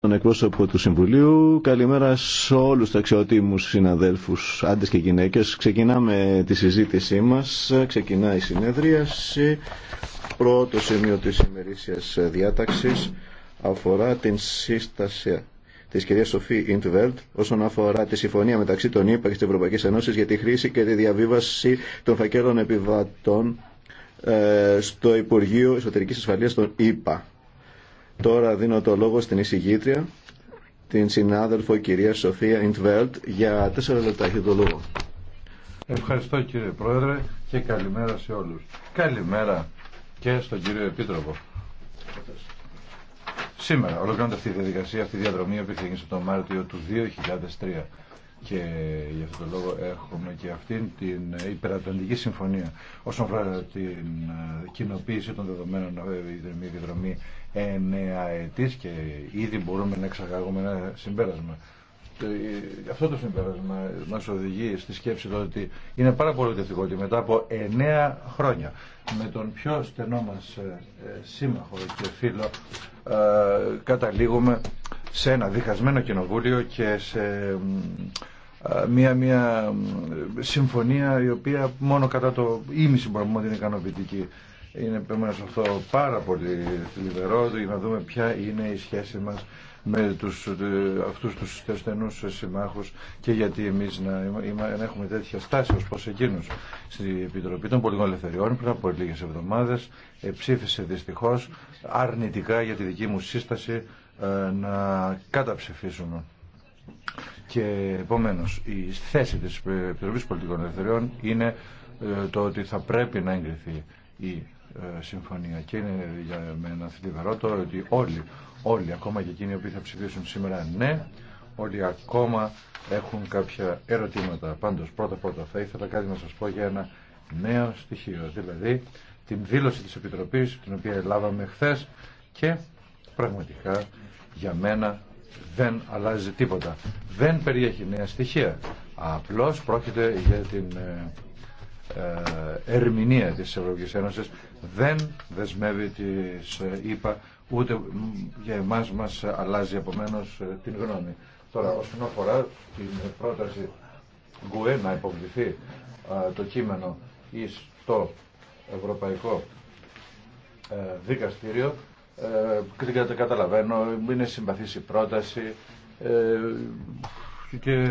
τον εκπρόσωπο του Συμβουλίου. Καλημέρα σε όλους τους αξιότιμους συναδέλφους, άντρες και γυναίκες. Ξεκινάμε τη συζήτησή μας. Ξεκινά η συνέδριαση. Πρώτο σημείο της ημερήσιας διάταξης αφορά την σύσταση της κυρία Σοφή Ιντβέλτ όσον αφορά τη συμφωνία μεταξύ των ΗΠΑ και της Ευρωπαϊκής Ένωσης για τη χρήση και τη διαβίβαση των φακέλων επιβατών ε, στο Υπουργείο Εσωτερικής Ασφαλείας των ΗΠΑ. Τώρα δίνω το λόγο στην εισηγήτρια, την συνάδελφο κυρία Σοφία Ιντβέλτ, για τέσσερα λεπτά έχει το λόγο. Ευχαριστώ κύριε Πρόεδρε και καλημέρα σε όλους. Καλημέρα και στον κύριο Επίτροπο. Σήμερα ολοκληρώνεται αυτή η διαδικασία, αυτή η διαδρομή που ξεκίνησε τον Μάρτιο του 2003 και για αυτόν τον λόγο έχουμε και αυτήν την υπερατλαντική συμφωνία όσον αφορά την κοινοποίηση των δεδομένων ε, η διαδρομή εννέα ετής και ήδη μπορούμε να εξαγάγουμε ένα συμπέρασμα. Ε, αυτό το συμπέρασμα μας οδηγεί στη σκέψη ότι είναι πάρα πολύ θετικό μετά από εννέα χρόνια με τον πιο στενό μας ε, ε, σύμμαχο και φίλο καταλήγουμε σε ένα διχασμένο κοινοβούλιο και σε μια, μια συμφωνία η οποία μόνο κατά το ίμιση μπορούμε ότι είναι ικανοποιητική. Είναι επομένως αυτό πάρα πολύ θλιβερό για να δούμε ποια είναι η σχέση μας με τους, ε, αυτούς τους στενούς συμμάχους και γιατί εμείς να, έχουμε τέτοια στάση ως προς εκείνους. Στην Επιτροπή των Πολιτικών Ελευθεριών πριν από λίγες εβδομάδες ψήφισε δυστυχώς αρνητικά για τη δική μου σύσταση ε, να καταψηφίσουμε. Και επομένως η θέση της Επιτροπής Πολιτικών Ελευθεριών είναι ε, το ότι θα πρέπει να εγκριθεί η ε, συμφωνία. Και είναι για μένα θλιβερό το ότι όλοι, όλοι, ακόμα και εκείνοι που θα ψηφίσουν σήμερα ναι, όλοι ακόμα έχουν κάποια ερωτήματα. Πάντως, πρώτα-πρώτα θα ήθελα κάτι να σας πω για ένα νέο στοιχείο, δηλαδή την δήλωση της Επιτροπής, την οποία λάβαμε χθε και πραγματικά για μένα δεν αλλάζει τίποτα. Δεν περιέχει νέα στοιχεία. Απλώς πρόκειται για την ε, ε, ερμηνεία της Ευρωπαϊκής Ένωσης δεν δεσμεύει τη είπα ούτε για εμά μας αλλάζει επομένω ε, την γνώμη. Τώρα, όσον αφορά την πρόταση Γκουέ να υποβληθεί ε, το κείμενο η το Ευρωπαϊκό ε, Δικαστήριο, δεν καταλαβαίνω, είναι συμπαθη η πρόταση και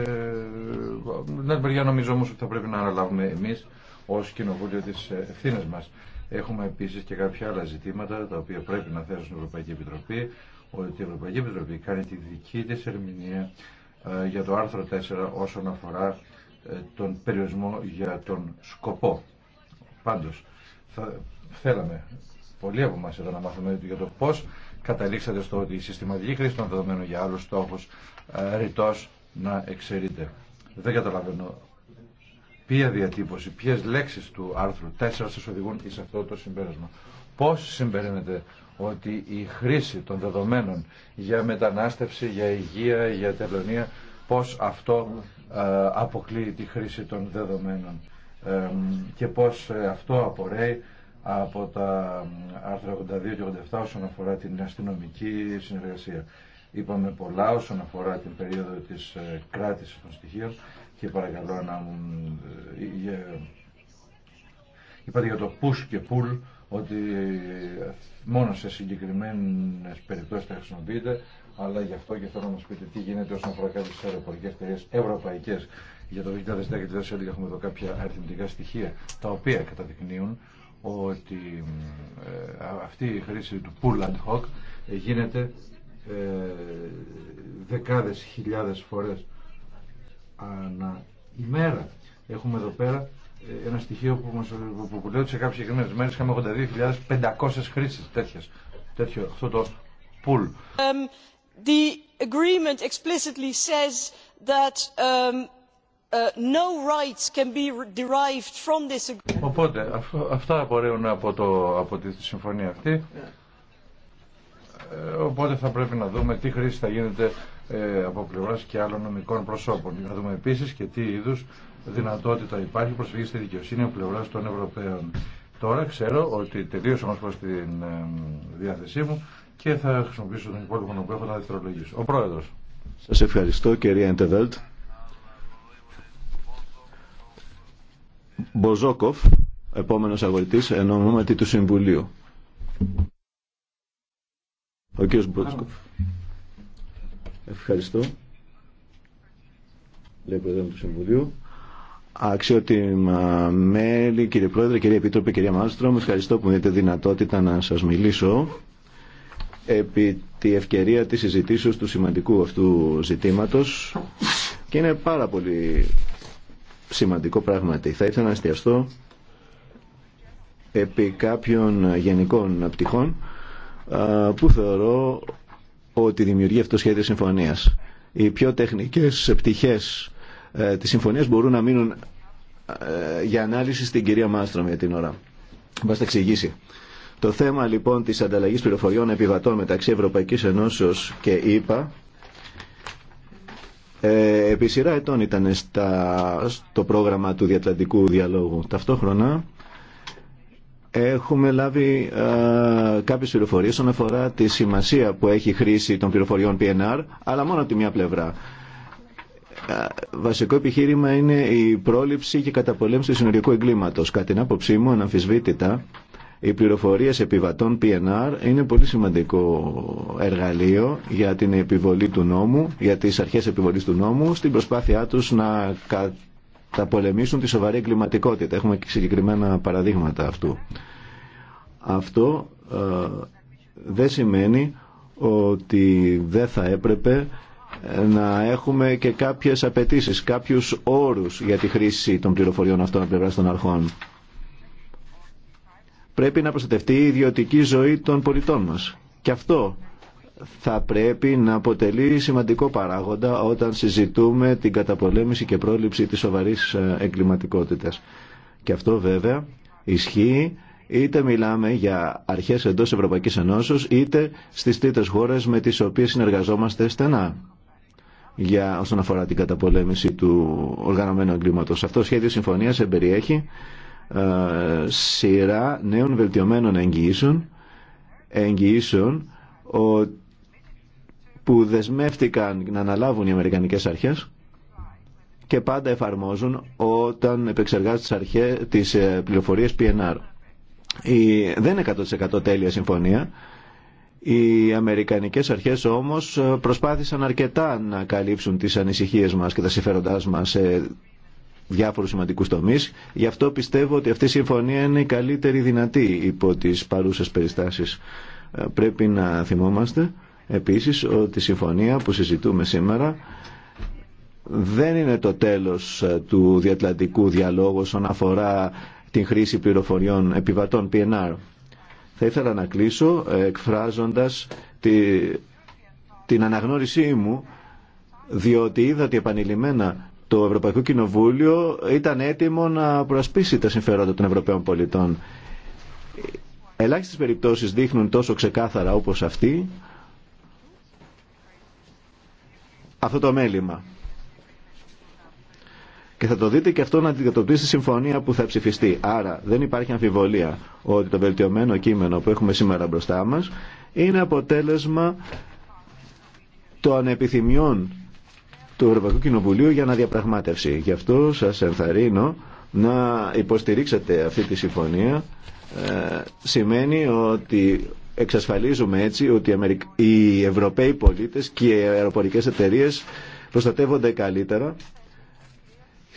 δεν νομίζω όμως ότι θα πρέπει να αναλάβουμε εμεί ω κοινοβούλιο τι ευθύνε μα. Έχουμε επίσης και κάποια άλλα ζητήματα τα οποία πρέπει να θέσουν η Ευρωπαϊκή Επιτροπή ότι η Ευρωπαϊκή Επιτροπή κάνει τη δική της ερμηνεία ε, για το άρθρο 4 όσον αφορά ε, τον περιορισμό για τον σκοπό. Πάντως, θα θέλαμε πολλοί από εμάς εδώ να μάθουμε για το πώς καταλήξατε στο ότι η συστηματική χρήση των δεδομένων για άλλους στόχους ε, ρητός να εξαιρείται. Δεν καταλαβαίνω ποια διατύπωση, ποιε λέξει του άρθρου 4 σα οδηγούν σε αυτό το συμπέρασμα. Πώ συμπεραίνεται ότι η χρήση των δεδομένων για μετανάστευση, για υγεία, για τελωνία, πώς αυτό ε, αποκλείει τη χρήση των δεδομένων και πώς ε, αυτό απορρέει από τα άρθρα 82 και 87 όσον αφορά την αστυνομική συνεργασία. Είπαμε πολλά όσον αφορά την περίοδο της ε, κράτησης των στοιχείων, και παρακαλώ να μου... Ε, ε, είπατε για το push και pull ότι ε, μόνο σε συγκεκριμένε περιπτώσει τα χρησιμοποιείτε αλλά γι' αυτό και θέλω να μα πείτε τι γίνεται όσον αφορά κάποιες αεροπορικέ εταιρείε ευρωπαϊκές για το 2010 και το 2011 έχουμε εδώ κάποια αριθμητικά στοιχεία τα οποία καταδεικνύουν ότι αυτή η χρήση του pull ad hoc γίνεται δεκάδες χιλιάδες φορές ανά ημέρα. Έχουμε εδώ πέρα ε, ένα στοιχείο που μας που λέει ότι σε κάποιες συγκεκριμένες μέρες είχαμε 82.500 χρήσεις τέτοιες, τέτοιο, αυτό το πουλ. Um, the agreement explicitly says that um, uh, no rights can be derived from this agreement. Οπότε αυτό, αυτά απορρέουν από, το, από τη, τη συμφωνία αυτή. Yeah. Ε, οπότε θα πρέπει να δούμε τι χρήση θα γίνεται ε, από πλευρά και άλλων νομικών προσώπων. Να δούμε επίση και τι είδου δυνατότητα υπάρχει προσφυγή στη δικαιοσύνη από πλευρά των Ευρωπαίων. Τώρα ξέρω ότι τελείωσα όμω προ την ε, διάθεσή μου και θα χρησιμοποιήσω τον υπόλοιπο που έχω να δευτερολογήσω. Ο Πρόεδρο. Σα ευχαριστώ κυρία Εντεβέλτ. Μποζόκοφ, επόμενος αγωγητή εν του Συμβουλίου. Ο κύριος Μποζόκοφ. Ευχαριστώ. Λέει ο του Συμβουλίου. Αξιότιμα μέλη, κύριε Πρόεδρε, κύριε Επίτροπε, κυρία Μάστρο, ευχαριστώ που μου δίνετε δυνατότητα να σας μιλήσω επί τη ευκαιρία της συζητήσεως του σημαντικού αυτού ζητήματος και είναι πάρα πολύ σημαντικό πράγματι. Θα ήθελα να εστιαστώ επί κάποιων γενικών πτυχών που θεωρώ ότι δημιουργεί αυτό το σχέδιο συμφωνίας. Οι πιο τεχνικέ πτυχέ ε, της μπορούν να μείνουν ε, για ανάλυση στην κυρία Μάστρομ για την ώρα. Μπα τα εξηγήσει. Το θέμα λοιπόν της ανταλλαγής πληροφοριών επιβατών μεταξύ Ευρωπαϊκής Ενώσεω και ΕΠΑ ΕΕ, ε, επί σειρά ετών ήταν στα, στο πρόγραμμα του Διατλαντικού Διαλόγου. Ταυτόχρονα Έχουμε λάβει ε, κάποιες πληροφορίες όσον αφορά τη σημασία που έχει χρήση των πληροφοριών PNR, αλλά μόνο από τη μία πλευρά. Ε, βασικό επιχείρημα είναι η πρόληψη και καταπολέμηση του συνοριακού εγκλήματος. Κατά την άποψή μου, αναμφισβήτητα, οι πληροφορίε επιβατών PNR είναι πολύ σημαντικό εργαλείο για την επιβολή του νόμου, για τις αρχές επιβολής του νόμου, στην προσπάθειά τους να πολεμήσουν τη σοβαρή εγκληματικότητα. Έχουμε και συγκεκριμένα παραδείγματα αυτού. Αυτό ε, δεν σημαίνει ότι δεν θα έπρεπε ε, να έχουμε και κάποιες απαιτήσει, κάποιους όρους για τη χρήση των πληροφοριών αυτών από πλευρά των αρχών. Πρέπει να προστατευτεί η ιδιωτική ζωή των πολιτών μας. Και αυτό θα πρέπει να αποτελεί σημαντικό παράγοντα όταν συζητούμε την καταπολέμηση και πρόληψη της σοβαρής ε, εγκληματικότητας. Και αυτό βέβαια ισχύει είτε μιλάμε για αρχές εντός Ευρωπαϊκής Ενώσεως είτε στις τρίτες χώρες με τις οποίες συνεργαζόμαστε στενά για όσον αφορά την καταπολέμηση του οργανωμένου εγκλήματος. Αυτό σχέδιο συμφωνίας εμπεριέχει ε, σειρά νέων βελτιωμένων εγγυήσεων, εγγυήσεων ότι που δεσμεύτηκαν να αναλάβουν οι Αμερικανικές αρχές και πάντα εφαρμόζουν όταν επεξεργάζονται τις, αρχές, τις ε, πληροφορίες PNR. δεν είναι 100% τέλεια συμφωνία. Οι Αμερικανικές αρχές όμως προσπάθησαν αρκετά να καλύψουν τις ανησυχίες μας και τα συμφέροντά μας σε διάφορους σημαντικούς τομείς. Γι' αυτό πιστεύω ότι αυτή η συμφωνία είναι η καλύτερη δυνατή υπό τις παρούσες περιστάσεις. Ε, πρέπει να θυμόμαστε επίσης ότι η συμφωνία που συζητούμε σήμερα δεν είναι το τέλος ε, του διατλαντικού διαλόγου όσον αφορά την χρήση πληροφοριών επιβατών PNR. Θα ήθελα να κλείσω ε, εκφράζοντας την αναγνώρισή μου διότι είδα ότι επανειλημμένα το Ευρωπαϊκό Κοινοβούλιο ήταν έτοιμο να προασπίσει τα συμφέροντα των Ευρωπαίων πολιτών. Ελάχιστες περιπτώσεις δείχνουν τόσο ξεκάθαρα όπως αυτή αυτό το μέλημα. Και θα το δείτε και αυτό να αντικατοπτρίσει τη συμφωνία που θα ψηφιστεί. Άρα δεν υπάρχει αμφιβολία ότι το βελτιωμένο κείμενο που έχουμε σήμερα μπροστά μας είναι αποτέλεσμα των επιθυμιών του Ευρωπαϊκού Κοινοβουλίου για να Γι' αυτό σας ενθαρρύνω να υποστηρίξετε αυτή τη συμφωνία. Ε, σημαίνει ότι Εξασφαλίζουμε έτσι ότι οι Ευρωπαίοι πολίτες και οι αεροπορικές εταιρείες προστατεύονται καλύτερα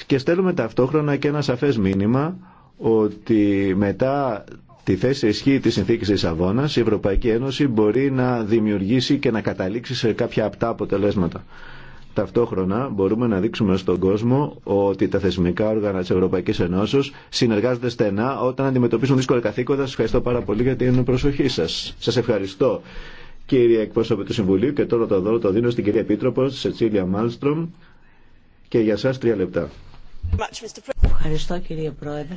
και στέλνουμε ταυτόχρονα και ένα σαφές μήνυμα ότι μετά τη θέση ισχύ της συνθήκης της Αβώνας η Ευρωπαϊκή Ένωση μπορεί να δημιουργήσει και να καταλήξει σε κάποια απτά αποτελέσματα. Ταυτόχρονα μπορούμε να δείξουμε στον κόσμο ότι τα θεσμικά όργανα της Ευρωπαϊκής Ενώσεως συνεργάζονται στενά όταν αντιμετωπίζουν δύσκολα καθήκοντα. Σας ευχαριστώ πάρα πολύ για την προσοχή σας. Σας ευχαριστώ κύριε εκπρόσωπε του Συμβουλίου και τώρα το δώρο το δίνω στην κυρία Επίτροπο Σετσίλια Μάλστρομ και για σας τρία λεπτά. Ευχαριστώ κύριε Πρόεδρε.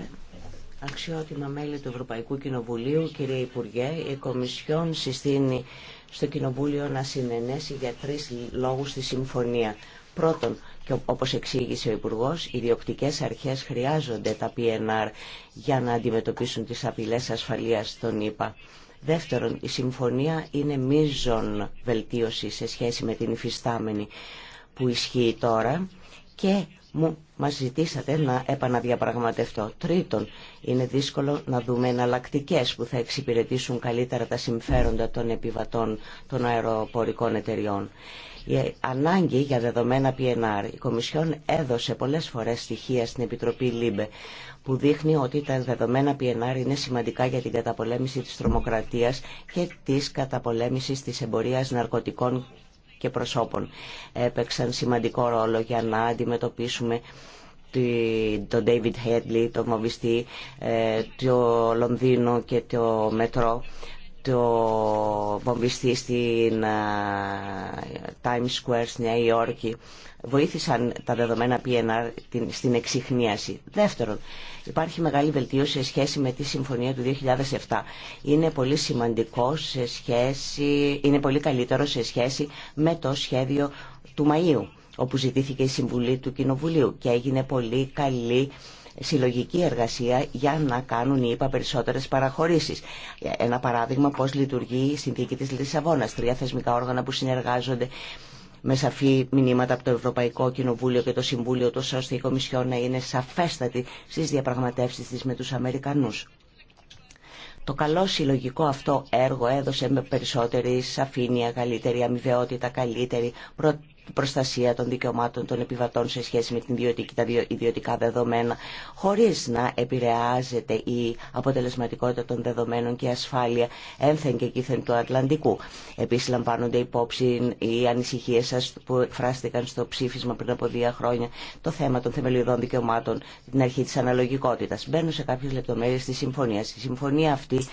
Αξιότιμα μέλη του Ευρωπαϊκού Κοινοβουλίου, κύριε Υπουργέ, η Κομισιόν συστήνει στο Κοινοβούλιο να συνενέσει για τρει λόγους τη συμφωνία. Πρώτον, και όπως εξήγησε ο Υπουργός, οι διοκτικές αρχές χρειάζονται τα PNR για να αντιμετωπίσουν τις απειλές ασφαλείας των ΗΠΑ. Δεύτερον, η συμφωνία είναι μείζον βελτίωση σε σχέση με την υφιστάμενη που ισχύει τώρα και μου μας ζητήσατε να επαναδιαπραγματευτώ. Τρίτον, είναι δύσκολο να δούμε εναλλακτικέ που θα εξυπηρετήσουν καλύτερα τα συμφέροντα των επιβατών των αεροπορικών εταιριών. Η ανάγκη για δεδομένα PNR, η Κομισιόν έδωσε πολλές φορές στοιχεία στην Επιτροπή ΛΥΜΠΕ που δείχνει ότι τα δεδομένα PNR είναι σημαντικά για την καταπολέμηση της τρομοκρατίας και της καταπολέμησης της εμπορίας ναρκωτικών και προσώπων έπαιξαν σημαντικό ρόλο για να αντιμετωπίσουμε τον David Headley, τον Μοβιστή, ε, το Λονδίνο και το Μετρό, το βομβιστή στην ε, Times Square στη Νέα Υόρκη. Βοήθησαν τα δεδομένα PNR στην εξυχνίαση. Δεύτερον, Υπάρχει μεγάλη βελτίωση σε σχέση με τη συμφωνία του 2007. Είναι πολύ σημαντικό σε σχέση, είναι πολύ καλύτερο σε σχέση με το σχέδιο του Μαΐου όπου ζητήθηκε η Συμβουλή του Κοινοβουλίου και έγινε πολύ καλή συλλογική εργασία για να κάνουν οι ΙΠΑ περισσότερε παραχωρήσει. Ένα παράδειγμα πώ λειτουργεί η συνθήκη τη Λισαβόνα. Τρία θεσμικά όργανα που συνεργάζονται με σαφή μηνύματα από το Ευρωπαϊκό Κοινοβούλιο και το Συμβούλιο, τόσο ώστε η Κομισιόν να είναι σαφέστατη στις διαπραγματεύσεις της με τους Αμερικανούς. Το καλό συλλογικό αυτό έργο έδωσε με περισσότερη σαφήνεια, καλύτερη αμοιβαιότητα, καλύτερη προστασία των δικαιωμάτων των επιβατών σε σχέση με την ιδιωτική, τα ιδιωτικά δεδομένα, χωρίς να επηρεάζεται η αποτελεσματικότητα των δεδομένων και η ασφάλεια ένθεν και εκείθεν του Ατλαντικού. Επίσης λαμβάνονται υπόψη οι ανησυχίες σας που εκφράστηκαν στο ψήφισμα πριν από δύο χρόνια το θέμα των θεμελιωδών δικαιωμάτων, την αρχή της αναλογικότητας. Μπαίνω σε κάποιες λεπτομέρειες της συμφωνίας. Η συμφωνία αυτή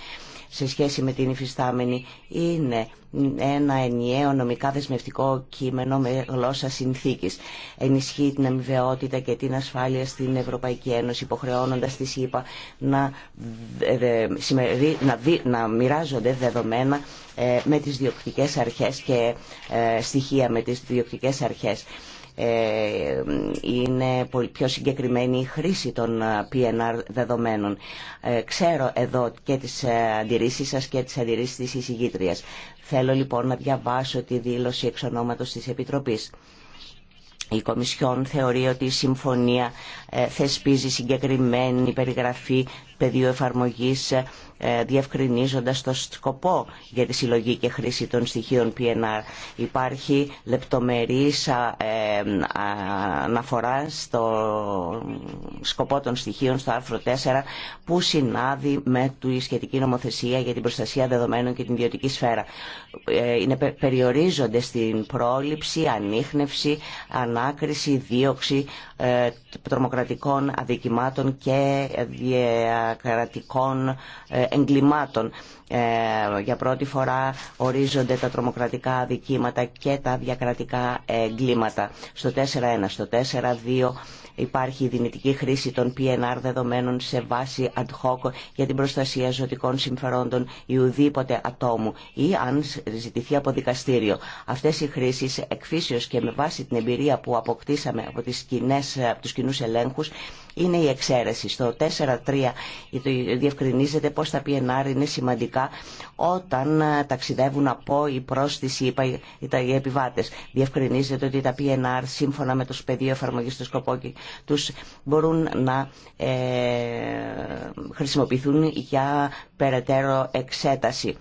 σε σχέση με την υφιστάμενη είναι ένα ενιαίο νομικά δεσμευτικό κείμενο με γλώσσα συνθήκης. Ενισχύει την αμοιβαιότητα και την ασφάλεια στην Ευρωπαϊκή Ένωση, υποχρεώνοντας τη ΣΥΠΑ να, να μοιράζονται δεδομένα ε, με τις διοκτικέ αρχές και ε, στοιχεία με τις διοκτικές αρχές. Ε, είναι πιο συγκεκριμένη η χρήση των ε, PNR δεδομένων. Ε, ξέρω εδώ και τις αντιρρήσεις σας και τις αντιρρήσεις της εισηγήτριας. Θέλω λοιπόν να διαβάσω τη δήλωση εξ ονόματος της Επιτροπής. Η Κομισιόν θεωρεί ότι η συμφωνία ε, θεσπίζει συγκεκριμένη περιγραφή πεδίου εφαρμογής ε, διευκρινίζοντας το σκοπό για τη συλλογή και χρήση των στοιχείων PNR. Υπάρχει λεπτομερής ε, αναφορά στο σκοπό των στοιχείων στο άρθρο 4 που συνάδει με τη σχετική νομοθεσία για την προστασία δεδομένων και την ιδιωτική σφαίρα. Είναι, περιορίζονται στην πρόληψη, ανείχνευση, ανάκριση, δίωξη, τρομοκρατία δημοκρατικών αδικημάτων και διακρατικών ε, εγκλημάτων. Ε, για πρώτη φορά ορίζονται τα τρομοκρατικά αδικήματα και τα διακρατικά εγκλήματα. Στο 4.1, στο 4.2 υπάρχει η δυνητική χρήση των PNR δεδομένων σε βάση ad hoc για την προστασία ζωτικών συμφερόντων ή ουδήποτε ατόμου ή αν ζητηθεί από δικαστήριο. Αυτές οι χρήσεις εκφύσεως και με βάση την εμπειρία που αποκτήσαμε από, τις κοινές, από τους κοινούς ελέγχους είναι η εξαίρεση. Στο 4.3 διευκρινίζεται πώς τα PNR είναι σημαντικά όταν ε, ταξιδεύουν από ή προ τις η οι επιβάτε. Διευκρινίζεται ότι τα PNR σύμφωνα με το πεδίο εφαρμογή του σκοπό του, μπορούν να ε, χρησιμοποιηθούν για περαιτέρω εξέταση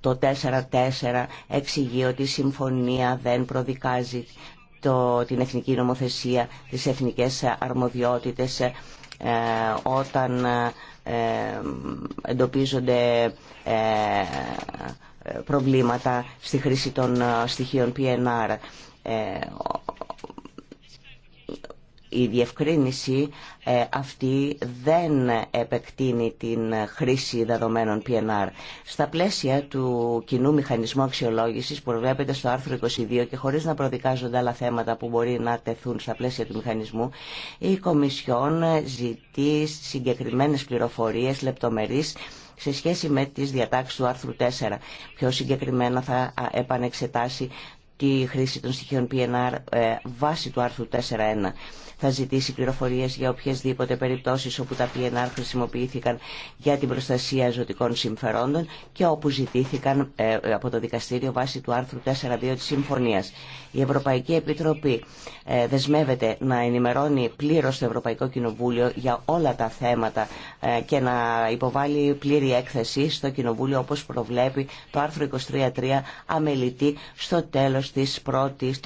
το 4-4 εξηγεί ότι η συμφωνία δεν προδικάζει το, την εθνική νομοθεσία, τις εθνικές αρμοδιότητες ε, ε, όταν ε, εντοπίζονται ε, ε, προβλήματα στη χρήση των στοιχείων PNR η διευκρίνηση ε, αυτή δεν επεκτείνει την χρήση δεδομένων PNR. Στα πλαίσια του κοινού μηχανισμού αξιολόγησης που προβλέπεται στο άρθρο 22 και χωρίς να προδικάζονται άλλα θέματα που μπορεί να τεθούν στα πλαίσια του μηχανισμού, η Κομισιόν ζητεί συγκεκριμένες πληροφορίες λεπτομερείς σε σχέση με τις διατάξεις του άρθρου 4. Πιο συγκεκριμένα θα επανεξετάσει τη χρήση των στοιχείων PNR ε, βάσει του άρθρου 4.1 θα ζητήσει πληροφορίε για οποιασδήποτε περιπτώσει όπου τα PNR χρησιμοποιήθηκαν για την προστασία ζωτικών συμφερόντων και όπου ζητήθηκαν ε, από το δικαστήριο βάσει του άρθρου 4.2 τη συμφωνία. Η Ευρωπαϊκή Επιτροπή ε, δεσμεύεται να ενημερώνει πλήρω το Ευρωπαϊκό Κοινοβούλιο για όλα τα θέματα ε, και να υποβάλει πλήρη έκθεση στο Κοινοβούλιο όπω προβλέπει το άρθρο 23.3 αμελητή στο τέλος της, πρώτης,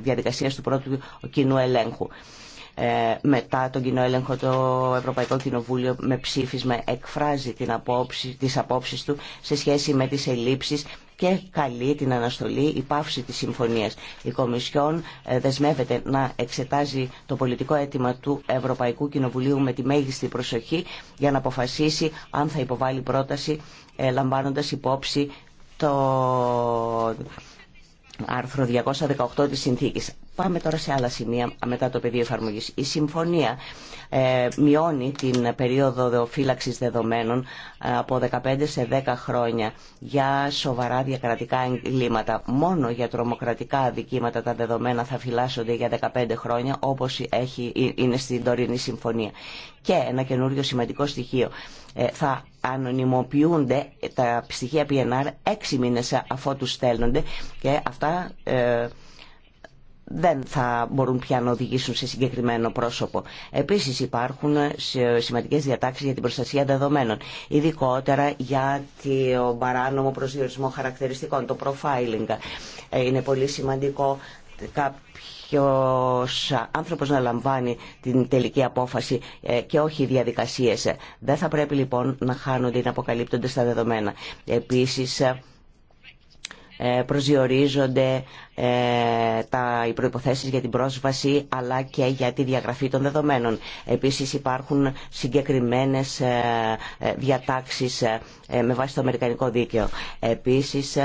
της του πρώτου κοινού ελέγχου. Ε, μετά τον κοινό έλεγχο το Ευρωπαϊκό Κοινοβούλιο με ψήφισμα εκφράζει την απόψη, τις απόψεις του σε σχέση με τις ελλείψεις και καλεί την αναστολή η πάυση της συμφωνίας. Η Κομισιόν ε, δεσμεύεται να εξετάζει το πολιτικό αίτημα του Ευρωπαϊκού Κοινοβουλίου με τη μέγιστη προσοχή για να αποφασίσει αν θα υποβάλει πρόταση ε, λαμβάνοντας υπόψη το άρθρο 218 της συνθήκης. Πάμε τώρα σε άλλα σημεία μετά το πεδίο εφαρμογή. Η συμφωνία ε, μειώνει την περίοδο φύλαξη δεδομένων ε, από 15 σε 10 χρόνια για σοβαρά διακρατικά εγκλήματα. Μόνο για τρομοκρατικά αδικήματα τα δεδομένα θα φυλάσσονται για 15 χρόνια όπω ε, είναι στην τωρινή συμφωνία. Και ένα καινούριο σημαντικό στοιχείο. Ε, θα ανωνυμοποιούνται τα στοιχεία PNR έξι μήνες αφότου στέλνονται και αυτά δεν θα μπορούν πια να οδηγήσουν σε συγκεκριμένο πρόσωπο. Επίσης υπάρχουν σημαντικές διατάξεις για την προστασία δεδομένων, ειδικότερα για τον παράνομο προσδιορισμό χαρακτηριστικών, το profiling. Ε, είναι πολύ σημαντικό κάποιος άνθρωπος να λαμβάνει την τελική απόφαση ε, και όχι οι διαδικασίες. Δεν θα πρέπει λοιπόν να χάνονται ή να αποκαλύπτονται στα δεδομένα. Επίσης ε, προσδιορίζονται ε, τα, οι προϋποθέσεις για την πρόσβαση αλλά και για τη διαγραφή των δεδομένων. Επίσης υπάρχουν συγκεκριμένες ε, διατάξεις με βάση το Αμερικανικό Δίκαιο. Επίσης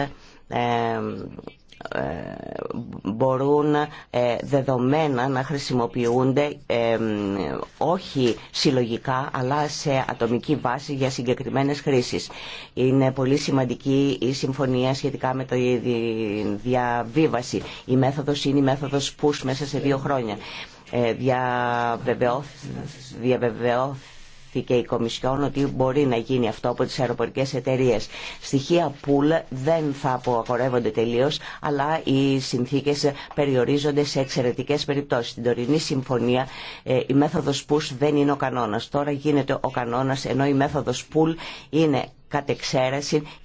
ε, μπορούν ε, δεδομένα να χρησιμοποιούνται ε, όχι συλλογικά αλλά σε ατομική βάση για συγκεκριμένες χρήσεις. Είναι πολύ σημαντική η συμφωνία σχετικά με τη διαβίβαση. Η μέθοδος είναι η μέθοδος push μέσα σε δύο χρόνια δεσμεύθηκε η Κομισιόν ότι μπορεί να γίνει αυτό από τις αεροπορικές εταιρείε. Στοιχεία πουλ δεν θα απογορεύονται τελείως, αλλά οι συνθήκες περιορίζονται σε εξαιρετικές περιπτώσεις. Στην τωρινή συμφωνία ε, η μέθοδος πουλ δεν είναι ο κανόνας. Τώρα γίνεται ο κανόνας, ενώ η μέθοδος πουλ είναι κατ'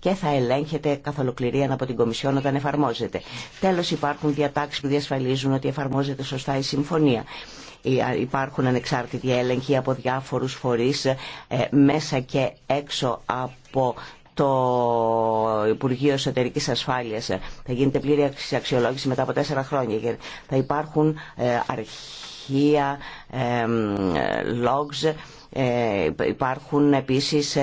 και θα ελέγχεται καθ' ολοκληρία από την Κομισιόν όταν εφαρμόζεται. Τέλο, υπάρχουν διατάξει που διασφαλίζουν ότι εφαρμόζεται σωστά η συμφωνία υπάρχουν ανεξάρτητοι έλεγχοι από διάφορους φορείς ε, μέσα και έξω από το Υπουργείο Εσωτερική Ασφάλεια. Θα γίνεται πλήρη αξιολόγηση μετά από τέσσερα χρόνια. Θα υπάρχουν ε, αρχεία, logs, ε, υπάρχουν επίσης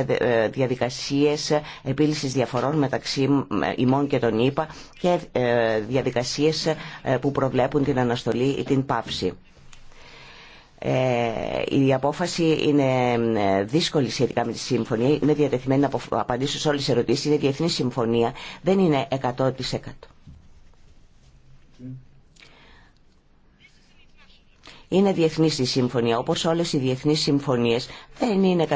διαδικασίες επίλυσης διαφορών μεταξύ ημών και των ΙΠΑ και διαδικασίες που προβλέπουν την αναστολή ή την πάυση. Ε, η απόφαση είναι ε, δύσκολη σχετικά με τη συμφωνία. Είμαι διατεθειμένη να απαντήσω σε όλες τις ερωτήσεις. Η διεθνή συμφωνία. Δεν είναι 100%. Είναι διεθνής η συμφωνία, όπως όλες οι διεθνείς συμφωνίες δεν είναι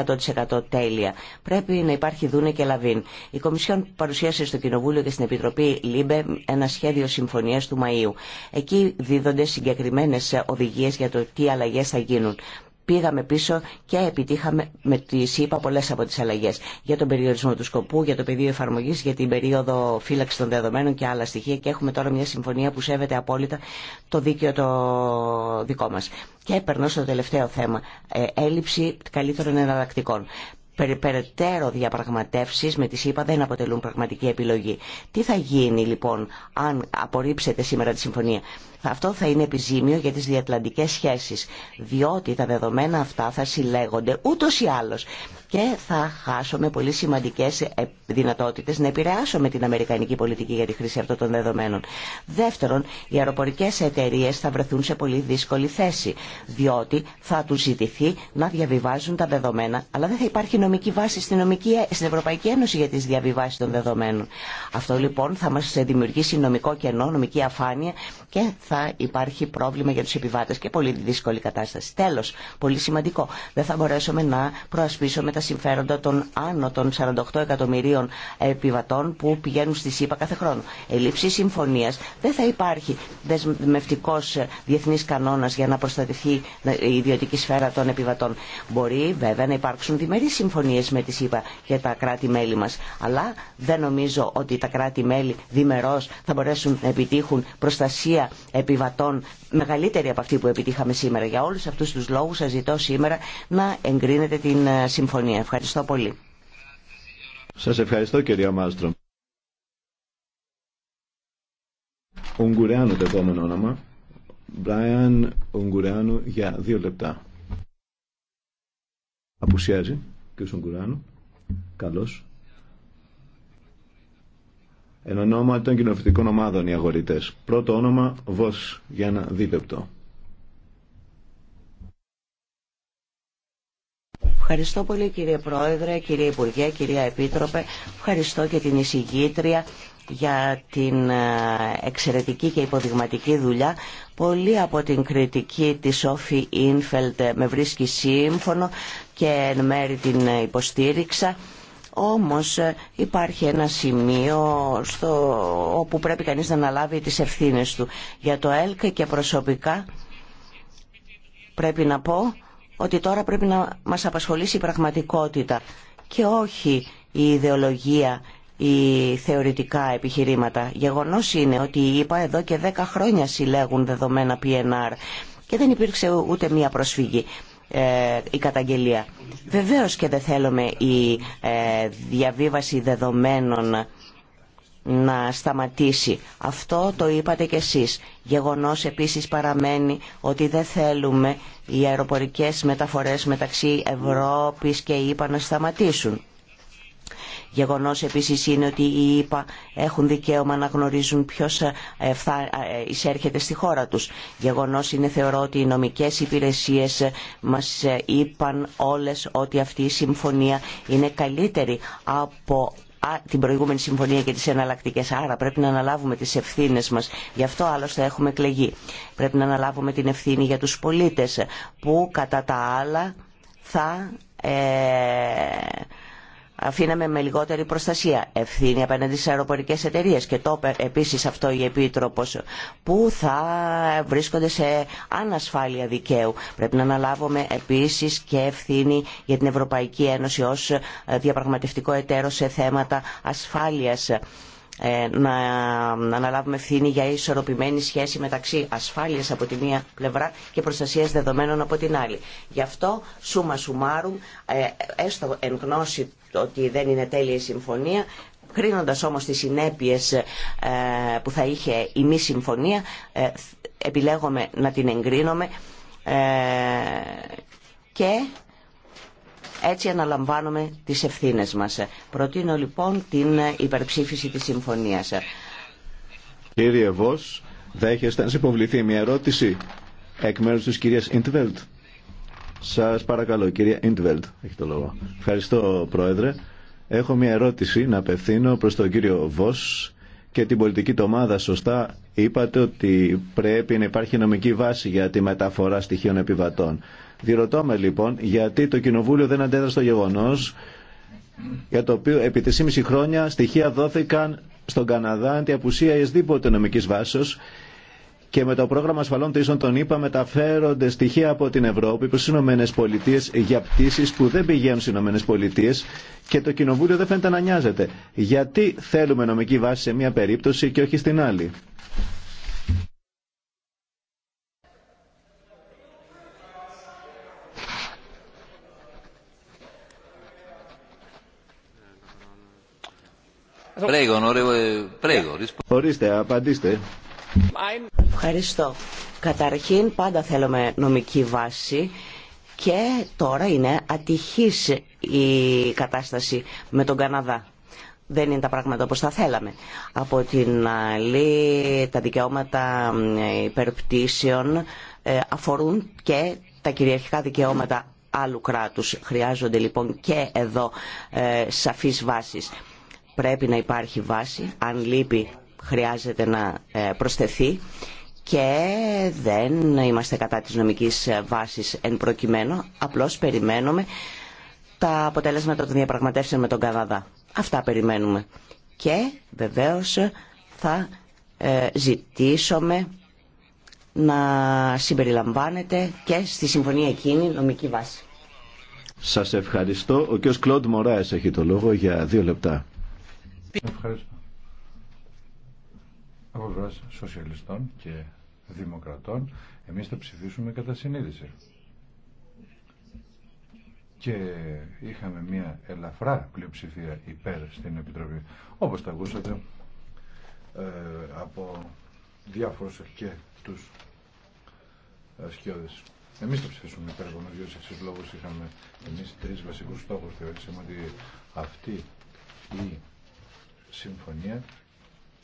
100% τέλεια. Πρέπει να υπάρχει δούνε και λαβήν. Η Κομισιόν παρουσίασε στο Κοινοβούλιο και στην Επιτροπή ΛΥΜΠΕ ένα σχέδιο συμφωνίας του Μαΐου. Εκεί δίδονται συγκεκριμένες οδηγίες για το τι αλλαγές θα γίνουν πήγαμε πίσω και επιτύχαμε με τη ΣΥΠΑ πολλέ από τι αλλαγέ. Για τον περιορισμό του σκοπού, για το πεδίο εφαρμογή, για την περίοδο φύλαξη των δεδομένων και άλλα στοιχεία. Και έχουμε τώρα μια συμφωνία που σέβεται απόλυτα το δίκαιο το δικό μα. Και περνώ στο τελευταίο θέμα. Ε, έλλειψη καλύτερων εναλλακτικών περαιτέρω διαπραγματεύσει, με τη ΣΥΠΑ δεν αποτελούν πραγματική επιλογή. Τι θα γίνει λοιπόν αν απορρίψετε σήμερα τη συμφωνία. Αυτό θα είναι επιζήμιο για τις διατλαντικές σχέσεις, διότι τα δεδομένα αυτά θα συλλέγονται ούτως ή άλλως και θα χάσουμε πολύ σημαντικές ε, δυνατότητες να επηρεάσουμε την αμερικανική πολιτική για τη χρήση αυτών των δεδομένων. Δεύτερον, οι αεροπορικές εταιρείε θα βρεθούν σε πολύ δύσκολη θέση, διότι θα τους ζητηθεί να διαβιβάζουν τα δεδομένα, αλλά δεν θα υπάρχει νομική βάση στην, νομική, στην Ευρωπαϊκή Ένωση για τις διαβιβάσεις των δεδομένων. Αυτό λοιπόν θα μας δημιουργήσει νομικό κενό, νομική αφάνεια και θα υπάρχει πρόβλημα για τους επιβάτες και πολύ δύσκολη κατάσταση. Τέλος, πολύ σημαντικό, δεν θα μπορέσουμε να προασπίσουμε τα συμφέροντα των άνω των 48 εκατομμυρίων επιβατών που πηγαίνουν στη ΣΥΠΑ κάθε χρόνο. Ελήψη συμφωνίας δεν θα υπάρχει δεσμευτικός διεθνής κανόνας για να προστατευτεί η ιδιωτική σφαίρα των επιβατών. Μπορεί βέβαια να υπάρξουν διμερείς συμφωνίες με τη ΣΥΠΑ και τα κράτη-μέλη μας, αλλά δεν νομίζω ότι τα κράτη-μέλη διμερώς θα μπορέσουν να επιτύχουν προστασία επιβατών μεγαλύτερη από αυτή που επιτύχαμε σήμερα. Για όλους αυτούς τους λόγους σας ζητώ σήμερα να εγκρίνετε την ε, συμφωνία. Ευχαριστώ πολύ. Σας ευχαριστώ κυρία Μάστρο. Ουγγουρεάνου το επόμενο όνομα. Μπράιαν Ουγγουρεάνου για δύο λεπτά. Απουσιάζει και ο Καλώς. Εν ονόμα των κοινοβουλευτικών ομάδων οι αγορητέ. Πρώτο όνομα Βο, για ένα δίλεπτο. Ευχαριστώ πολύ κύριε Πρόεδρε, κύριε Υπουργέ, κυρία Επίτροπε. Ευχαριστώ και την εισηγήτρια για την ε, εξαιρετική και υποδειγματική δουλειά. Πολύ από την κριτική της Σόφη Ίνφελτ με βρίσκει σύμφωνο και εν μέρη την ε, υποστήριξα. Όμως ε, υπάρχει ένα σημείο στο, όπου πρέπει κανείς να αναλάβει τις ευθύνες του. Για το ΕΛΚ και προσωπικά πρέπει να πω ότι τώρα πρέπει να μας απασχολήσει η πραγματικότητα και όχι η ιδεολογία ή θεωρητικά επιχειρήματα. Γεγονός είναι ότι είπα εδώ και 10 χρόνια συλλέγουν δεδομένα PNR και δεν υπήρξε ούτε μία προσφυγή. Ε, η καταγγελία. Βεβαίως και δεν θέλουμε η ε, διαβίβαση δεδομένων να σταματήσει. Αυτό το είπατε κι εσείς. Γεγονός επίσης παραμένει ότι δεν θέλουμε οι αεροπορικές μεταφορές μεταξύ Ευρώπης και ΗΠΑ να σταματήσουν. Γεγονός επίσης είναι ότι οι ΙΠΑ έχουν δικαίωμα να γνωρίζουν ποιος ε, ε, εισέρχεται στη χώρα τους. Γεγονός είναι θεωρώ ότι οι νομικές υπηρεσίες ε, μας είπαν όλες ότι αυτή η συμφωνία είναι καλύτερη από την προηγούμενη συμφωνία και τις εναλλακτικέ. Άρα πρέπει να αναλάβουμε τις ευθύνες μας. Γι' αυτό άλλωστε έχουμε εκλεγεί. Πρέπει να αναλάβουμε την ευθύνη για τους πολίτες που κατά τα άλλα θα αφήναμε με λιγότερη προστασία. Ευθύνη απέναντι στις αεροπορικές εταιρείες και το επίσης αυτό η Επίτροπος που θα βρίσκονται σε ανασφάλεια δικαίου. Πρέπει να αναλάβουμε επίσης και ευθύνη για την Ευρωπαϊκή Ένωση ως ε, διαπραγματευτικό εταίρο σε θέματα ασφάλειας ε, να αναλάβουμε ευθύνη για ισορροπημένη σχέση μεταξύ ασφάλειας από τη μία πλευρά και προστασίας δεδομένων από την άλλη. Γι' αυτό, σούμα ε, έστω εν γνώση ότι δεν είναι τέλεια η συμφωνία, κρίνοντας όμως τις συνέπειες ε, που θα είχε η μη συμφωνία, ε, επιλέγουμε να την εγκρίνουμε και έτσι αναλαμβάνουμε τις ευθύνες μας. Προτείνω λοιπόν την υπερψήφιση της συμφωνίας. Κύριε Βος, δέχεστε να σε υποβληθεί μια ερώτηση εκ μέρους της κυρίας Ιντβέλτ. Σας παρακαλώ, κύριε Ιντβελτ, έχει το λόγο. Ευχαριστώ, Πρόεδρε. Έχω μια ερώτηση να απευθύνω προς τον κύριο Βος και την πολιτική τομάδα. Σωστά είπατε ότι πρέπει να υπάρχει νομική βάση για τη μεταφορά στοιχείων επιβατών. Διρωτώ λοιπόν γιατί το Κοινοβούλιο δεν αντέδρασε στο γεγονός για το οποίο επί 3,5 χρόνια στοιχεία δόθηκαν στον Καναδά αντί απουσία εσδήποτε νομικής βάσεως και με το πρόγραμμα ασφαλών τρίσεων τον είπα, μεταφέρονται στοιχεία από την Ευρώπη προ τι Ηνωμένε Πολιτείε για πτήσει που δεν πηγαίνουν στι Ηνωμένε και το Κοινοβούλιο δεν φαίνεται να νοιάζεται. Γιατί θέλουμε νομική βάση σε μία περίπτωση και όχι στην άλλη. Ορίστε, απαντήστε. Ευχαριστώ. Καταρχήν πάντα θέλουμε νομική βάση και τώρα είναι ατυχής η κατάσταση με τον Καναδά. Δεν είναι τα πράγματα όπως τα θέλαμε. Από την άλλη, τα δικαιώματα υπερπτήσεων ε, αφορούν και τα κυριαρχικά δικαιώματα άλλου κράτους. Χρειάζονται λοιπόν και εδώ ε, σαφείς βάσεις. Πρέπει να υπάρχει βάση. Αν λείπει χρειάζεται να ε, προσθεθεί και δεν είμαστε κατά της νομικής βάσης εν προκειμένου, απλώς περιμένουμε τα αποτελέσματα των διαπραγματεύσεων με τον Καναδά. Αυτά περιμένουμε. Και βεβαίως θα ε, ζητήσουμε να συμπεριλαμβάνεται και στη συμφωνία εκείνη νομική βάση. Σας ευχαριστώ. Ο κ. Κλοντ Μωράες έχει το λόγο για δύο λεπτά. Ευχαριστώ από σοσιαλιστών και δημοκρατών, εμείς θα ψηφίσουμε κατά συνείδηση. Και είχαμε μια ελαφρά πλειοψηφία υπέρ στην Επιτροπή. Όπως τα ακούσατε ε, από διάφορους και τους σκιώδες. Εμείς θα ψηφίσουμε υπέρ από δύο εξή Είχαμε εμείς τρεις βασικούς στόχου. Θεωρήσαμε ότι αυτή η συμφωνία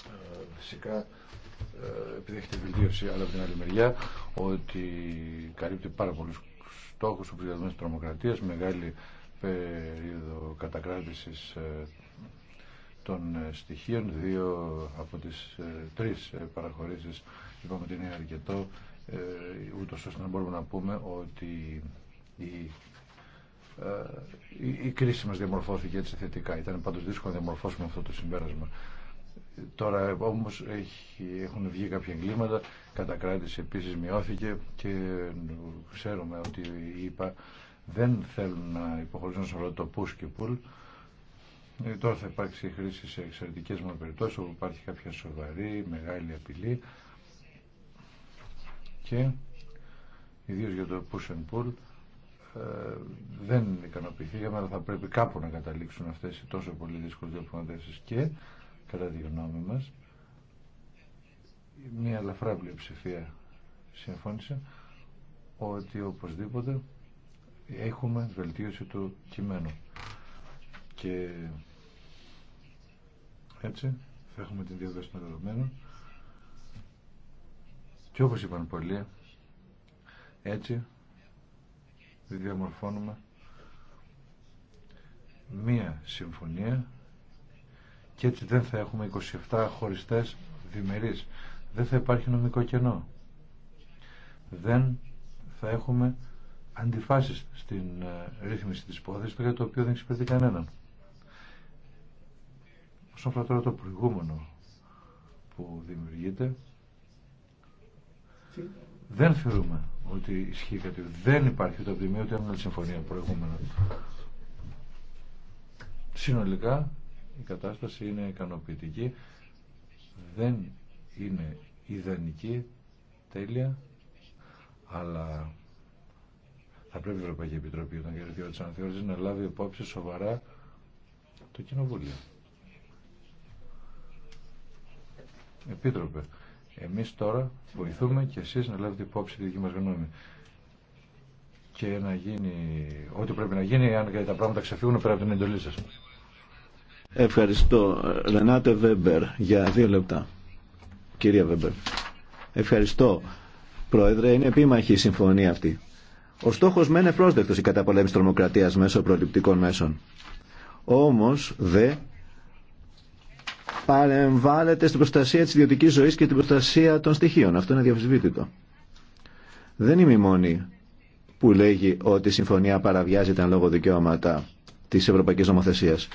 ε, φυσικά ε, επειδή έχετε βελτίωση αλλά από την άλλη μεριά ότι καλύπτει πάρα πολλούς στόχους του της τρομοκρατίας μεγάλη περίοδο κατακράτησης ε, των στοιχείων δύο από τις τρεις παραχωρήσεις είπαμε ότι είναι αρκετό ούτως ώστε να μπορούμε να πούμε ότι η η κρίση μας διαμορφώθηκε έτσι θετικά. Ήταν πάντως δύσκολο να διαμορφώσουμε αυτό το συμπέρασμα. Τώρα όμως έχουν βγει κάποια εγκλήματα, κατακράτηση επίσης μειώθηκε και ξέρουμε ότι είπα δεν θέλουν να υποχωρήσουν σε όλο το push και pull. Ε, τώρα θα υπάρξει χρήση σε εξαιρετικές μόνο περιπτώσεις όπου υπάρχει κάποια σοβαρή, μεγάλη απειλή και ιδίω για το push and pull ε, δεν ικανοποιηθήκαμε αλλά θα πρέπει κάπου να καταλήξουν αυτές οι τόσο πολύ δύσκολες διαπραγματεύσεις και κατά τη γνώμη μια ελαφρά πλειοψηφία συμφώνησε ότι οπωσδήποτε έχουμε βελτίωση του κειμένου και έτσι θα έχουμε την διαδόση των δεδομένων και όπως είπαν πολλοί έτσι διαμορφώνουμε μία συμφωνία και έτσι δεν θα έχουμε 27 χωριστές διμερείς. Δεν θα υπάρχει νομικό κενό. Δεν θα έχουμε αντιφάσεις στην ε, ρύθμιση της υπόθεσης, για το οποίο δεν εξυπηρετεί κανέναν. Όσον αφορά τώρα το προηγούμενο που δημιουργείται, δεν θεωρούμε ότι ισχύει κάτι. Δεν υπάρχει ούτε από τη μία ούτε συμφωνία προηγούμενα. Συνολικά η κατάσταση είναι ικανοποιητική, δεν είναι ιδανική, τέλεια, αλλά θα πρέπει η Ευρωπαϊκή Επιτροπή όταν κάνει τη να λάβει υπόψη σοβαρά το Κοινοβούλιο. Επίτροπε, εμείς τώρα βοηθούμε και εσείς να λάβετε υπόψη τη δική μας γνώμη και να γίνει ό,τι πρέπει να γίνει, αν τα πράγματα ξεφύγουν πέρα από την εντολή σας. Ευχαριστώ. Ρενάτε Βέμπερ για δύο λεπτά. Κυρία Βέμπερ. Ευχαριστώ. Πρόεδρε, είναι επίμαχη η συμφωνία αυτή. Ο στόχος μένει πρόσδεκτος η καταπολέμηση τρομοκρατίας μέσω προληπτικών μέσων. Όμως, δε, παρεμβάλλεται στην προστασία της ιδιωτική ζωής και την προστασία των στοιχείων. Αυτό είναι διαφυσβήτητο. Δεν είμαι η μόνη που λέγει ότι η συμφωνία παραβιάζει τα λόγω δικαιώματα της Ευρωπαϊκής Νομοθεσίας.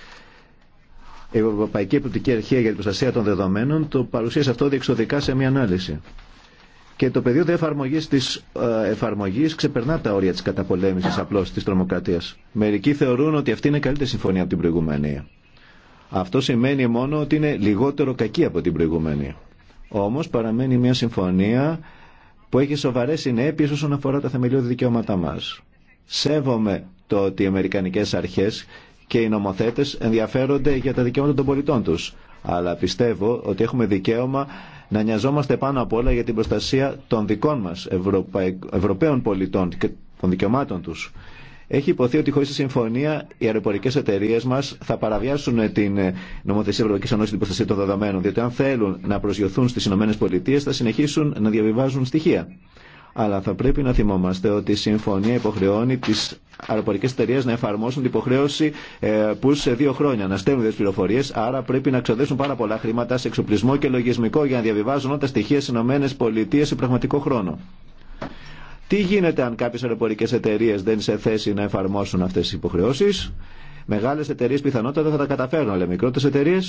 Η Ευρωπαϊκή Επιτική Αρχή για την Προστασία των Δεδομένων το παρουσίασε αυτό διεξοδικά σε μια ανάλυση. Και το πεδίο διεφαρμογής της ε, εφαρμογής ξεπερνά τα όρια της καταπολέμησης απλώς της τρομοκρατίας. Μερικοί θεωρούν ότι αυτή είναι καλύτερη συμφωνία από την προηγουμένη. Αυτό σημαίνει μόνο ότι είναι λιγότερο κακή από την προηγουμένη. Όμως παραμένει μια συμφωνία που έχει σοβαρέ συνέπειε όσον αφορά τα θεμελιώδη δικαιώματά μα. Σέβομαι το ότι οι Αμερικανικέ αρχέ και οι νομοθέτες ενδιαφέρονται για τα δικαιώματα των πολιτών τους. Αλλά πιστεύω ότι έχουμε δικαίωμα να νοιαζόμαστε πάνω απ' όλα για την προστασία των δικών μας Ευρωπαίων πολιτών και των δικαιωμάτων τους. Έχει υποθεί ότι χωρί τη συμφωνία οι αεροπορικέ εταιρείε μα θα παραβιάσουν την νομοθεσία Ευρωπαϊκή Ένωση την προστασία των δεδομένων, διότι αν θέλουν να προσγειωθούν στι ΗΠΑ θα συνεχίσουν να διαβιβάζουν στοιχεία αλλά θα πρέπει να θυμόμαστε ότι η συμφωνία υποχρεώνει τις αεροπορικές εταιρείε να εφαρμόσουν την υποχρέωση που ε, σε δύο χρόνια να στέλνουν τις πληροφορίες, άρα πρέπει να ξοδέσουν πάρα πολλά χρήματα σε εξοπλισμό και λογισμικό για να διαβιβάζουν όλα τα στοιχεία στις ΗΠΑ σε πραγματικό χρόνο. Τι γίνεται αν κάποιες αεροπορικές εταιρείε δεν είναι σε θέση να εφαρμόσουν αυτές τις υποχρεώσεις. Μεγάλες εταιρείε πιθανότατα θα τα καταφέρουν, αλλά μικρότερες εταιρείε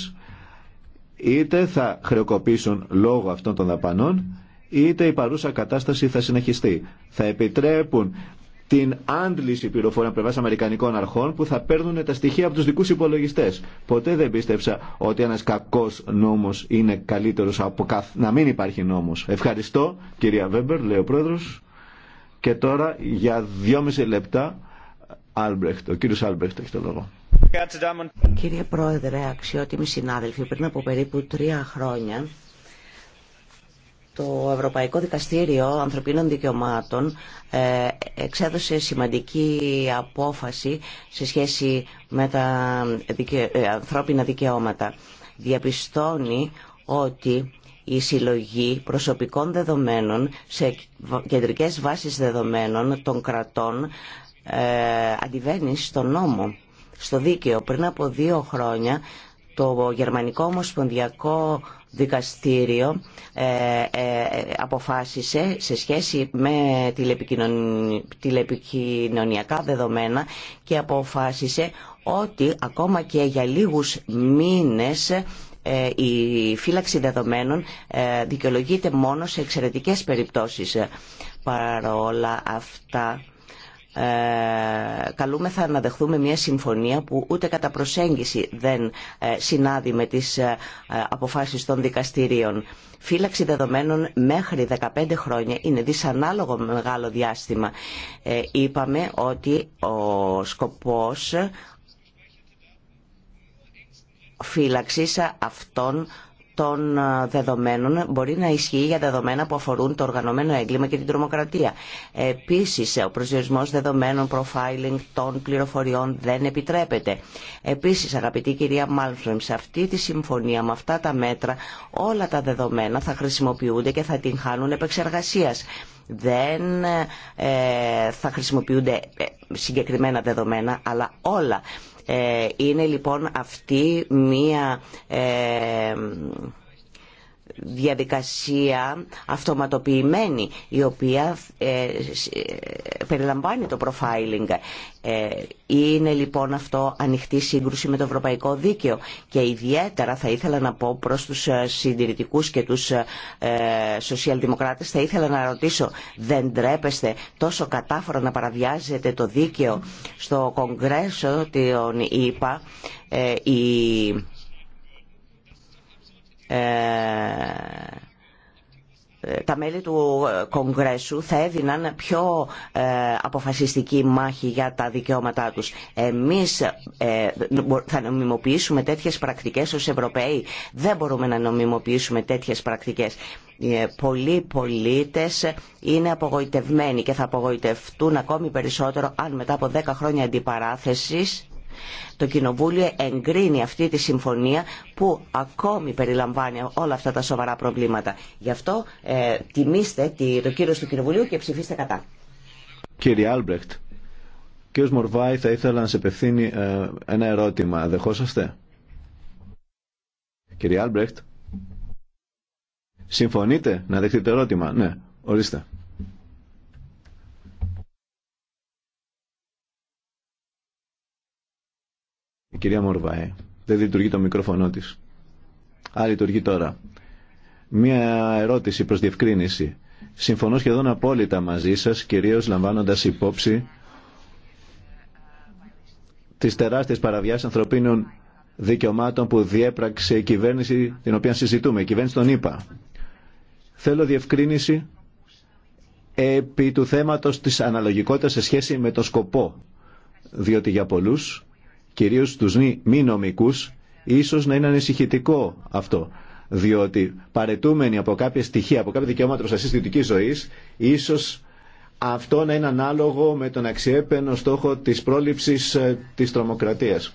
είτε θα χρεοκοπήσουν λόγω αυτών των δαπανών, είτε η παρούσα κατάσταση θα συνεχιστεί. Θα επιτρέπουν την άντληση πληροφοριών πλευρά Αμερικανικών αρχών που θα παίρνουν τα στοιχεία από του δικού υπολογιστέ. Ποτέ δεν πίστεψα ότι ένα κακό νόμο είναι καλύτερο από καθ... να μην υπάρχει νόμο. Ευχαριστώ, κυρία Βέμπερ, λέει ο πρόεδρο. Και τώρα για δυόμιση λεπτά, Άλμπρεχτ, ο κύριο Άλμπρεχτ έχει το λόγο. Κύριε Πρόεδρε, αξιότιμοι συνάδελφοι, πριν από περίπου τρία χρόνια το Ευρωπαϊκό Δικαστήριο Ανθρωπίνων Δικαιωμάτων ε, εξέδωσε σημαντική απόφαση σε σχέση με τα ε, ανθρώπινα δικαιώματα. Διαπιστώνει ότι η συλλογή προσωπικών δεδομένων σε κεντρικές βάσεις δεδομένων των κρατών ε, αντιβαίνει στον νόμο, στο δίκαιο. Πριν από δύο χρόνια το Γερμανικό Ομοσπονδιακό δικαστήριο ε, ε, αποφάσισε σε σχέση με τηλεπικοινωνιακά δεδομένα και αποφάσισε ότι ακόμα και για λίγους μήνες ε, η φύλαξη δεδομένων δικαιολογείται μόνο σε εξαιρετικές περιπτώσεις. Παρόλα αυτά ε, καλούμεθα να δεχθούμε μια συμφωνία που ούτε κατά προσέγγιση δεν ε, συνάδει με τις ε, αποφάσεις των δικαστηρίων. Φύλαξη δεδομένων μέχρι 15 χρόνια είναι δυσανάλογο μεγάλο διάστημα. Είπαμε ότι ο σκοπός φύλαξης αυτών των ε, δεδομένων μπορεί να ισχύει για δεδομένα που αφορούν το οργανωμένο έγκλημα και την τρομοκρατία. Επίση, ο προσδιορισμό δεδομένων profiling των πληροφοριών δεν επιτρέπεται. Επίση, αγαπητή κυρία Μάλφρεμ, σε αυτή τη συμφωνία με αυτά τα μέτρα όλα τα δεδομένα θα χρησιμοποιούνται και θα την χάνουν επεξεργασία. Δεν ε, θα χρησιμοποιούνται ε, συγκεκριμένα δεδομένα, αλλά όλα. Ε, είναι λοιπόν αυτή μία ε, διαδικασία αυτοματοποιημένη η οποία ε, ε, περιλαμβάνει το profiling. Ε, είναι λοιπόν αυτό ανοιχτή σύγκρουση με το ευρωπαϊκό δίκαιο και ιδιαίτερα θα ήθελα να πω προς τους συντηρητικούς και τους σοσιαλδημοκράτες θα ήθελα να ρωτήσω δεν τρέπεστε τόσο κατάφορα να παραβιάζετε το δίκαιο στο Κογκρέσο των είπα η τα μέλη του Κογκρέσου θα έδιναν πιο ε, αποφασιστική μάχη για τα δικαιώματά τους. Εμείς ε, θα νομιμοποιήσουμε τέτοιες πρακτικές ως Ευρωπαίοι. Δεν μπορούμε να νομιμοποιήσουμε τέτοιες πρακτικές. Ε, πολλοί πολίτες είναι απογοητευμένοι και θα απογοητευτούν ακόμη περισσότερο αν μετά από 10 χρόνια αντιπαράθεσης το Κοινοβούλιο εγκρίνει αυτή τη συμφωνία που ακόμη περιλαμβάνει όλα αυτά τα σοβαρά προβλήματα. Γι' αυτό ε, τιμήστε το κύριο του Κοινοβουλίου και ψηφίστε κατά. Κύριε Άλμπρεχτ, κύριο Μορβάη θα ήθελα να σε απευθύνει ε, ένα ερώτημα. Δεχόσαστε. Κύριε Άλμπρεχτ, συμφωνείτε να δεχτείτε ερώτημα. Ναι, ορίστε. κυρία Μορβαέ, Δεν λειτουργεί το μικρόφωνο της. Α, λειτουργεί τώρα. Μία ερώτηση προς διευκρίνηση. Συμφωνώ σχεδόν απόλυτα μαζί σας, κυρίω λαμβάνοντα υπόψη τι τεράστιε παραβιάσει ανθρωπίνων δικαιωμάτων που διέπραξε η κυβέρνηση την οποία συζητούμε, η κυβέρνηση των ΗΠΑ. Θέλω διευκρίνηση επί του θέματος της αναλογικότητας σε σχέση με το σκοπό, διότι για πολλούς κυρίως τους μη νομικούς, ίσως να είναι ανησυχητικό αυτό. Διότι παρετούμενοι από κάποια στοιχεία, από κάποια δικαιώματα προστασία ιδιωτική ζωής ίσως αυτό να είναι ανάλογο με τον αξιέπαινο στόχο της πρόληψη ε, της τρομοκρατίας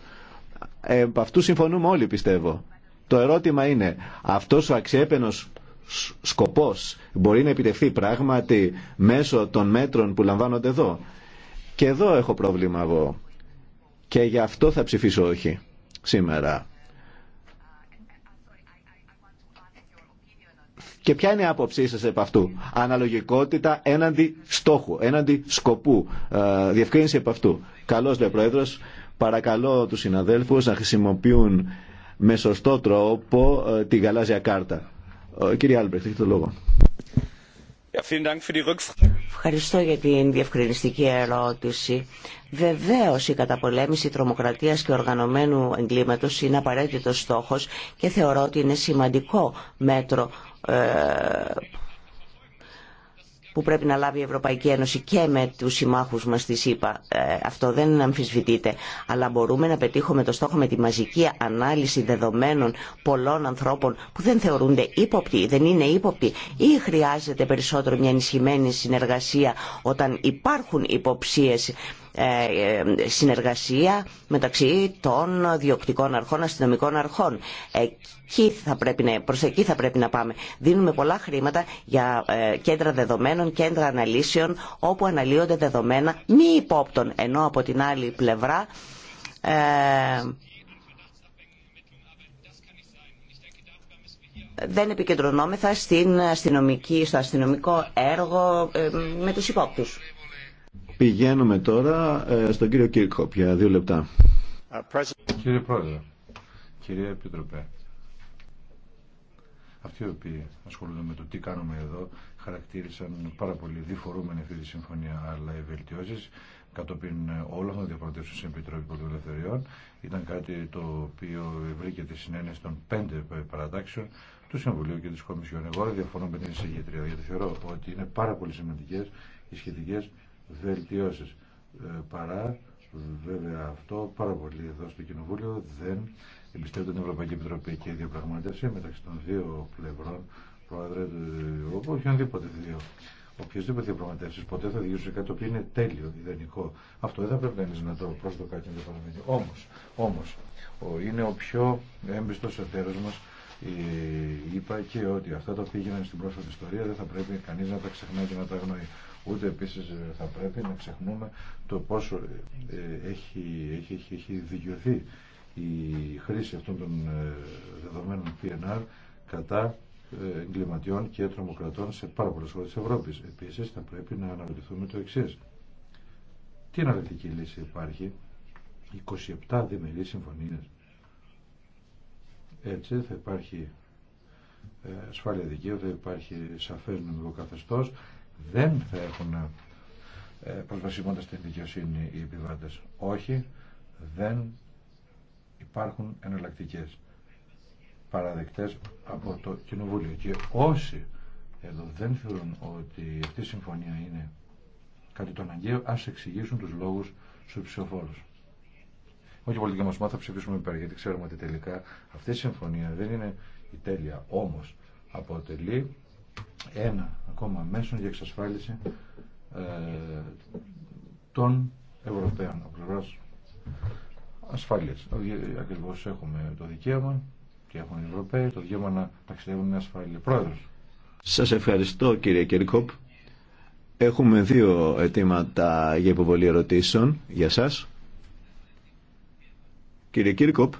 Ε, αυτού συμφωνούμε όλοι, πιστεύω. Το ερώτημα είναι, αυτός ο αξιέπαινος σκοπός μπορεί να επιτευχθεί πράγματι μέσω των μέτρων που λαμβάνονται εδώ. Και εδώ έχω πρόβλημα εγώ και γι' αυτό θα ψηφίσω όχι σήμερα. Και ποια είναι η άποψή σα επ' αυτού. Αναλογικότητα έναντι στόχου, έναντι σκοπού. Ε, διευκρίνηση επ' αυτού. Καλώς λέει ο Πρόεδρος. Παρακαλώ του συναδέλφου να χρησιμοποιούν με σωστό τρόπο ε, τη γαλάζια κάρτα. Κύριε Άλμπρεχτ, έχετε το λόγο. Ευχαριστώ για την διευκρινιστική ερώτηση. Βεβαίω η καταπολέμηση τρομοκρατίας και οργανωμένου εγκλήματο είναι απαραίτητο στόχο, και θεωρώ ότι είναι σημαντικό μέτρο ε, που πρέπει να λάβει η Ευρωπαϊκή Ένωση και με τους συμμάχους μας τη είπα ε, Αυτό δεν αμφισβητείται. Αλλά μπορούμε να πετύχουμε το στόχο με τη μαζική ανάλυση δεδομένων πολλών ανθρώπων που δεν θεωρούνται ύποπτοι, δεν είναι ύποπτοι ή χρειάζεται περισσότερο μια ενισχυμένη συνεργασία όταν υπάρχουν υποψίες ε, ε, συνεργασία μεταξύ των διοκτικών αρχών, αστυνομικών αρχών. Εκεί θα πρέπει να, προς εκεί θα πρέπει να πάμε. Δίνουμε πολλά χρήματα για ε, κέντρα δεδομένων, κέντρα αναλύσεων, όπου αναλύονται δεδομένα μη υπόπτων, ενώ από την άλλη πλευρά... δεν επικεντρωνόμεθα στην στο αστυνομικό έργο με τους υπόπτους. Πηγαίνουμε τώρα ε, στον κύριο Κίρκοπ για δύο λεπτά. Ε, κύριε Πρόεδρε, κύριε Επιτροπέ, αυτοί οι οποίοι ασχολούνται με το τι κάνουμε εδώ χαρακτήρισαν πάρα πολύ διφορούμενη αυτή τη συμφωνία, αλλά οι βελτιώσει κατόπιν όλων των διαπραγματεύσεων στην Επιτροπή Πολιτικών Ελευθεριών ήταν κάτι το οποίο βρήκε τη συνένεση των πέντε παρατάξεων του Συμβουλίου και τη Κομισιόν. Εγώ διαφωνώ με την εισηγήτρια γιατί θεωρώ ότι είναι πάρα πολύ σημαντικέ οι σχετικέ βελτιώσεις ε, παρά βέβαια αυτό πάρα πολύ εδώ στο Κοινοβούλιο δεν εμπιστεύεται την Ευρωπαϊκή Επιτροπή και η διαπραγματεύση μεταξύ των δύο πλευρών πρόεδρε του ε, οποιονδήποτε δύο οποιασδήποτε διαπραγματεύσει ποτέ θα οδηγήσουν σε κάτι το οποίο είναι τέλειο, ιδανικό. Αυτό δεν θα πρέπει κανεί να το προσδοκά και να το παραμείνει. Όμω, όμως, είναι ο πιο έμπιστο εταίρο μα. Ε, είπα και ότι αυτά τα οποία έγιναν στην πρόσφατη ιστορία δεν θα πρέπει κανεί να τα ξεχνά και να τα αγνοεί. Ούτε επίσης ε, θα πρέπει να ξεχνούμε το πόσο ε, έχει, έχει, έχει, έχει δικαιωθεί η χρήση αυτών των ε, δεδομένων PNR κατά εγκληματιών και τρομοκρατών σε πάρα πολλές χώρες της Ευρώπης. Επίσης θα πρέπει να αναρωτηθούμε το εξή. Τι αναλυτική λύση υπάρχει, 27 διμερείς συμφωνίες. Έτσι θα υπάρχει ασφάλεια δικαίου, θα υπάρχει σαφές νομικό δεν θα έχουν ε, προσβασιμότητα στην δικαιοσύνη οι επιβάτες. Όχι, δεν υπάρχουν εναλλακτικέ παραδεκτές από το Κοινοβούλιο. Και όσοι εδώ δεν θεωρούν ότι αυτή η συμφωνία είναι κάτι το αναγκαίο, ας εξηγήσουν τους λόγους στους ψηφοφόρους. Όχι πολιτικά μας μάθα ψηφίσουμε υπέρ, γιατί ξέρουμε ότι τελικά αυτή η συμφωνία δεν είναι η τέλεια. Όμως αποτελεί ένα ακόμα μέσο για εξασφάλιση ε, των Ευρωπαίων από ασφάλεια. Ακριβώ έχουμε το δικαίωμα και έχουν οι Ευρωπαίοι το δικαίωμα να ταξιδεύουν με ασφάλεια. Πρόεδρο. Σα ευχαριστώ κύριε Κερκόπ. Έχουμε δύο αιτήματα για υποβολή ερωτήσεων για σας. Κύριε Κύρκοπ,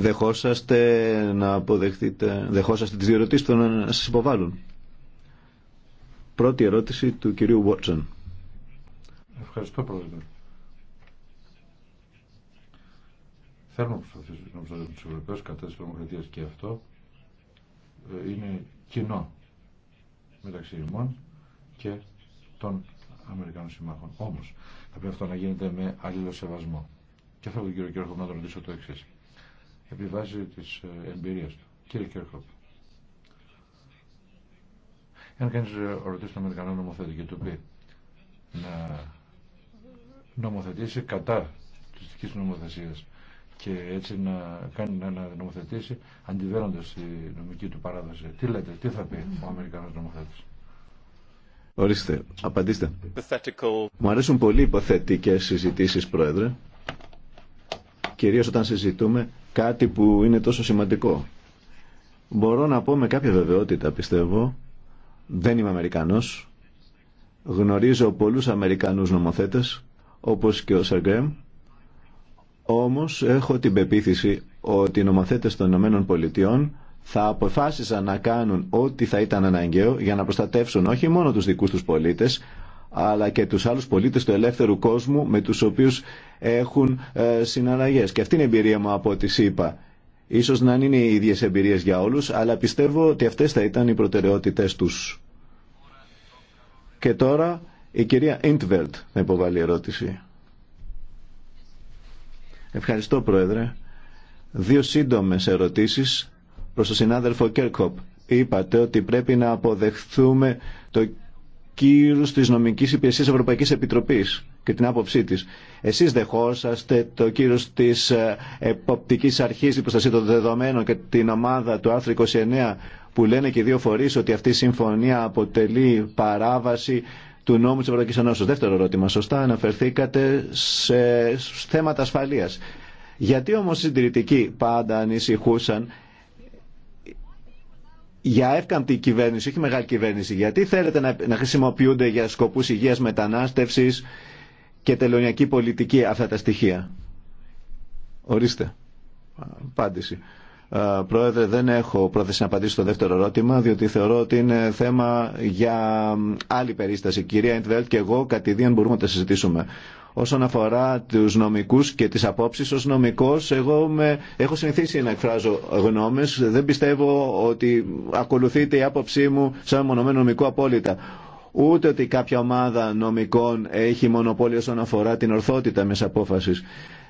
δεχόσαστε να αποδεχτείτε, δεχόσαστε τις δύο που να σας υποβάλουν. Πρώτη ερώτηση του κυρίου Βότσον. Ευχαριστώ πρόεδρε. Θέλω να προσπαθήσω να προσπαθήσω του Ευρωπαίους κατά της δημοκρατίας και αυτό ε, είναι κοινό μεταξύ ημών και των Αμερικανών συμμάχων. Όμω θα πρέπει αυτό να γίνεται με αλληλοσεβασμό. Και θέλω τον κύριο κύριο να τον ρωτήσω το εξή επί βάση της ε, εμπειρίας του. Κύριε Κέρκοπ. Εάν κανείς ε, ρωτήσει τον Αμερικανό νομοθέτη και του πει να νομοθετήσει κατά της δικής νομοθεσίας και έτσι να, κάνει, να νομοθετήσει αντιβαίνοντας τη νομική του παράδοση. Τι λέτε, τι θα πει ο Αμερικανός νομοθέτης. Ορίστε, απαντήστε. Μου αρέσουν πολύ υποθετικές συζητήσεις, Πρόεδρε. Κυρίως όταν συζητούμε κάτι που είναι τόσο σημαντικό. Μπορώ να πω με κάποια βεβαιότητα, πιστεύω, δεν είμαι Αμερικανός, γνωρίζω πολλούς Αμερικανούς νομοθέτες, όπως και ο Σαργκρέμ, όμως έχω την πεποίθηση ότι οι νομοθέτες των Ηνωμένων Πολιτειών θα αποφάσισαν να κάνουν ό,τι θα ήταν αναγκαίο για να προστατεύσουν όχι μόνο τους δικούς τους πολίτες, αλλά και τους άλλους πολίτες του ελεύθερου κόσμου με τους οποίους έχουν ε, συναλλαγές. Και αυτή είναι η εμπειρία μου από τη είπα. Ίσως να είναι οι ίδιες εμπειρίες για όλους, αλλά πιστεύω ότι αυτές θα ήταν οι προτεραιότητες τους. Και τώρα η κυρία Ίντβερτ θα υποβάλει ερώτηση. Ευχαριστώ Πρόεδρε. Δύο σύντομες ερωτήσεις προς τον συνάδελφο Κέρκοπ. Είπατε ότι πρέπει να αποδεχθούμε το κύρος της νομικής υπηρεσίας Ευρωπαϊκής Επιτροπής και την άποψή τη. Εσεί δεχόσαστε το κύριο τη ε, Εποπτική Αρχή Υποστασία των Δεδομένων και την ομάδα του άρθρου 29 που λένε και οι δύο φορεί ότι αυτή η συμφωνία αποτελεί παράβαση του νόμου τη Ευρωπαϊκή Ενώσεω. Δεύτερο ερώτημα. Σωστά αναφερθήκατε σε θέματα ασφαλεία. Γιατί όμω οι συντηρητικοί πάντα ανησυχούσαν για εύκαμπτη κυβέρνηση, όχι μεγάλη κυβέρνηση. Γιατί θέλετε να, χρησιμοποιούνται για σκοπούς υγείας μετανάστευσης, και τελωνιακή πολιτική αυτά τα στοιχεία. Ορίστε. Απάντηση. Πρόεδρε, δεν έχω πρόθεση να απαντήσω στο δεύτερο ερώτημα, διότι θεωρώ ότι είναι θέμα για άλλη περίσταση. Κυρία Ιντβέλτ και εγώ κατηδίαν μπορούμε να τα συζητήσουμε. Όσον αφορά του νομικού και τι απόψει, ω νομικό, εγώ με... έχω συνηθίσει να εκφράζω γνώμε. Δεν πιστεύω ότι ακολουθείται η άποψή μου σαν μονομένο νομικό απόλυτα ούτε ότι κάποια ομάδα νομικών έχει μονοπόλιο όσον αφορά την ορθότητα μιας απόφασης.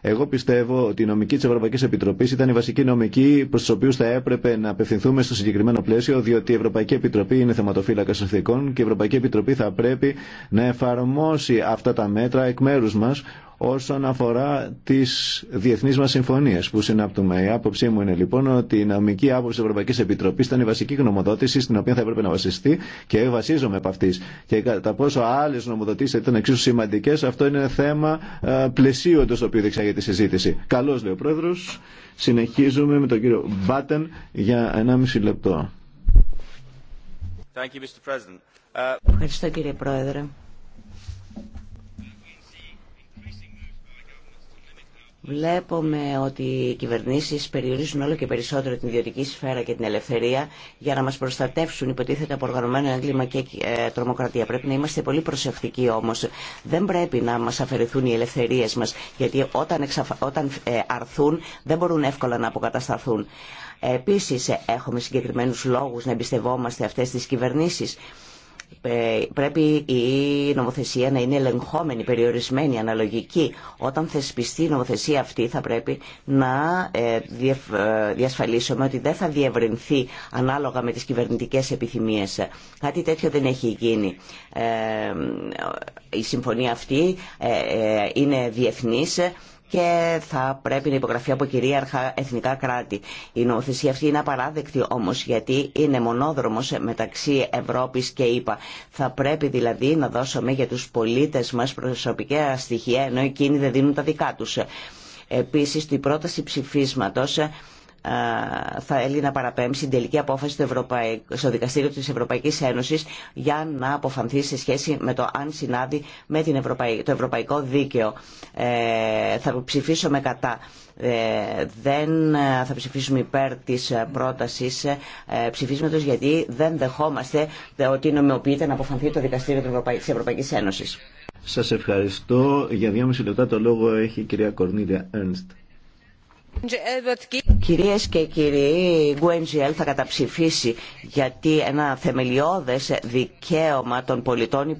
Εγώ πιστεύω ότι η νομική τη Ευρωπαϊκή Επιτροπή ήταν η βασική νομική προ του οποίου θα έπρεπε να απευθυνθούμε στο συγκεκριμένο πλαίσιο, διότι η Ευρωπαϊκή Επιτροπή είναι θεματοφύλακα αστικών και η Ευρωπαϊκή Επιτροπή θα πρέπει να εφαρμόσει αυτά τα μέτρα εκ μέρου μα, όσον αφορά τις διεθνείς μας συμφωνίες που συνάπτουμε. Η άποψή μου είναι λοιπόν ότι η νομική άποψη της Ευρωπαϊκής Επιτροπής ήταν η βασική γνωμοδότηση στην οποία θα έπρεπε να βασιστεί και βασίζομαι από αυτής. Και κατά πόσο άλλες νομοδοτήσεις ήταν εξίσου σημαντικές, αυτό είναι θέμα ε, πλαισίου εντός το οποίο για τη συζήτηση. Καλώς λέει ο Πρόεδρος. Συνεχίζουμε με τον κύριο Μπάτεν για 1,5 λεπτό. Ευχαριστώ κύριε Πρόεδρε. Βλέπουμε ότι οι κυβερνήσεις περιορίζουν όλο και περισσότερο την ιδιωτική σφαίρα και την ελευθερία για να μας προστατεύσουν υποτίθεται από οργανωμένο έγκλημα και ε, τρομοκρατία. Πρέπει να είμαστε πολύ προσεκτικοί όμως. Δεν πρέπει να μας αφαιρεθούν οι ελευθερίες μας γιατί όταν, όταν ε, αρθούν δεν μπορούν εύκολα να αποκατασταθούν. Επίσης ε, έχουμε συγκεκριμένους λόγους να εμπιστευόμαστε αυτές τις κυβερνήσεις. Ε, πρέπει η νομοθεσία να είναι ελεγχόμενη, περιορισμένη, αναλογική. Όταν θεσπιστεί η νομοθεσία αυτή θα πρέπει να ε, ε, διασφαλίσουμε ότι δεν θα διευρυνθεί ανάλογα με τις κυβερνητικές επιθυμίες. Κάτι τέτοιο δεν έχει γίνει. Η συμφωνία αυτή είναι διεθνής και θα πρέπει να υπογραφεί από κυρίαρχα εθνικά κράτη. Η νομοθεσία αυτή είναι απαράδεκτη όμως γιατί είναι μονόδρομος μεταξύ Ευρώπης και ΗΠΑ. Θα πρέπει δηλαδή να δώσουμε για τους πολίτες μας προσωπικά στοιχεία ενώ εκείνοι δεν δίνουν τα δικά τους. Επίσης, την πρόταση ψηφίσματος θα έλει να παραπέμψει την τελική απόφαση στο Δικαστήριο της Ευρωπαϊκής Ένωσης για να αποφανθεί σε σχέση με το αν συνάδει με την Ευρωπαϊ... το Ευρωπαϊκό Δίκαιο. Ε, θα ψηφίσουμε κατά. Ε, δεν ε, θα ψηφίσουμε υπέρ της πρότασης ε, ψηφίσματος γιατί δεν δεχόμαστε ότι νομιμοποιείται να αποφανθεί το Δικαστήριο της Ευρωπαϊκής Ένωσης. Σας ευχαριστώ. Για μισή λεπτά το λόγο έχει η κυρία Κορνίλια Ernst. Κυρίες και κύριοι, η Γκουέντζιέλ θα καταψηφίσει γιατί ένα θεμελιώδες δικαίωμα των πολιτών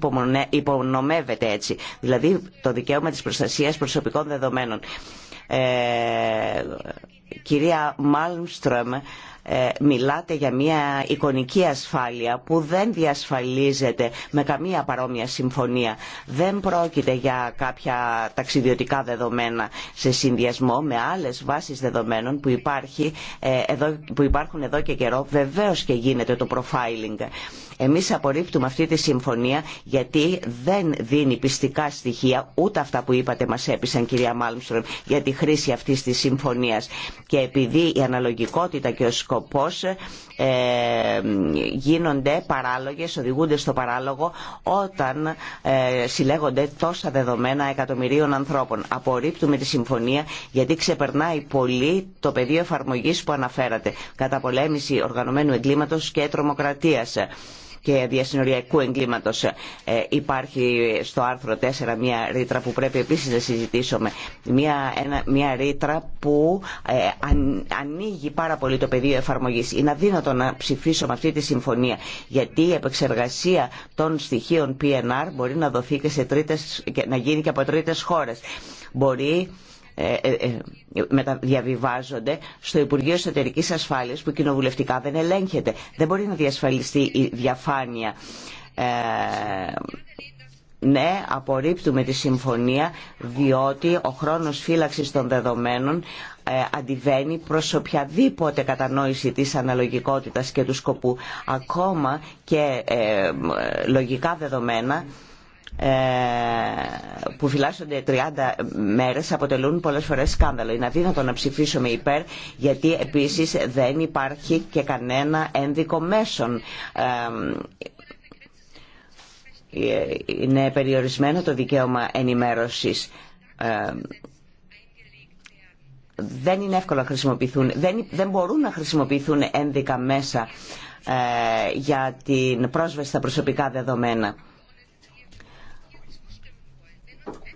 υπονομεύεται έτσι. Δηλαδή το δικαίωμα της προστασίας προσωπικών δεδομένων. Ε, κυρία Μάλμστρομ, ε, μιλάτε για μια εικονική ασφάλεια που δεν διασφαλίζεται με καμία παρόμοια συμφωνία. Δεν πρόκειται για κάποια ταξιδιωτικά δεδομένα σε συνδυασμό με άλλες βάσεις δεδομένων που, υπάρχει, ε, εδώ, που υπάρχουν εδώ και καιρό. Βεβαίως και γίνεται το profiling εμείς απορρίπτουμε αυτή τη συμφωνία γιατί δεν δίνει πιστικά στοιχεία, ούτε αυτά που είπατε μας έπεισαν κυρία Μάλμστρομ, για τη χρήση αυτή της συμφωνίας. Και επειδή η αναλογικότητα και ο σκοπός ε, γίνονται παράλογες, οδηγούνται στο παράλογο όταν ε, συλλέγονται τόσα δεδομένα εκατομμυρίων ανθρώπων. Απορρίπτουμε τη συμφωνία γιατί ξεπερνάει πολύ το πεδίο εφαρμογής που αναφέρατε. πολέμηση οργανωμένου εγκλήματος και τρομοκρατίας και διασυνοριακού εγκλήματος. Ε, υπάρχει στο άρθρο 4 μια ρήτρα που πρέπει επίσης να συζητήσουμε. Μια, μια ρήτρα που ε, ανοίγει πάρα πολύ το πεδίο εφαρμογής. Είναι αδύνατο να ψηφίσουμε αυτή τη συμφωνία γιατί η επεξεργασία των στοιχείων PNR μπορεί να δοθεί και σε τρίτες, να γίνει και από τρίτες χώρες. Μπορεί ε, ε, ε, μεταδιαβιβάζονται στο Υπουργείο Εσωτερικής Ασφάλειας που κοινοβουλευτικά δεν ελέγχεται. Δεν μπορεί να διασφαλιστεί η διαφάνεια. Ε, ναι, απορρίπτουμε τη συμφωνία διότι ο χρόνος φύλαξης των δεδομένων αντιβαίνει προς οποιαδήποτε κατανόηση της αναλογικότητας και του σκοπού. Ακόμα και λογικά δεδομένα ε, που φυλάσσονται 30 μέρες αποτελούν πολλές φορές σκάνδαλο. Είναι αδύνατο να ψηφίσουμε υπέρ γιατί επίσης δεν υπάρχει και κανένα ένδικο μέσον. Ε, είναι περιορισμένο το δικαίωμα ενημέρωσης. Ε, δεν είναι εύκολο να χρησιμοποιηθούν, δεν, δεν μπορούν να χρησιμοποιηθούν ένδικα μέσα για την πρόσβαση στα προσωπικά δεδομένα.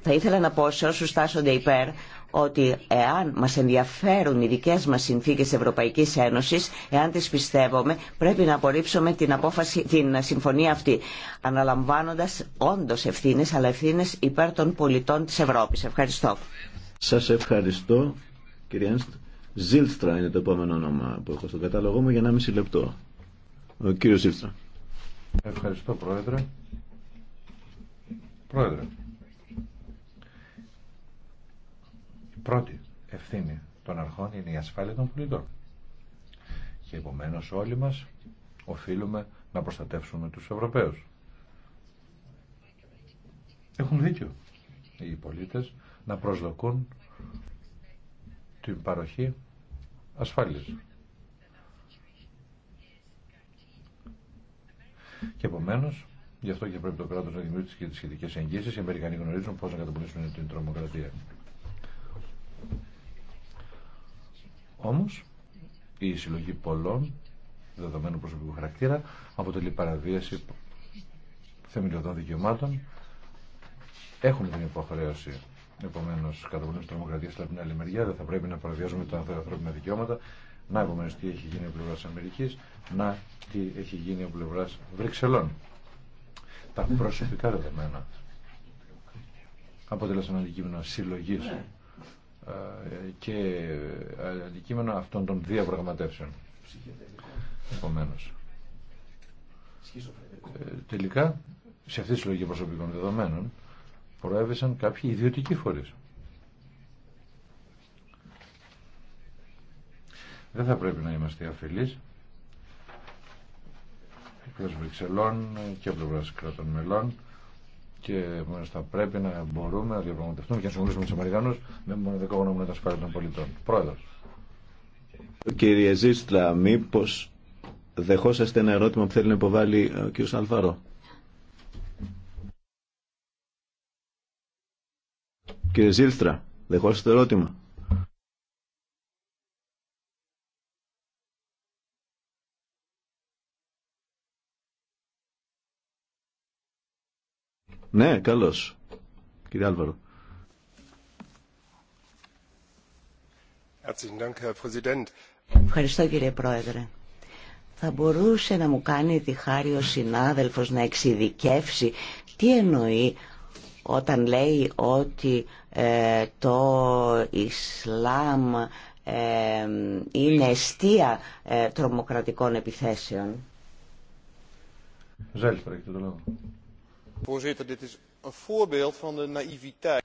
Θα ήθελα να πω σε όσους στάσονται υπέρ ότι εάν μας ενδιαφέρουν οι δικές μας συνθήκες Ευρωπαϊκής Ένωσης, εάν τις πιστεύουμε, πρέπει να απορρίψουμε την, απόφαση, την συμφωνία αυτή, αναλαμβάνοντας όντως ευθύνες, αλλά ευθύνες υπέρ των πολιτών της Ευρώπης. Ευχαριστώ. Σας ευχαριστώ, κυρία Ζήλστρα είναι το επόμενο όνομα που έχω στο κατάλογό μου για μισή λεπτό. Ο κύριος Ζήλστρα. Ευχαριστώ, Πρόεδρε. Πρόεδρε. πρώτη ευθύνη των αρχών είναι η ασφάλεια των πολιτών. Και επομένω, όλοι μας οφείλουμε να προστατεύσουμε τους Ευρωπαίους. Έχουν δίκιο οι πολίτες να προσδοκούν την παροχή ασφάλειας. Και επομένω, γι' αυτό και πρέπει το κράτο να δημιουργήσει και τι σχετικέ εγγύσει. Οι Αμερικανοί γνωρίζουν πώ να καταπολύσουν την τρομοκρατία. Όμως, η συλλογή πολλών δεδομένου προσωπικού χαρακτήρα αποτελεί παραβίαση θεμελιωδών δικαιωμάτων. Έχουν την υποχρέωση Επομένω, καταπολέμηση τρομοκρατία από την άλλη μεριά δεν θα πρέπει να παραβιάζουμε τα ανθρώπινα δικαιώματα. Να επομένω τι έχει γίνει ο πλευρά Αμερική, να τι έχει γίνει ο πλευρά Βρυξελών. Τα προσωπικά δεδομένα αποτέλεσαν αντικείμενο συλλογή ναι και ε, αντικείμενο αυτών των διαπραγματεύσεων. Επομένως, ε, τελικά, σε αυτή τη συλλογή προσωπικών δεδομένων, προέβησαν κάποιοι ιδιωτικοί φορείς. Δεν θα πρέπει να είμαστε αφιλείς πλευράς Βρυξελών και μελών και μόνος θα πρέπει να μπορούμε να διαπραγματευτούμε και να συμβουλήσουμε του Αμερικανού με μοναδικό να των ασφάλεια των πολιτών. Πρόεδρο. Κύριε Ζήστλα, μήπω δεχόσαστε ένα ερώτημα που θέλει να υποβάλει ε, ο κ. Αλφαρό. Κύριε Ζήλστρα, δεχόσαστε ερώτημα. Ναι, καλώς. Κύριε Άλβαρο. Ευχαριστώ κύριε Πρόεδρε. Θα μπορούσε να μου κάνει τη χάρη ο συνάδελφος να εξειδικεύσει τι εννοεί όταν λέει ότι ε, το Ισλάμ ε, είναι αιστεία ε, τρομοκρατικών επιθέσεων. έχετε το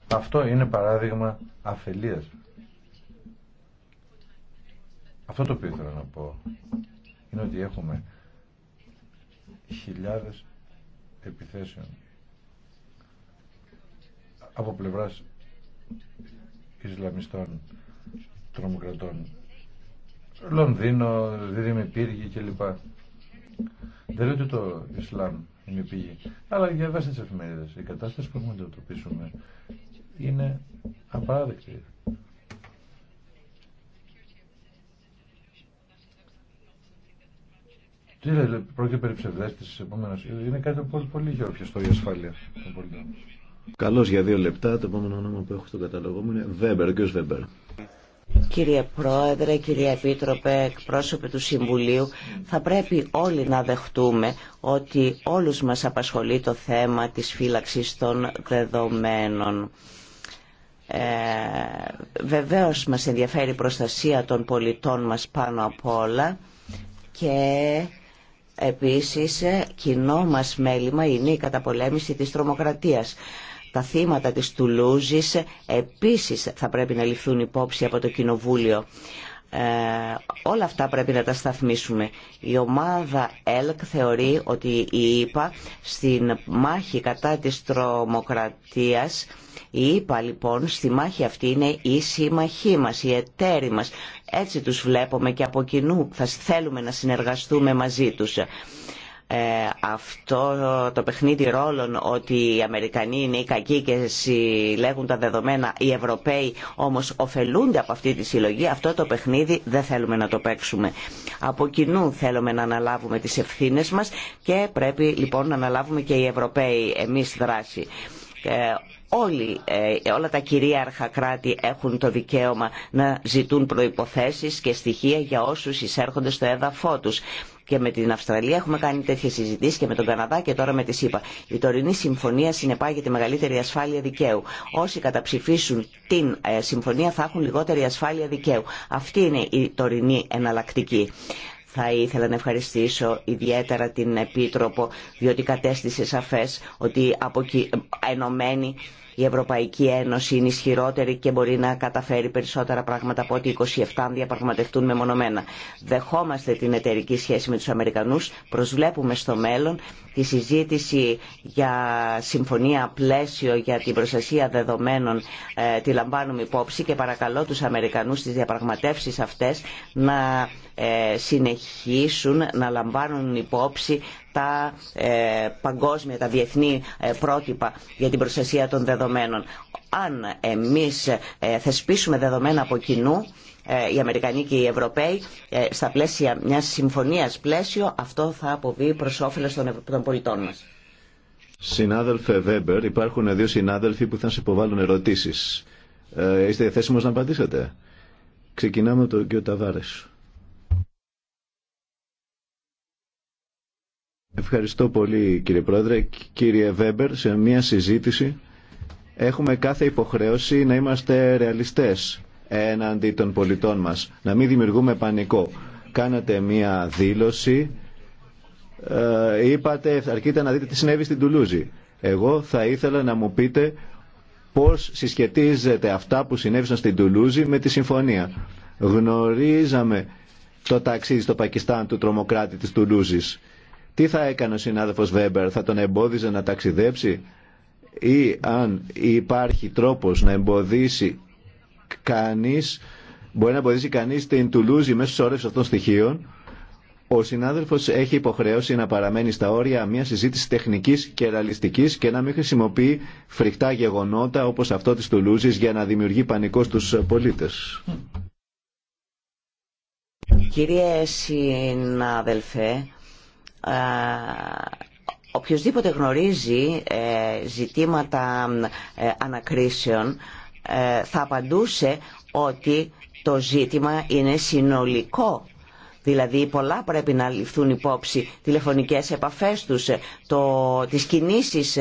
αυτό είναι παράδειγμα αφελίας. Αυτό το οποίο ήθελα να πω είναι ότι έχουμε χιλιάδες επιθέσεων από πλευράς Ισλαμιστών, τρομοκρατών, Λονδίνο, Δίδυμη Πύργη κλπ. Δεν λέω ότι το Ισλάμ η πηγή. Αλλά διαβάστε τι εφημερίδε. Η κατάσταση που έχουμε να αντιμετωπίσουμε είναι απαράδεκτη. Τι λέει, πρόκειται περί ψευδέστηση επόμενα. Είναι κάτι πολύ, πολύ στο για ασφάλεια των Καλώ για δύο λεπτά. Το επόμενο όνομα που έχω στον καταλογό μου είναι Βέμπερ, ο κ. Βέμπερ. Κύριε Πρόεδρε, κύριε Επίτροπε, εκπρόσωπε του Συμβουλίου, θα πρέπει όλοι να δεχτούμε ότι όλους μας απασχολεί το θέμα της φύλαξης των δεδομένων. Ε, βεβαίως μας ενδιαφέρει η προστασία των πολιτών μας πάνω απ' όλα και επίσης ε, κοινό μας μέλημα είναι η καταπολέμηση της τρομοκρατίας. Τα θύματα της Τουλούζης επίσης θα πρέπει να ληφθούν υπόψη από το Κοινοβούλιο. Ε, όλα αυτά πρέπει να τα σταθμίσουμε. Η ομάδα ΕΛΚ θεωρεί ότι η ΕΠΑ στην μάχη κατά της τρομοκρατίας η ΕΠΑ λοιπόν στη μάχη αυτή είναι η συμμαχή μας, η εταίρη μας. Έτσι τους βλέπουμε και από κοινού θα θέλουμε να συνεργαστούμε μαζί τους ε, αυτό το παιχνίδι ρόλων ότι οι Αμερικανοί είναι οι κακοί και συλλέγουν τα δεδομένα, οι Ευρωπαίοι όμως ωφελούνται από αυτή τη συλλογή, αυτό το παιχνίδι δεν θέλουμε να το παίξουμε. Από κοινού θέλουμε να αναλάβουμε τις ευθύνες μας και πρέπει λοιπόν να αναλάβουμε και οι Ευρωπαίοι εμείς δράση. Ε, όλοι, ε, όλα τα κυρίαρχα κράτη έχουν το δικαίωμα να ζητούν προϋποθέσεις και στοιχεία για όσους εισέρχονται στο έδαφό τους και με την Αυστραλία έχουμε κάνει τέτοιε συζητήσει και με τον Καναδά και τώρα με τη ΣΥΠΑ. Η τωρινή συμφωνία συνεπάγεται μεγαλύτερη ασφάλεια δικαίου. Όσοι καταψηφίσουν την ε, συμφωνία θα έχουν λιγότερη ασφάλεια δικαίου. Αυτή είναι η τωρινή εναλλακτική. Θα ήθελα να ευχαριστήσω ιδιαίτερα την Επίτροπο, διότι κατέστησε σαφές ότι από ε, ενωμένη η Ευρωπαϊκή Ένωση είναι ισχυρότερη και μπορεί να καταφέρει περισσότερα πράγματα από ότι 27 αν διαπραγματευτούν μεμονωμένα. Δεχόμαστε την εταιρική σχέση με τους Αμερικανούς, προσβλέπουμε στο μέλλον τη συζήτηση για συμφωνία πλαίσιο για την προστασία δεδομένων ε, τη λαμβάνουμε υπόψη και παρακαλώ τους Αμερικανούς στις διαπραγματεύσεις αυτές να ε, συνεχίσουν να λαμβάνουν υπόψη τα ε, παγκόσμια, τα διεθνή ε, πρότυπα για την προστασία των δεδομένων. Αν εμείς ε, θεσπίσουμε δεδομένα από κοινού, οι Αμερικανοί και οι Ευρωπαίοι, στα πλαίσια μιας συμφωνίας πλαίσιο, αυτό θα αποβεί προς όφελος των πολιτών μας. Συνάδελφε Βέμπερ, υπάρχουν δύο συνάδελφοι που θα σε υποβάλουν ερωτήσεις. είστε διαθέσιμος να απαντήσετε. Ξεκινάμε με τον κ. Ταβάρεσου. Ευχαριστώ πολύ κύριε Πρόεδρε. Κύριε Βέμπερ, σε μια συζήτηση έχουμε κάθε υποχρέωση να είμαστε ρεαλιστές έναντι των πολιτών μας. Να μην δημιουργούμε πανικό. Κάνατε μια δήλωση, ε, είπατε αρκείτε να δείτε τι συνέβη στην Τουλούζη. Εγώ θα ήθελα να μου πείτε πώς συσχετίζεται αυτά που συνέβησαν στην Τουλούζη με τη συμφωνία. Γνωρίζαμε το ταξίδι στο Πακιστάν του τρομοκράτη της Τουλούζης τι θα έκανε ο συνάδελφος Βέμπερ, θα τον εμπόδιζε να ταξιδέψει ή αν υπάρχει τρόπος να εμποδίσει κανείς, μπορεί να εμποδίσει κανείς την Τουλούζη μέσω σώρευση αυτών στοιχείων, ο συνάδελφο έχει υποχρέωση να παραμένει στα όρια μια συζήτηση τεχνική και ραλιστικής και να μην χρησιμοποιεί φρικτά γεγονότα όπω αυτό τη Τουλούζη για να δημιουργεί πανικό στου πολίτε. Κυρίε συνάδελφε, ε, οποιοςδήποτε γνωρίζει ε, ζητήματα ε, ανακρίσεων θα απαντούσε ότι το ζήτημα είναι συνολικό. Δηλαδή πολλά πρέπει να ληφθούν υπόψη τηλεφωνικές επαφές τους, το, τις κινήσεις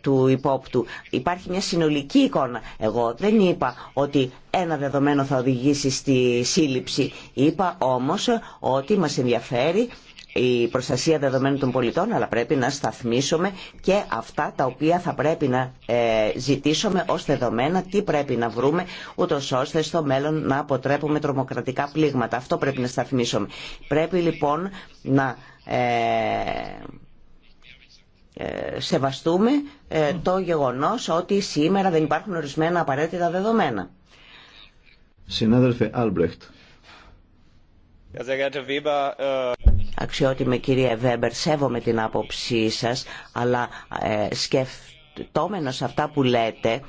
του υπόπτου. Υπάρχει μια συνολική εικόνα. Εγώ δεν είπα ότι ένα δεδομένο θα οδηγήσει στη σύλληψη. Είπα όμως ότι μας ενδιαφέρει η προστασία δεδομένων των πολιτών, αλλά πρέπει να σταθμίσουμε και αυτά τα οποία θα πρέπει να ε, ζητήσουμε ως δεδομένα, τι πρέπει να βρούμε, ούτω ώστε στο μέλλον να αποτρέπουμε τρομοκρατικά πλήγματα. Αυτό πρέπει να σταθμίσουμε. Πρέπει λοιπόν να ε, ε, σεβαστούμε το γεγονός ότι σήμερα δεν υπάρχουν ορισμένα απαραίτητα δεδομένα. Συνάδελφε Άλμπρεχτ. Αξιότιμη κυρία Βέμπερ, σέβομαι την άποψή σας, αλλά ε, σκεφτόμενος αυτά που λέτε,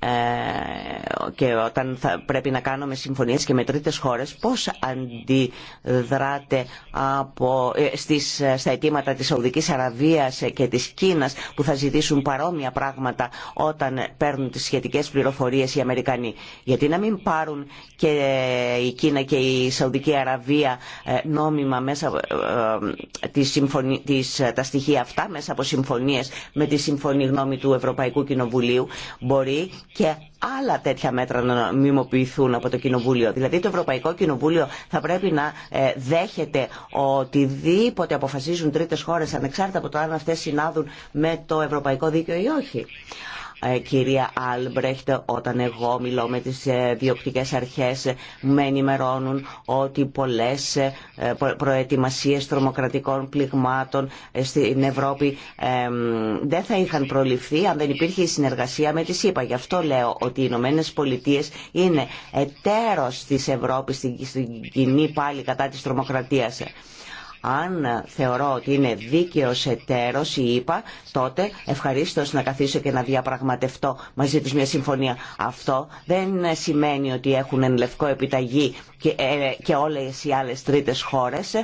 ε, και όταν πρέπει να κάνουμε συμφωνίες και με τρίτες χώρες πώς αντιδράτε από, ε, στις, στα αιτήματα της Σαουδικής Αραβίας και της Κίνας που θα ζητήσουν παρόμοια πράγματα όταν παίρνουν τις σχετικές πληροφορίες οι Αμερικανοί. Γιατί να μην πάρουν και η Κίνα και η Σαουδική Αραβία ε, νόμιμα μέσα τις, τα στοιχεία αυτά μέσα από συμφωνίες με τη συμφωνή γνώμη του Ευρωπαϊκού Κοινοβουλίου μπορεί και άλλα τέτοια μέτρα να μιμοποιηθούν από το Κοινοβούλιο. Δηλαδή το Ευρωπαϊκό Κοινοβούλιο θα πρέπει να ε, δέχεται οτιδήποτε αποφασίζουν τρίτες χώρες ανεξάρτητα από το αν αυτές συνάδουν με το Ευρωπαϊκό Δίκαιο ή όχι. Ε, κυρία Άλμπρεχτ, όταν εγώ μιλώ με τις ε, διοκτικές αρχές, με ενημερώνουν ότι πολλές ε, προετοιμασίες τρομοκρατικών πληγμάτων στην Ευρώπη δεν θα είχαν προληφθεί αν δεν υπήρχε η συνεργασία με τη ΣΥΠΑ. Γι' αυτό λέω ότι οι Ηνωμένε Πολιτείε είναι εταίρος της Ευρώπης στην κοινή πάλι κατά της τρομοκρατίας. Αν θεωρώ ότι είναι δίκαιος εταίρος η είπα, τότε ευχαρίστω να καθίσω και να διαπραγματευτώ μαζί τους μια συμφωνία. Αυτό δεν σημαίνει ότι έχουν εν λευκό επιταγή και, ε, όλες οι άλλες τρίτες χώρες.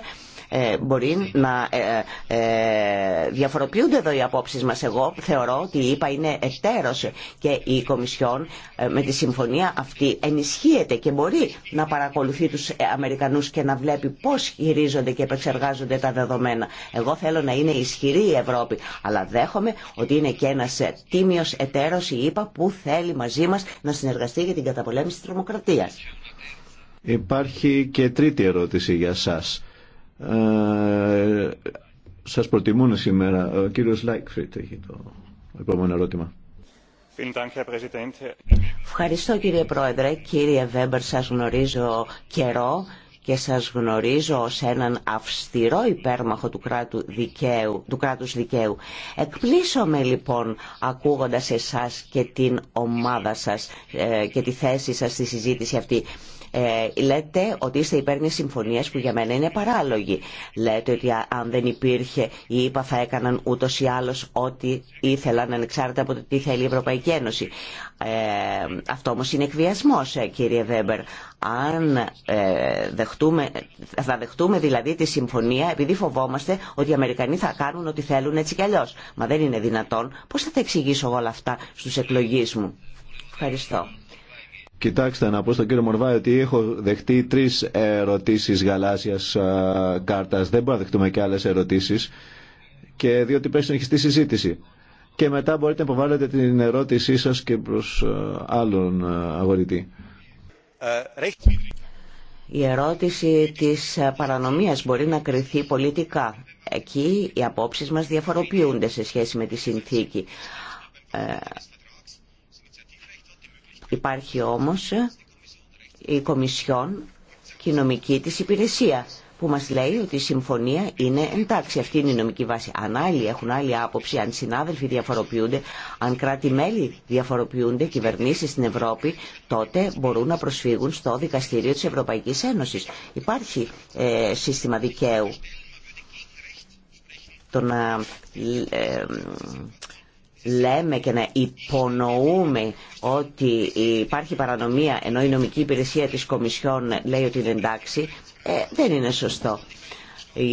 Ε, μπορεί να ε, ε, διαφοροποιούνται εδώ οι απόψεις μας. Εγώ θεωρώ ότι η ΕΠΑ είναι εταίρος και η Κομισιόν με τη συμφωνία αυτή ενισχύεται και μπορεί να παρακολουθεί τους Αμερικανούς και να βλέπει πώς χειρίζονται και επεξεργάζονται τα δεδομένα. Εγώ θέλω να είναι ισχυρή η Ευρώπη, αλλά δέχομαι ότι είναι και ένας τίμιος εταίρος η ΕΠΑ που θέλει μαζί μας να συνεργαστεί για την καταπολέμηση της τρομοκρατίας. Υπάρχει και τρίτη ερώτηση για σας. Σα ε, σας προτιμούν σήμερα. Ο κύριος Λάικφριτ έχει το επόμενο ερώτημα. Ευχαριστώ κύριε Πρόεδρε. Κύριε Βέμπερ, σας γνωρίζω καιρό και σας γνωρίζω ως έναν αυστηρό υπέρμαχο του, κράτου δικαίου, του κράτους δικαίου. Εκπλήσωμαι λοιπόν ακούγοντας εσάς και την ομάδα σας ε, και τη θέση σας στη συζήτηση αυτή. Ε, λέτε ότι είστε υπέρ μια συμφωνία που για μένα είναι παράλογη. Λέτε ότι αν δεν υπήρχε η ΕΠΑ θα έκαναν ούτω ή άλλω ό,τι ήθελαν ανεξάρτητα από το τι θέλει η Ευρωπαϊκή Ένωση. Ε, αυτό όμω είναι εκβιασμό, ε, κύριε Βέμπερ. Αν δεχτούμε, θα δεχτούμε δηλαδή τη συμφωνία επειδή φοβόμαστε ότι οι Αμερικανοί θα κάνουν ό,τι θέλουν έτσι κι αλλιώ. Μα δεν είναι δυνατόν. Πώ θα τα εξηγήσω όλα αυτά στου εκλογεί μου. Ευχαριστώ. Κοιτάξτε να πω στον κύριο Μορβάη ότι έχω δεχτεί τρεις ερωτήσεις γαλάζιας κάρτα. Δεν μπορούμε να δεχτούμε και άλλες ερωτήσεις. Και διότι πρέπει να στη συζήτηση. Και μετά μπορείτε να υποβάλλετε την ερώτησή σας και προ άλλον αγορητή. Η ερώτηση της παρανομίας μπορεί να κρυθεί πολιτικά. Εκεί οι απόψεις μας διαφοροποιούνται σε σχέση με τη συνθήκη. Ε, Υπάρχει όμως η Κομισιόν και η νομική της υπηρεσία που μας λέει ότι η συμφωνία είναι εντάξει. Αυτή είναι η νομική βάση. Αν άλλοι έχουν άλλη άποψη, αν συνάδελφοι διαφοροποιούνται, αν κράτη-μέλη διαφοροποιούνται, κυβερνήσεις στην Ευρώπη, τότε μπορούν να προσφύγουν στο Δικαστήριο της Ευρωπαϊκής Ένωσης. Υπάρχει ε, σύστημα δικαίου. Το να ε, λέμε και να υπονοούμε ότι υπάρχει παρανομία ενώ η νομική υπηρεσία της Κομισιόν λέει ότι είναι εντάξει, ε, δεν είναι σωστό. Η,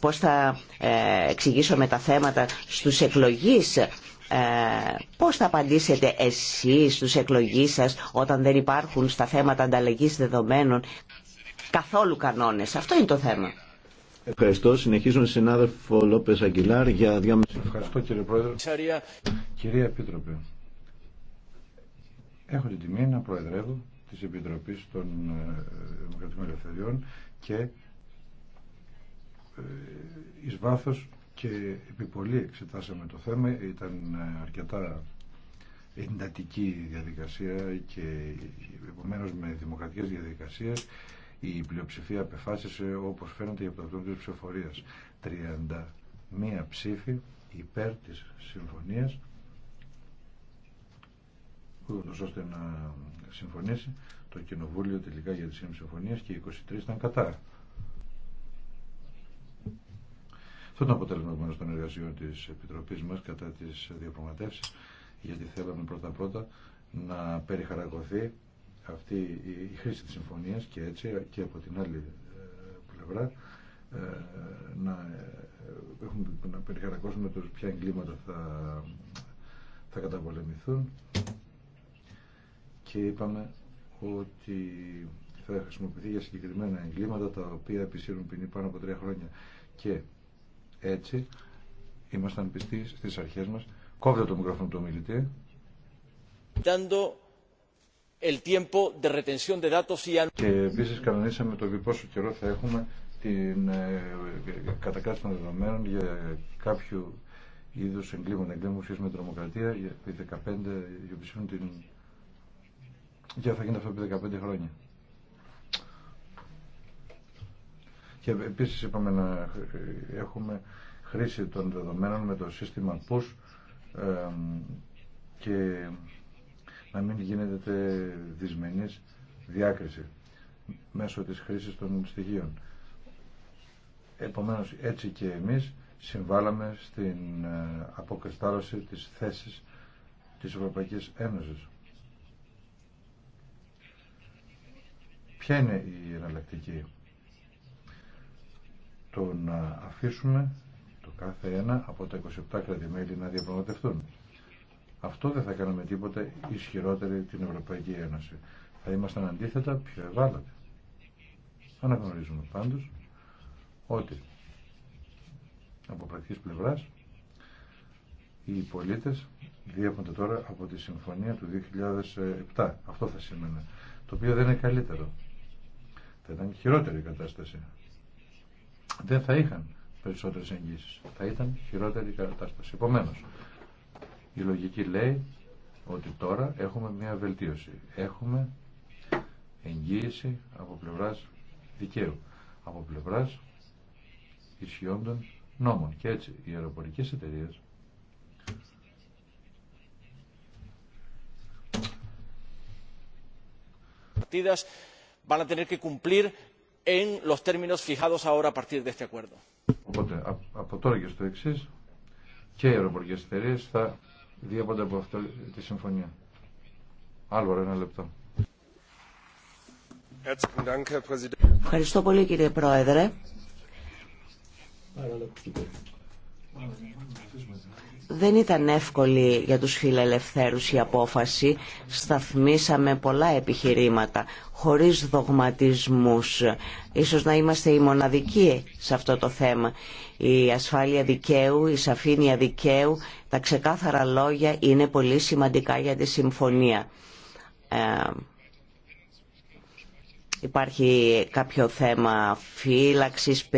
πώς θα ε, εξηγήσω με τα θέματα στους εκλογείς ε, πώς θα απαντήσετε εσείς στους εκλογείς σας όταν δεν υπάρχουν στα θέματα ανταλλαγής δεδομένων καθόλου κανόνες. Αυτό είναι το θέμα. Ευχαριστώ. Συνεχίζουμε συνάδελφο Λόπε Αγγιλάρ για δύο Ευχαριστώ κύριε Πρόεδρε. Κυρία Επίτροπε, έχω την τιμή να προεδρεύω τη Επιτροπή των ε, Δημοκρατικών Ελευθεριών και ε, ει βάθο και επί πολύ εξετάσαμε το θέμα. Ήταν ε, αρκετά εντατική διαδικασία και επομένως με δημοκρατικές διαδικασίες η πλειοψηφία απεφάσισε όπως φαίνεται για το της ψηφοφορίας. 31 ψήφοι υπέρ της συμφωνίας ούτως ώστε να συμφωνήσει το Κοινοβούλιο τελικά για τη σύμφωνη συμφωνία και 23 ήταν κατά. Αυτό ήταν αποτέλεσμα επομένως των εργασιών της Επιτροπής μας κατά τις διαπραγματεύσεις γιατί θέλαμε πρώτα-πρώτα να περιχαρακωθεί αυτή η χρήση της συμφωνίας και έτσι και από την άλλη ε, πλευρά ε, να, ε, να περιχαρακώσουμε ποια εγκλήματα θα, θα καταπολεμηθούν και είπαμε ότι θα χρησιμοποιηθεί για συγκεκριμένα εγκλήματα τα οποία επισύρουν ποινή πάνω από τρία χρόνια και έτσι ήμασταν πιστοί στις αρχές μας κόβεται το μικρόφωνο του ομιλητή και επίση κανονίσαμε το πόσο καιρό θα έχουμε την ε, ε, κατακράτηση των δεδομένων για κάποιο είδου εγκλήμων, εγκλήμων με τρομοκρατία για 15, την... θα γίνει αυτό 15 χρόνια. Και επίση είπαμε να έχουμε χρήση των δεδομένων με το σύστημα PUS ε, και να μην γίνεται δυσμενής διάκριση μέσω της χρήσης των στοιχείων. Επομένως έτσι και εμείς συμβάλαμε στην ε, αποκριστάλωση της θέσης της Ευρωπαϊκής Ένωσης. Ποια είναι η εναλλακτική. Το να αφήσουμε το κάθε ένα από τα 27 κρατη να διαπραγματευτούν. Αυτό δεν θα κάνουμε τίποτα ισχυρότερη την Ευρωπαϊκή Ένωση. Θα ήμασταν αντίθετα πιο ευάλωτοι. Αναγνωρίζουμε πάντως ότι από πρακτικής πλευράς οι πολίτες διέχονται τώρα από τη συμφωνία του 2007. Αυτό θα σημαίνει. Το οποίο δεν είναι καλύτερο. Θα ήταν χειρότερη η κατάσταση. Δεν θα είχαν περισσότερες εγγύσεις. Θα ήταν χειρότερη η κατάσταση. Επομένως, η λογική λέει ότι τώρα έχουμε μια βελτίωση. Έχουμε εγγύηση από πλευράς δικαίου, από πλευράς ισχυόντων νόμων. Και έτσι οι αεροπορικές εταιρείε. Οπότε, από τώρα και στο εξή και οι αεροπορικέ εταιρείε θα διέπονται από αυτό τη συμφωνία. Άλβαρο, ένα λεπτό. Ευχαριστώ πολύ κύριε Πρόεδρε δεν ήταν εύκολη για τους φιλελευθέρους η απόφαση. Σταθμίσαμε πολλά επιχειρήματα, χωρίς δογματισμούς. Ίσως να είμαστε οι μοναδικοί σε αυτό το θέμα. Η ασφάλεια δικαίου, η σαφήνεια δικαίου, τα ξεκάθαρα λόγια είναι πολύ σημαντικά για τη συμφωνία. Ε, Υπάρχει κάποιο θέμα φύλαξης,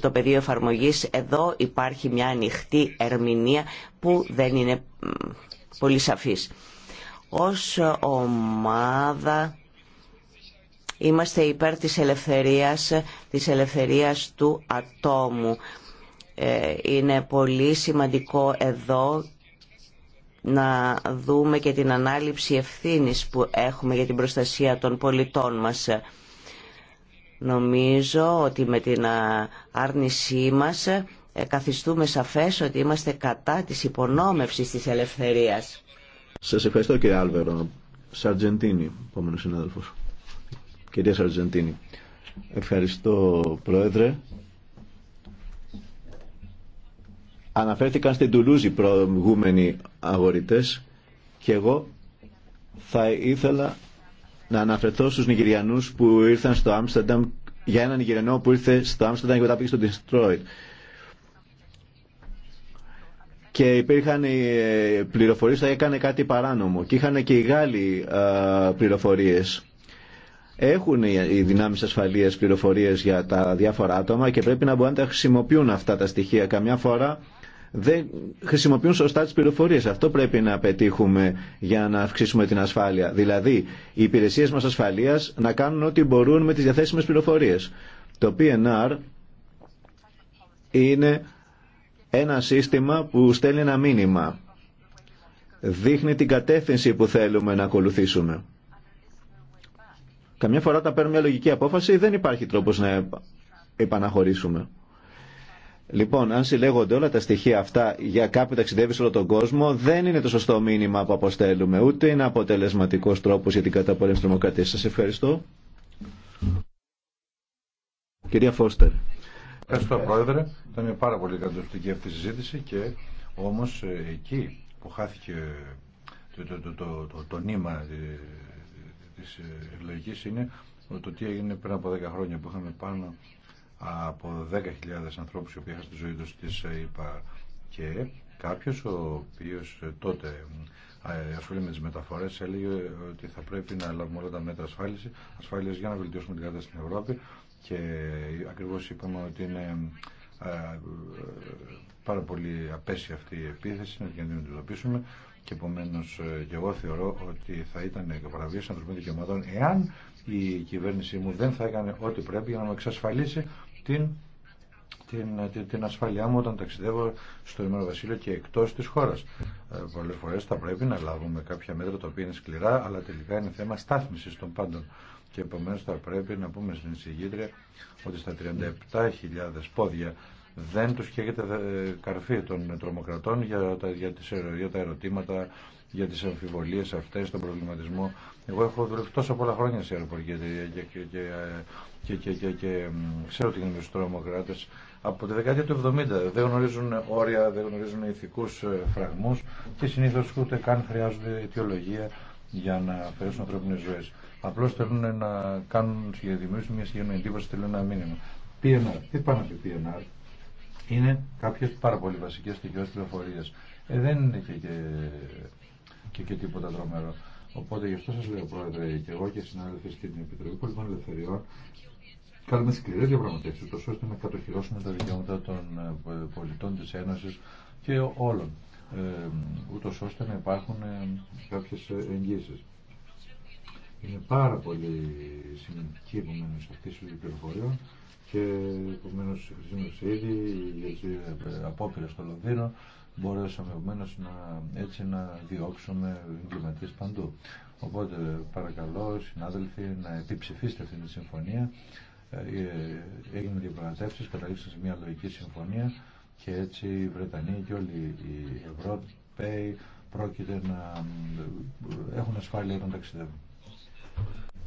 το πεδίο εφαρμογής. Εδώ υπάρχει μια ανοιχτή ερμηνεία που δεν είναι πολύ σαφής. Ως ομάδα είμαστε υπέρ της ελευθερίας, της ελευθερίας του ατόμου. Ε, είναι πολύ σημαντικό εδώ να δούμε και την ανάληψη ευθύνης που έχουμε για την προστασία των πολιτών μας. Νομίζω ότι με την άρνησή μας ε, καθιστούμε σαφές ότι είμαστε κατά της υπονόμευσης της ελευθερίας. Σας ευχαριστώ κύριε Άλβερο. Σαρτζεντίνη, επόμενο συνάδελφος. Κυρία Σαρτζεντίνη. Ευχαριστώ Πρόεδρε. Αναφέρθηκαν στην Τουλούζη οι προηγούμενοι αγορητές και εγώ θα ήθελα να αναφερθώ στους Νιγηριανούς που ήρθαν στο Άμστερνταμ για έναν Νιγηριανό που ήρθε στο Άμστερνταμ και μετά πήγε στο Ντιστρόιτ. Και υπήρχαν ε, πληροφορίες ότι έκανε κάτι παράνομο και είχαν και οι Γάλλοι πληροφορίες. Έχουν οι δυνάμεις ασφαλείας πληροφορίες για τα διάφορα άτομα και πρέπει να μπορούν να τα χρησιμοποιούν αυτά τα στοιχεία. Καμιά φορά δεν χρησιμοποιούν σωστά τις πληροφορίες. Αυτό πρέπει να πετύχουμε για να αυξήσουμε την ασφάλεια. Δηλαδή, οι υπηρεσίες μας ασφαλείας να κάνουν ό,τι μπορούν με τις διαθέσιμες πληροφορίες. Το PNR είναι ένα σύστημα που στέλνει ένα μήνυμα. Δείχνει την κατεύθυνση που θέλουμε να ακολουθήσουμε. Καμιά φορά τα παίρνουμε μια λογική απόφαση δεν υπάρχει τρόπος να επαναχωρήσουμε. Λοιπόν, αν συλλέγονται όλα τα στοιχεία αυτά για κάποιον που ταξιδεύει σε όλο τον κόσμο, δεν είναι το σωστό μήνυμα που αποστέλουμε, ούτε είναι αποτελεσματικό τρόπο για την καταπολέμηση τη τρομοκρατία. Σα ευχαριστώ. Κυρία Φώστερ. Ευχαριστώ, Πρόεδρε. Ήταν πάρα πολύ καταπληκτική αυτή η συζήτηση και όμω ε, εκεί που χάθηκε ε, το, το, το, το, το, νήμα ε, τη εκλογική είναι το τι έγινε πριν από 10 χρόνια που είχαμε πάνω από 10.000 ανθρώπους οι οποίοι έχασαν τη ζωή τους της ΕΙΠΑ και κάποιος ο οποίος ε, τότε ε, ασχολείται με τις μεταφορές έλεγε ότι θα πρέπει να λάβουμε όλα τα μέτρα ασφάλιση, ασφάλειας για να βελτιώσουμε την κατάσταση στην Ευρώπη και ακριβώς είπαμε ότι είναι ε, πάρα πολύ απέσια αυτή η επίθεση, να την αντιμετωπίσουμε και επομένω και εγώ θεωρώ ότι θα ήταν παραβίαση ανθρωπίνων δικαιωμάτων εάν η κυβέρνησή μου δεν θα έκανε ό,τι πρέπει για να με εξασφαλίσει την, την, την, ασφάλειά μου όταν ταξιδεύω στο Ηνωμένο Βασίλειο και εκτός της χώρας. Ε, πολλές φορές θα πρέπει να λάβουμε κάποια μέτρα τα οποία είναι σκληρά, αλλά τελικά είναι θέμα στάθμισης των πάντων. Και επομένω θα πρέπει να πούμε στην εισηγήτρια ότι στα 37.000 πόδια δεν τους καίγεται ε, καρφί των τρομοκρατών για τα, για, ε, για τα ερωτήματα για τις αμφιβολίες αυτές, τον προβληματισμό. Εγώ έχω δουλεύει τόσα πολλά χρόνια σε αεροπορική εταιρεία και, και, και, και, ξέρω τι γίνεται στους τρομοκράτες. Από τη δεκαετία του 70 δεν γνωρίζουν όρια, δεν γνωρίζουν ηθικούς ε, φραγμούς και συνήθως ούτε καν χρειάζονται αιτιολογία για να αφαιρέσουν ανθρώπινε ζωέ. Απλώ θέλουν να κάνουν για δημιουργήσουν μια συγκεκριμένη εντύπωση, θέλουν ένα μήνυμα. PNR. Τι πάνω από PNR. Είναι κάποιε πάρα πολύ βασικέ στοιχειώσει Ε, δεν είναι και, και τίποτα τρομερό. Οπότε γι' αυτό σα λέω, Πρόεδρε, και εγώ και οι συνάδελφοι στην Επιτροπή Πολιτικών Ελευθεριών, κάνουμε σκληρέ διαπραγματεύσει, τόσο ώστε να κατοχυρώσουμε τα δικαιώματα των ε, πολιτών τη Ένωση και όλων. Ε, ούτω ώστε να υπάρχουν ε, κάποιε εγγύσει. Είναι πάρα πολύ σημαντική επομένω αυτή η πληροφορία και επομένω η ήδη για ε, τι απόπειρε στο Λονδίνο μπορέσαμε επομένω να, έτσι να διώξουμε εγκληματίε παντού. Οπότε παρακαλώ συνάδελφοι να επιψηφίσετε αυτή τη συμφωνία. Ε, έγινε διαπραγματεύσει, καταλήξαμε σε μια λογική συμφωνία και έτσι οι Βρετανοί και όλοι οι Ευρωπαίοι πρόκειται να ε, έχουν ασφάλεια όταν ταξιδεύουν.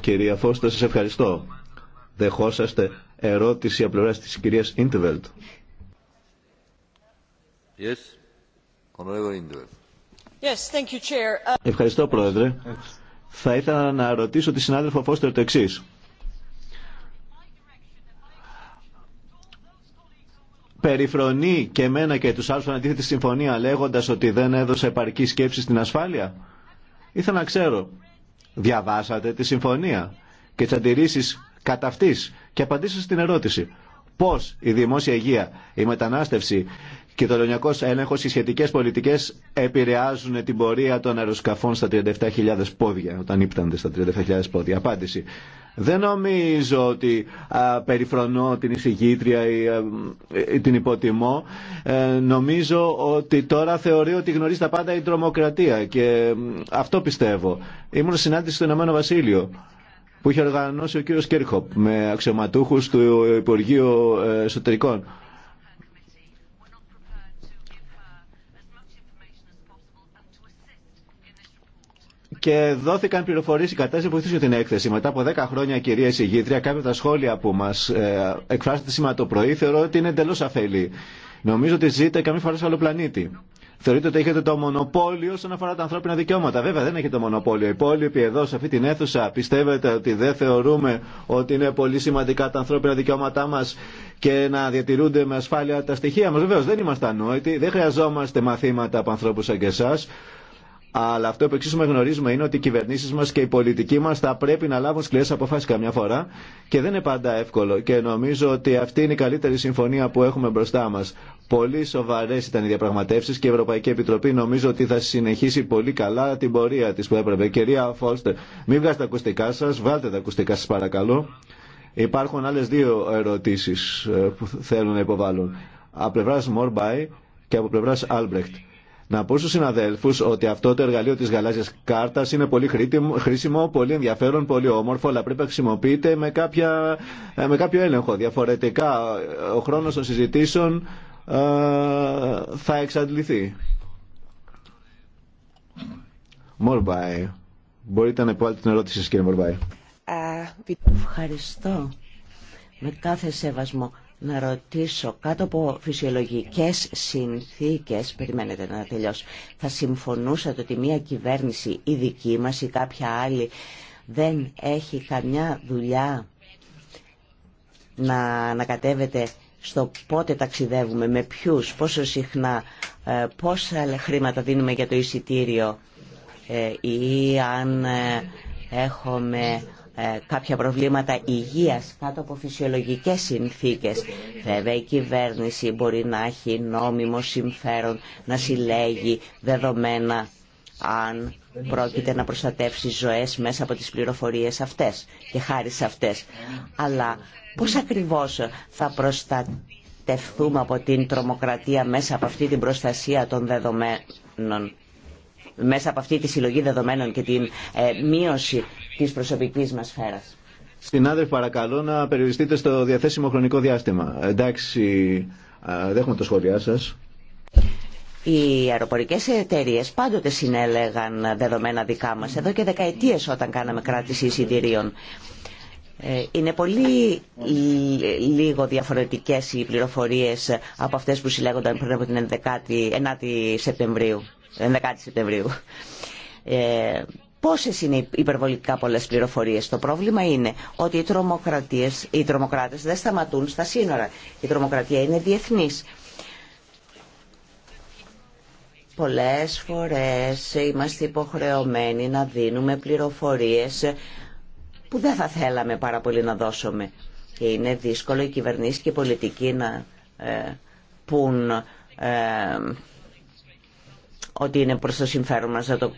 Κυρία Φώστα, σα ευχαριστώ. Δεχόσαστε ερώτηση από πλευράς της κυρίας Ιντεβέλτ. Yes. Uh, Ευχαριστώ, Πρόεδρε. Θα ήθελα να ρωτήσω τη συνάδελφο Φώστερ το εξή. Περιφρονεί και εμένα και τους άλλους αντίθετη συμφωνία λέγοντας ότι δεν έδωσε επαρκή σκέψη στην ασφάλεια. Ήθελα να ξέρω, διαβάσατε τη συμφωνία και τις αντιρρήσεις κατά αυτής και απαντήσατε στην ερώτηση. Πώς η δημόσια υγεία, η μετανάστευση, και το ελληνικό έλεγχο, οι σχετικέ πολιτικέ επηρεάζουν την πορεία των αεροσκαφών στα 37.000 πόδια, όταν ύπτανται στα 37.000 πόδια. Απάντηση. Δεν νομίζω ότι περιφρονώ την εισηγήτρια ή, α, ή την υποτιμώ. Ε, νομίζω ότι τώρα θεωρεί ότι γνωρίζει τα πάντα η την υποτιμω νομιζω οτι τωρα θεωρει οτι γνωριζει τα παντα η τρομοκρατια και αυτό πιστεύω. Ήμουν συνάντηση στο Ηνωμένο Βασίλειο που είχε οργανώσει ο κύριος Κέρχοπ με αξιωματούχους του Υπουργείου ε, Εσωτερικών και δόθηκαν πληροφορίε η κατάσταση βοηθούσε την έκθεση. Μετά από 10 χρόνια, κυρία εισηγήτρια, κάποια από τα σχόλια που μα ε, εκφράσατε σήμερα το πρωί θεωρώ ότι είναι εντελώ αφέλη. Νομίζω ότι ζείτε καμία φορά σε άλλο πλανήτη. Θεωρείτε ότι έχετε το μονοπόλιο όσον αφορά τα ανθρώπινα δικαιώματα. Βέβαια δεν έχετε το μονοπόλιο. Οι υπόλοιποι εδώ σε αυτή την αίθουσα πιστεύετε ότι δεν θεωρούμε ότι είναι πολύ σημαντικά τα ανθρώπινα δικαιώματά μα και να διατηρούνται με ασφάλεια τα στοιχεία μα. Βεβαίω δεν είμαστε ανόητοι, δεν χρειαζόμαστε μαθήματα από ανθρώπου σαν και εσά. Αλλά αυτό που εξίσουμε γνωρίζουμε είναι ότι οι κυβερνήσει μα και οι πολιτικοί μα θα πρέπει να λάβουν σκληρέ αποφάσει καμιά φορά και δεν είναι πάντα εύκολο. Και νομίζω ότι αυτή είναι η καλύτερη συμφωνία που έχουμε μπροστά μα. Πολύ σοβαρέ ήταν οι διαπραγματεύσει και η Ευρωπαϊκή Επιτροπή νομίζω ότι θα συνεχίσει πολύ καλά την πορεία τη που έπρεπε. Κυρία Φόλστερ, μην βγάζετε τα ακουστικά σα, βάλτε τα ακουστικά σα παρακαλώ. Υπάρχουν άλλε δύο ερωτήσει ε, που θέλουν να υποβάλουν. Από πλευρά και από πλευρά Άλμπρεχτ. Να πω στους συναδέλφους ότι αυτό το εργαλείο της γαλάζιας κάρτας είναι πολύ χρήσιμο, πολύ ενδιαφέρον, πολύ όμορφο, αλλά πρέπει να χρησιμοποιείται με, κάποια, ε, με κάποιο έλεγχο. Διαφορετικά ο χρόνος των συζητήσεων ε, θα εξαντληθεί. Μορμπάι. Μπορείτε να υποβάλλετε την ερώτηση σας κύριε Μορμπάι. Ε, Ευχαριστώ. Με κάθε σεβασμό να ρωτήσω κάτω από φυσιολογικές συνθήκες, περιμένετε να τελειώσω, θα συμφωνούσατε ότι μια κυβέρνηση η δική μας ή κάποια άλλη δεν έχει καμιά δουλειά να ανακατεύεται στο πότε ταξιδεύουμε, με ποιους, πόσο συχνά, ε, πόσα χρήματα δίνουμε για το εισιτήριο ε, ή αν ε, έχουμε ε, κάποια προβλήματα υγείας κάτω από φυσιολογικές συνθήκες. Βέβαια η κυβέρνηση μπορεί να έχει νόμιμο συμφέρον να συλλέγει δεδομένα αν πρόκειται να προστατεύσει ζωές μέσα από τις πληροφορίες αυτές και χάρη σε αυτές. Αλλά πώς ακριβώς θα προστατευθούμε από την τρομοκρατία μέσα από αυτή την προστασία των δεδομένων μέσα από αυτή τη συλλογή δεδομένων και την ε, μείωση της προσωπικής μας σφαίρας. Συνάδελφοι, παρακαλώ να περιοριστείτε στο διαθέσιμο χρονικό διάστημα. Εντάξει, δέχομαι το σχόλιά σας. Οι αεροπορικέ εταιρείε πάντοτε συνέλεγαν δεδομένα δικά μα εδώ και δεκαετίες όταν κάναμε κράτηση εισιτηρίων. Ε, είναι πολύ λίγο διαφορετικές οι πληροφορίες από αυτές που συλλέγονταν πριν από την 11η, 9η Σεπτεμβρίου. 11η Σεπτεμβρίου. Ε, Πόσες είναι υπερβολικά πολλές πληροφορίες. Το πρόβλημα είναι ότι οι, τρομοκρατίες, οι τρομοκράτες δεν σταματούν στα σύνορα. Η τρομοκρατία είναι διεθνής. Πολλές φορές είμαστε υποχρεωμένοι να δίνουμε πληροφορίες που δεν θα θέλαμε πάρα πολύ να δώσουμε. Και είναι δύσκολο οι κυβερνήσεις και οι πολιτικοί να ε, πουν... Ε, ότι είναι προς το συμφέρον μας να το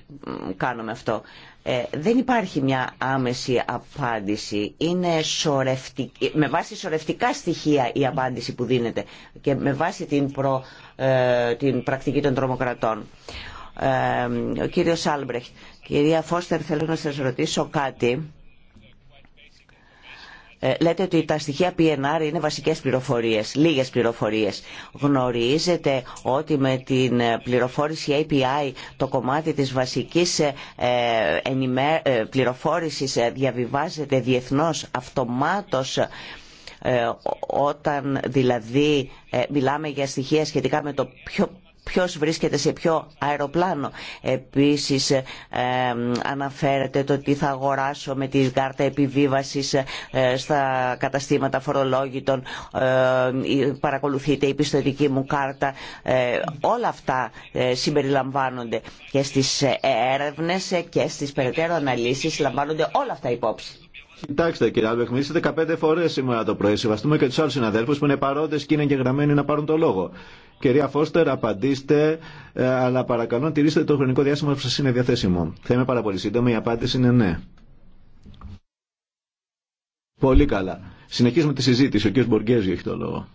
κάνουμε αυτό. Ε, δεν υπάρχει μια άμεση απάντηση. Είναι σορευτική, με βάση σορευτικά στοιχεία η απάντηση που δίνεται και με βάση την, προ, ε, την πρακτική των τρομοκρατών. Ε, ο κύριος Άλμπρεχτ, κυρία Φώστερ, θέλω να σας ρωτήσω κάτι ε, λέτε ότι τα στοιχεία PNR είναι βασικές πληροφορίες, λίγες πληροφορίες. Γνωρίζετε ότι με την ε, πληροφόρηση API το κομμάτι της βασικής ε, πληροφόρησης διαβιβάζεται διεθνώς αυτομάτως όταν δηλαδή μιλάμε για στοιχεία σχετικά με το ποιο ποιος βρίσκεται σε ποιο αεροπλάνο. Επίσης ε, αναφέρεται το τι θα αγοράσω με την κάρτα επιβίβασης ε, στα καταστήματα φορολόγητων, ε, παρακολουθείτε η πιστοτική μου κάρτα. Ε, όλα αυτά ε, συμπεριλαμβάνονται και στις έρευνες και στις περαιτέρω αναλύσεις λαμβάνονται όλα αυτά υπόψη. Κοιτάξτε κύριε Άλβεχ, μιλήσατε 15 φορές σήμερα το πρωί. Σεβαστούμε και του άλλου συναδέλφου που είναι παρόντες και είναι εγγεγραμμένοι να πάρουν το λόγο. Κυρία Φώστερ, απαντήστε, ε, αλλά παρακαλώ τηρήστε το χρονικό διάστημα που σας είναι διαθέσιμο. Θα είμαι πάρα πολύ σύντομη, η απάντηση είναι ναι. Πολύ καλά. Συνεχίζουμε τη συζήτηση. Ο κ. Μποργέζη έχει το λόγο.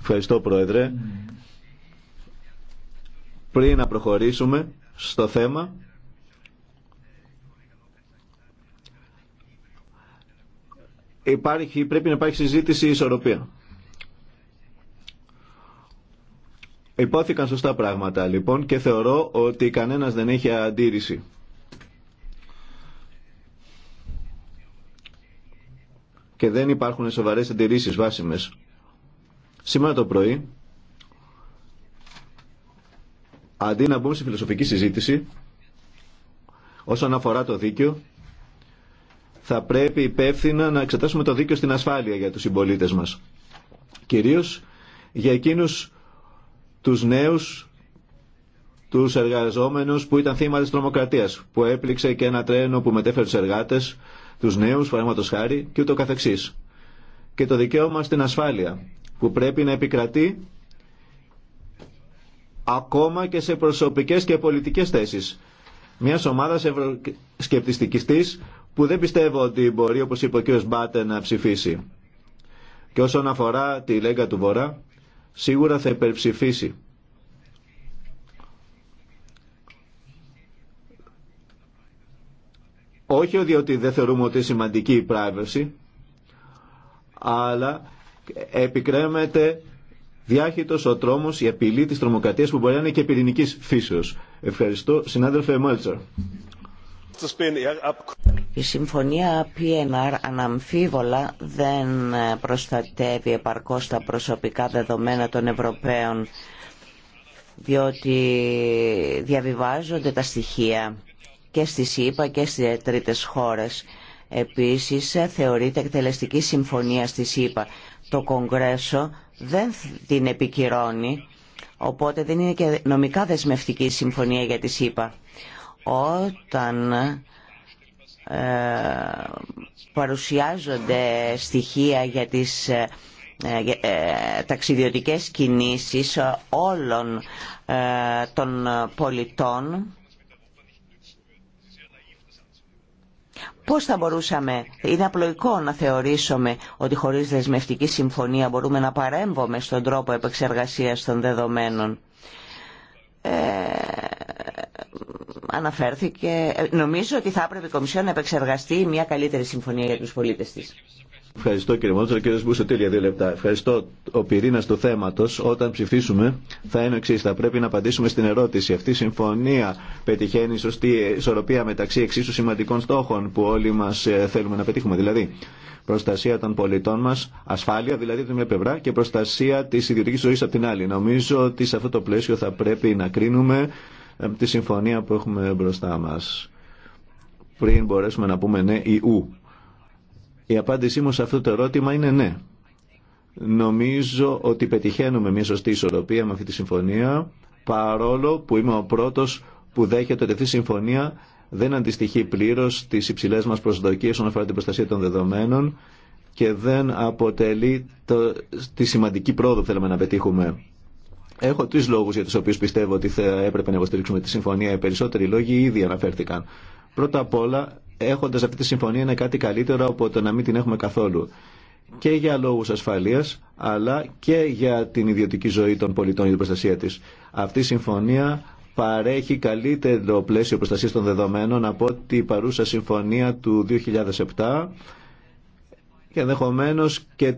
Ευχαριστώ, Πρόεδρε. Πριν να προχωρήσουμε στο θέμα, υπάρχει, πρέπει να υπάρχει συζήτηση ισορροπία Υπόθηκαν σωστά πράγματα λοιπόν και θεωρώ ότι κανένας δεν έχει αντίρρηση. Και δεν υπάρχουν σοβαρές αντιρρήσεις βάσιμες. Σήμερα το πρωί, αντί να μπούμε στη φιλοσοφική συζήτηση, όσον αφορά το δίκαιο, θα πρέπει υπεύθυνα να εξετάσουμε το δίκαιο στην ασφάλεια για τους συμπολίτε μας. Κυρίως για εκείνους τους νέους, τους εργαζόμενους που ήταν θύμα της τρομοκρατίας, που έπληξε και ένα τρένο που μετέφερε τους εργάτες, τους νέους, το χάρη, και ούτω καθεξής. Και το δικαίωμα στην ασφάλεια, που πρέπει να επικρατεί ακόμα και σε προσωπικές και πολιτικές θέσεις. Μια ομάδα ευρωσκεπτιστικής που δεν πιστεύω ότι μπορεί, όπως είπε ο κ. Μπάτε, να ψηφίσει. Και όσον αφορά τη Λέγκα του Βορρά, σίγουρα θα υπερψηφίσει. Όχι διότι δεν θεωρούμε ότι είναι σημαντική η privacy, αλλά επικρέμεται διάχυτος ο τρόμος, η απειλή της τρομοκρατίας που μπορεί να είναι και πυρηνικής φύσεως. Ευχαριστώ, συνάδελφε Μάλτσαρ. Η συμφωνία PNR αναμφίβολα δεν προστατεύει επαρκώς τα προσωπικά δεδομένα των Ευρωπαίων διότι διαβιβάζονται τα στοιχεία και στη ΣΥΠΑ και στις τρίτες χώρες. Επίσης θεωρείται εκτελεστική συμφωνία στη ΣΥΠΑ. Το Κογκρέσο δεν την επικυρώνει, οπότε δεν είναι και νομικά δεσμευτική συμφωνία για τη ΣΥΠΑ. Όταν ε, παρουσιάζονται στοιχεία για τις ε, ε, ταξιδιωτικές κινήσεις όλων των πολιτών Πώς θα μπορούσαμε, είναι απλοϊκό να θεωρήσουμε ότι χωρίς δεσμευτική συμφωνία μπορούμε να παρέμβουμε στον τρόπο επεξεργασίας των δεδομένων. Ε, αναφέρθηκε, ε, νομίζω ότι θα έπρεπε η Κομισιόν να επεξεργαστεί μια καλύτερη συμφωνία για του πολίτε τη. Ευχαριστώ κύριε Μόντσορ. Κύριε τέλεια δύο λεπτά. Ευχαριστώ. Ο πυρήνα του θέματο, όταν ψηφίσουμε, θα είναι εξή. Θα πρέπει να απαντήσουμε στην ερώτηση. Αυτή η συμφωνία πετυχαίνει σωστή ισορροπία μεταξύ εξίσου σημαντικών στόχων που όλοι μα ε, θέλουμε να πετύχουμε. Δηλαδή, προστασία των πολιτών μα, ασφάλεια δηλαδή από την μια πλευρά και προστασία τη ιδιωτική ζωή από την άλλη. Νομίζω ότι σε αυτό το πλαίσιο θα πρέπει να κρίνουμε ε, τη συμφωνία που έχουμε μπροστά μας πριν μπορέσουμε να πούμε ναι ή ου. Η απάντησή μου σε αυτό το ερώτημα είναι ναι. Νομίζω ότι πετυχαίνουμε μια σωστή ισορροπία με αυτή τη συμφωνία παρόλο που είμαι ο πρώτος που δέχεται ότι αυτή η συμφωνία δεν αντιστοιχεί πλήρω στι υψηλές μας προσδοκίες όσον αφορά την προστασία των δεδομένων και δεν αποτελεί το, τη σημαντική πρόοδο που θέλουμε να πετύχουμε. Έχω τρει λόγου για του οποίου πιστεύω ότι θα έπρεπε να υποστηρίξουμε τη συμφωνία. Οι περισσότεροι λόγοι ήδη αναφέρθηκαν. Πρώτα απ' όλα, έχοντα αυτή τη συμφωνία είναι κάτι καλύτερο από το να μην την έχουμε καθόλου. Και για λόγου ασφαλεία, αλλά και για την ιδιωτική ζωή των πολιτών για την προστασία τη. Αυτή η συμφωνία παρέχει καλύτερο πλαίσιο προστασία των δεδομένων από ότι η παρούσα συμφωνία του 2007 και ενδεχομένω και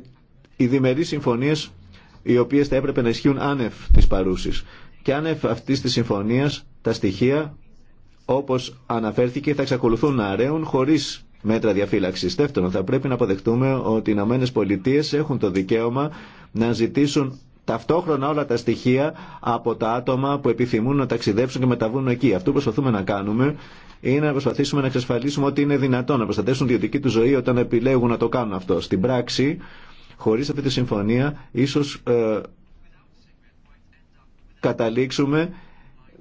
οι διμερεί συμφωνίε οι οποίες θα έπρεπε να ισχύουν άνευ της παρούσης. Και άνευ αυτή της συμφωνίας τα στοιχεία όπως αναφέρθηκε θα εξακολουθούν να αραίουν χωρίς μέτρα διαφύλαξης. Δεύτερον, θα πρέπει να αποδεχτούμε ότι οι Ηνωμένε Πολιτείε έχουν το δικαίωμα να ζητήσουν ταυτόχρονα όλα τα στοιχεία από τα άτομα που επιθυμούν να ταξιδέψουν και μεταβούν εκεί. Αυτό που προσπαθούμε να κάνουμε είναι να προσπαθήσουμε να εξασφαλίσουμε ότι είναι δυνατόν να προστατεύσουν τη ιδιωτική του ζωή όταν επιλέγουν να το κάνουν αυτό. Στην πράξη, Χωρίς αυτή τη συμφωνία ίσως ε, καταλήξουμε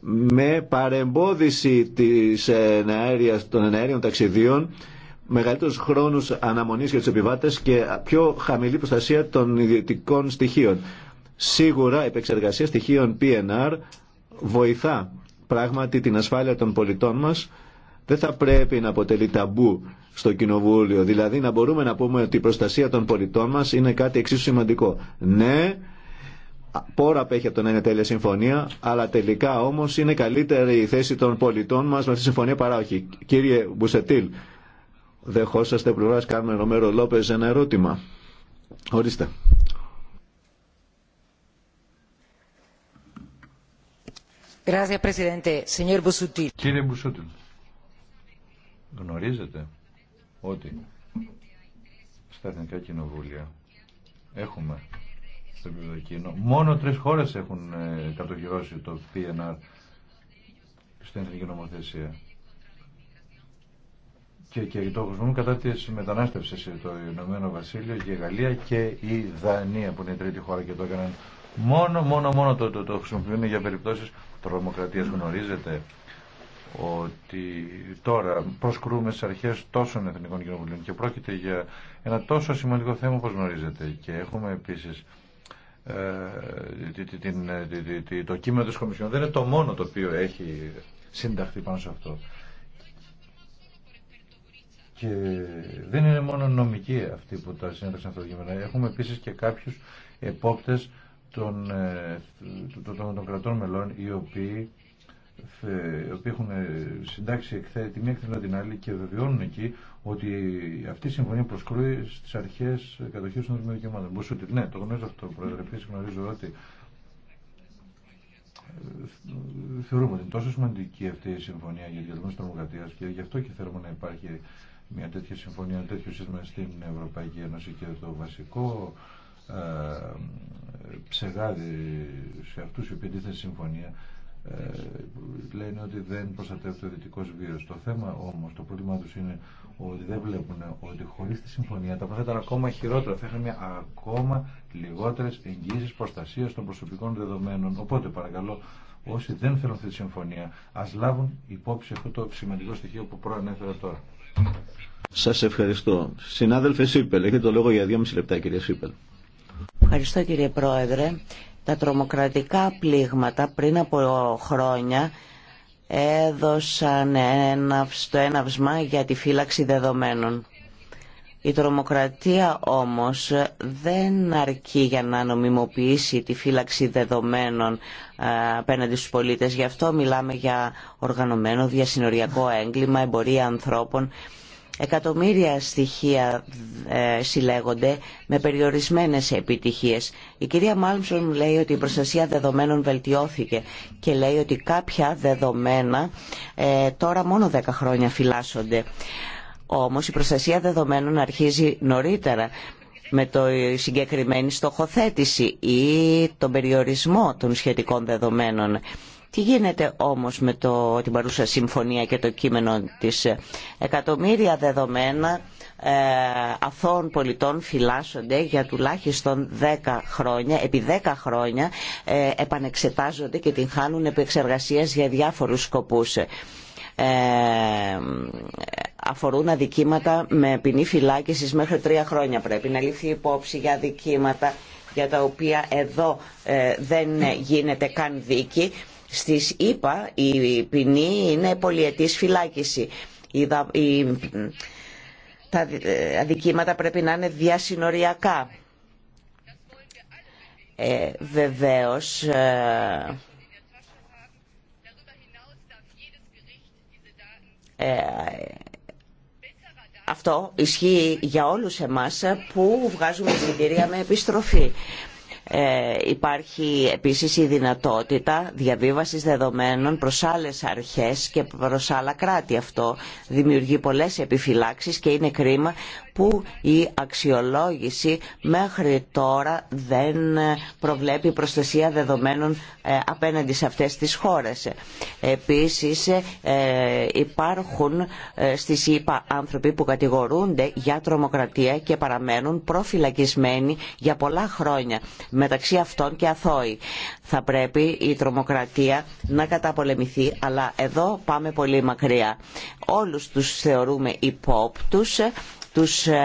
με παρεμπόδιση της εναέριας, των εναέριων ταξιδίων μεγαλύτερους χρόνους αναμονής για τους επιβάτες και πιο χαμηλή προστασία των ιδιωτικών στοιχείων. Σίγουρα η επεξεργασία στοιχείων PNR βοηθά πράγματι την ασφάλεια των πολιτών μας δεν θα πρέπει να αποτελεί ταμπού στο Κοινοβούλιο. Δηλαδή να μπορούμε να πούμε ότι η προστασία των πολιτών μας είναι κάτι εξίσου σημαντικό. Ναι, πόρα απέχει από το να είναι τέλεια συμφωνία, αλλά τελικά όμως είναι καλύτερη η θέση των πολιτών μας με αυτή τη συμφωνία παρά όχι. Κύριε Μπουσετήλ, δεχόσαστε πλευράς ο Ρομέρο ένα ερώτημα. Ορίστε. Κύριε Μπουσουτήλ. Γνωρίζετε ότι στα εθνικά κοινοβούλια έχουμε στο επίπεδο Μόνο τρεις χώρες έχουν ε, κατοχυρώσει το PNR στην εθνική νομοθεσία. Και, το χρησιμοποιούν κατά τη μετανάστευση ε, το Ηνωμένο Βασίλειο και η Γαλλία και η Δανία που είναι η τρίτη χώρα και το έκαναν. Μόνο, μόνο, μόνο το, το, το χρησιμοποιούν για περιπτώσεις τρομοκρατίας. Γνωρίζετε ότι τώρα προσκρούμε στι αρχές τόσων εθνικών κοινοβουλίων και πρόκειται για ένα τόσο σημαντικό θέμα όπως γνωρίζετε και έχουμε επίσης ε, ε, το κείμενο της Κομισιόν δεν είναι το μόνο το οποίο έχει συνταχθεί πάνω σε αυτό και δεν είναι μόνο νομικοί αυτοί που τα συνέταξαν αυτά τα κείμενα έχουμε επίσης και κάποιους επόπτες των ε, κρατών μελών οι οποίοι ε, οι έχουν ε, συντάξει εκθέτη τη μία εκθέτω την άλλη και βεβαιώνουν εκεί ότι αυτή η συμφωνία προσκρούει στι αρχέ κατοχή των δημιουργικών δικαιωμάτων. Μπορούσε ότι ναι, το γνωρίζω αυτό, Πρόεδρε. Επίση γνωρίζω ότι ε, θεωρούμε ότι είναι τόσο σημαντική αυτή η συμφωνία για τη κατοχή τη τρομοκρατία και γι' αυτό και θέλουμε να υπάρχει μια τέτοια συμφωνία, ένα τέτοιο σύστημα στην Ευρωπαϊκή Ένωση και το βασικό ε, ψεγάδι σε αυτού οι οποίοι συμφωνία ε, λένε ότι δεν προστατεύεται ο δυτικό βίο. Το θέμα όμω, το πρόβλημά του είναι ότι δεν βλέπουν ότι χωρί τη συμφωνία τα πράγματα ήταν ακόμα χειρότερα. Θα είχαμε ακόμα λιγότερε εγγύσει προστασία των προσωπικών δεδομένων. Οπότε παρακαλώ, όσοι δεν θέλουν αυτή τη συμφωνία, α λάβουν υπόψη αυτό το σημαντικό στοιχείο που προανέφερα τώρα. Σα ευχαριστώ. Συνάδελφε Σίπελ, έχετε το λόγο για δύο μισή λεπτά, κυρία Σίπελ. Ευχαριστώ κύριε Πρόεδρε. Τα τρομοκρατικά πλήγματα πριν από χρόνια έδωσαν ένα, έναυσμα για τη φύλαξη δεδομένων. Η τρομοκρατία όμως δεν αρκεί για να νομιμοποιήσει τη φύλαξη δεδομένων ε, απέναντι στους πολίτες. Γι' αυτό μιλάμε για οργανωμένο διασυνοριακό έγκλημα, εμπορία ανθρώπων Εκατομμύρια στοιχεία ε, συλλέγονται με περιορισμένες επιτυχίες. Η κυρία Μάλμσον λέει ότι η προστασία δεδομένων βελτιώθηκε και λέει ότι κάποια δεδομένα ε, τώρα μόνο 10 χρόνια φυλάσσονται. Όμως η προστασία δεδομένων αρχίζει νωρίτερα με το συγκεκριμένη στοχοθέτηση ή τον περιορισμό των σχετικών δεδομένων. Τι γίνεται όμως με το, την παρούσα συμφωνία και το κείμενο της εκατομμύρια δεδομένα ε, αθώων πολιτών φυλάσσονται για τουλάχιστον 10 χρόνια, επί 10 χρόνια ε, επανεξετάζονται και την χάνουν επεξεργασία για διάφορους σκοπούς. Ε, αφορούν αδικήματα με ποινή φυλάκισης μέχρι τρία χρόνια πρέπει να ληφθεί υπόψη για αδικήματα για τα οποία εδώ ε, δεν γίνεται καν δίκη στις ΗΠΑ η ποινή είναι πολυετής φυλάκιση. Τα αδικήματα πρέπει να είναι διασυνοριακά. Ε, βεβαίως... Ε, ε, αυτό ισχύει για όλους εμάς που βγάζουμε εισιτήρια με επιστροφή. Ε, υπάρχει επίσης η δυνατότητα διαβίβασης δεδομένων προς άλλες αρχές και προς άλλα κράτη. Αυτό δημιουργεί πολλές επιφυλάξεις και είναι κρίμα που η αξιολόγηση μέχρι τώρα δεν προβλέπει προστασία δεδομένων ε, απέναντι σε αυτές τις χώρες. Επίσης ε, υπάρχουν ε, στις ΗΠΑ άνθρωποι που κατηγορούνται για τρομοκρατία και παραμένουν προφυλακισμένοι για πολλά χρόνια μεταξύ αυτών και αθώοι. Θα πρέπει η τρομοκρατία να καταπολεμηθεί αλλά εδώ πάμε πολύ μακριά. Όλους τους θεωρούμε υπόπτους τους ε,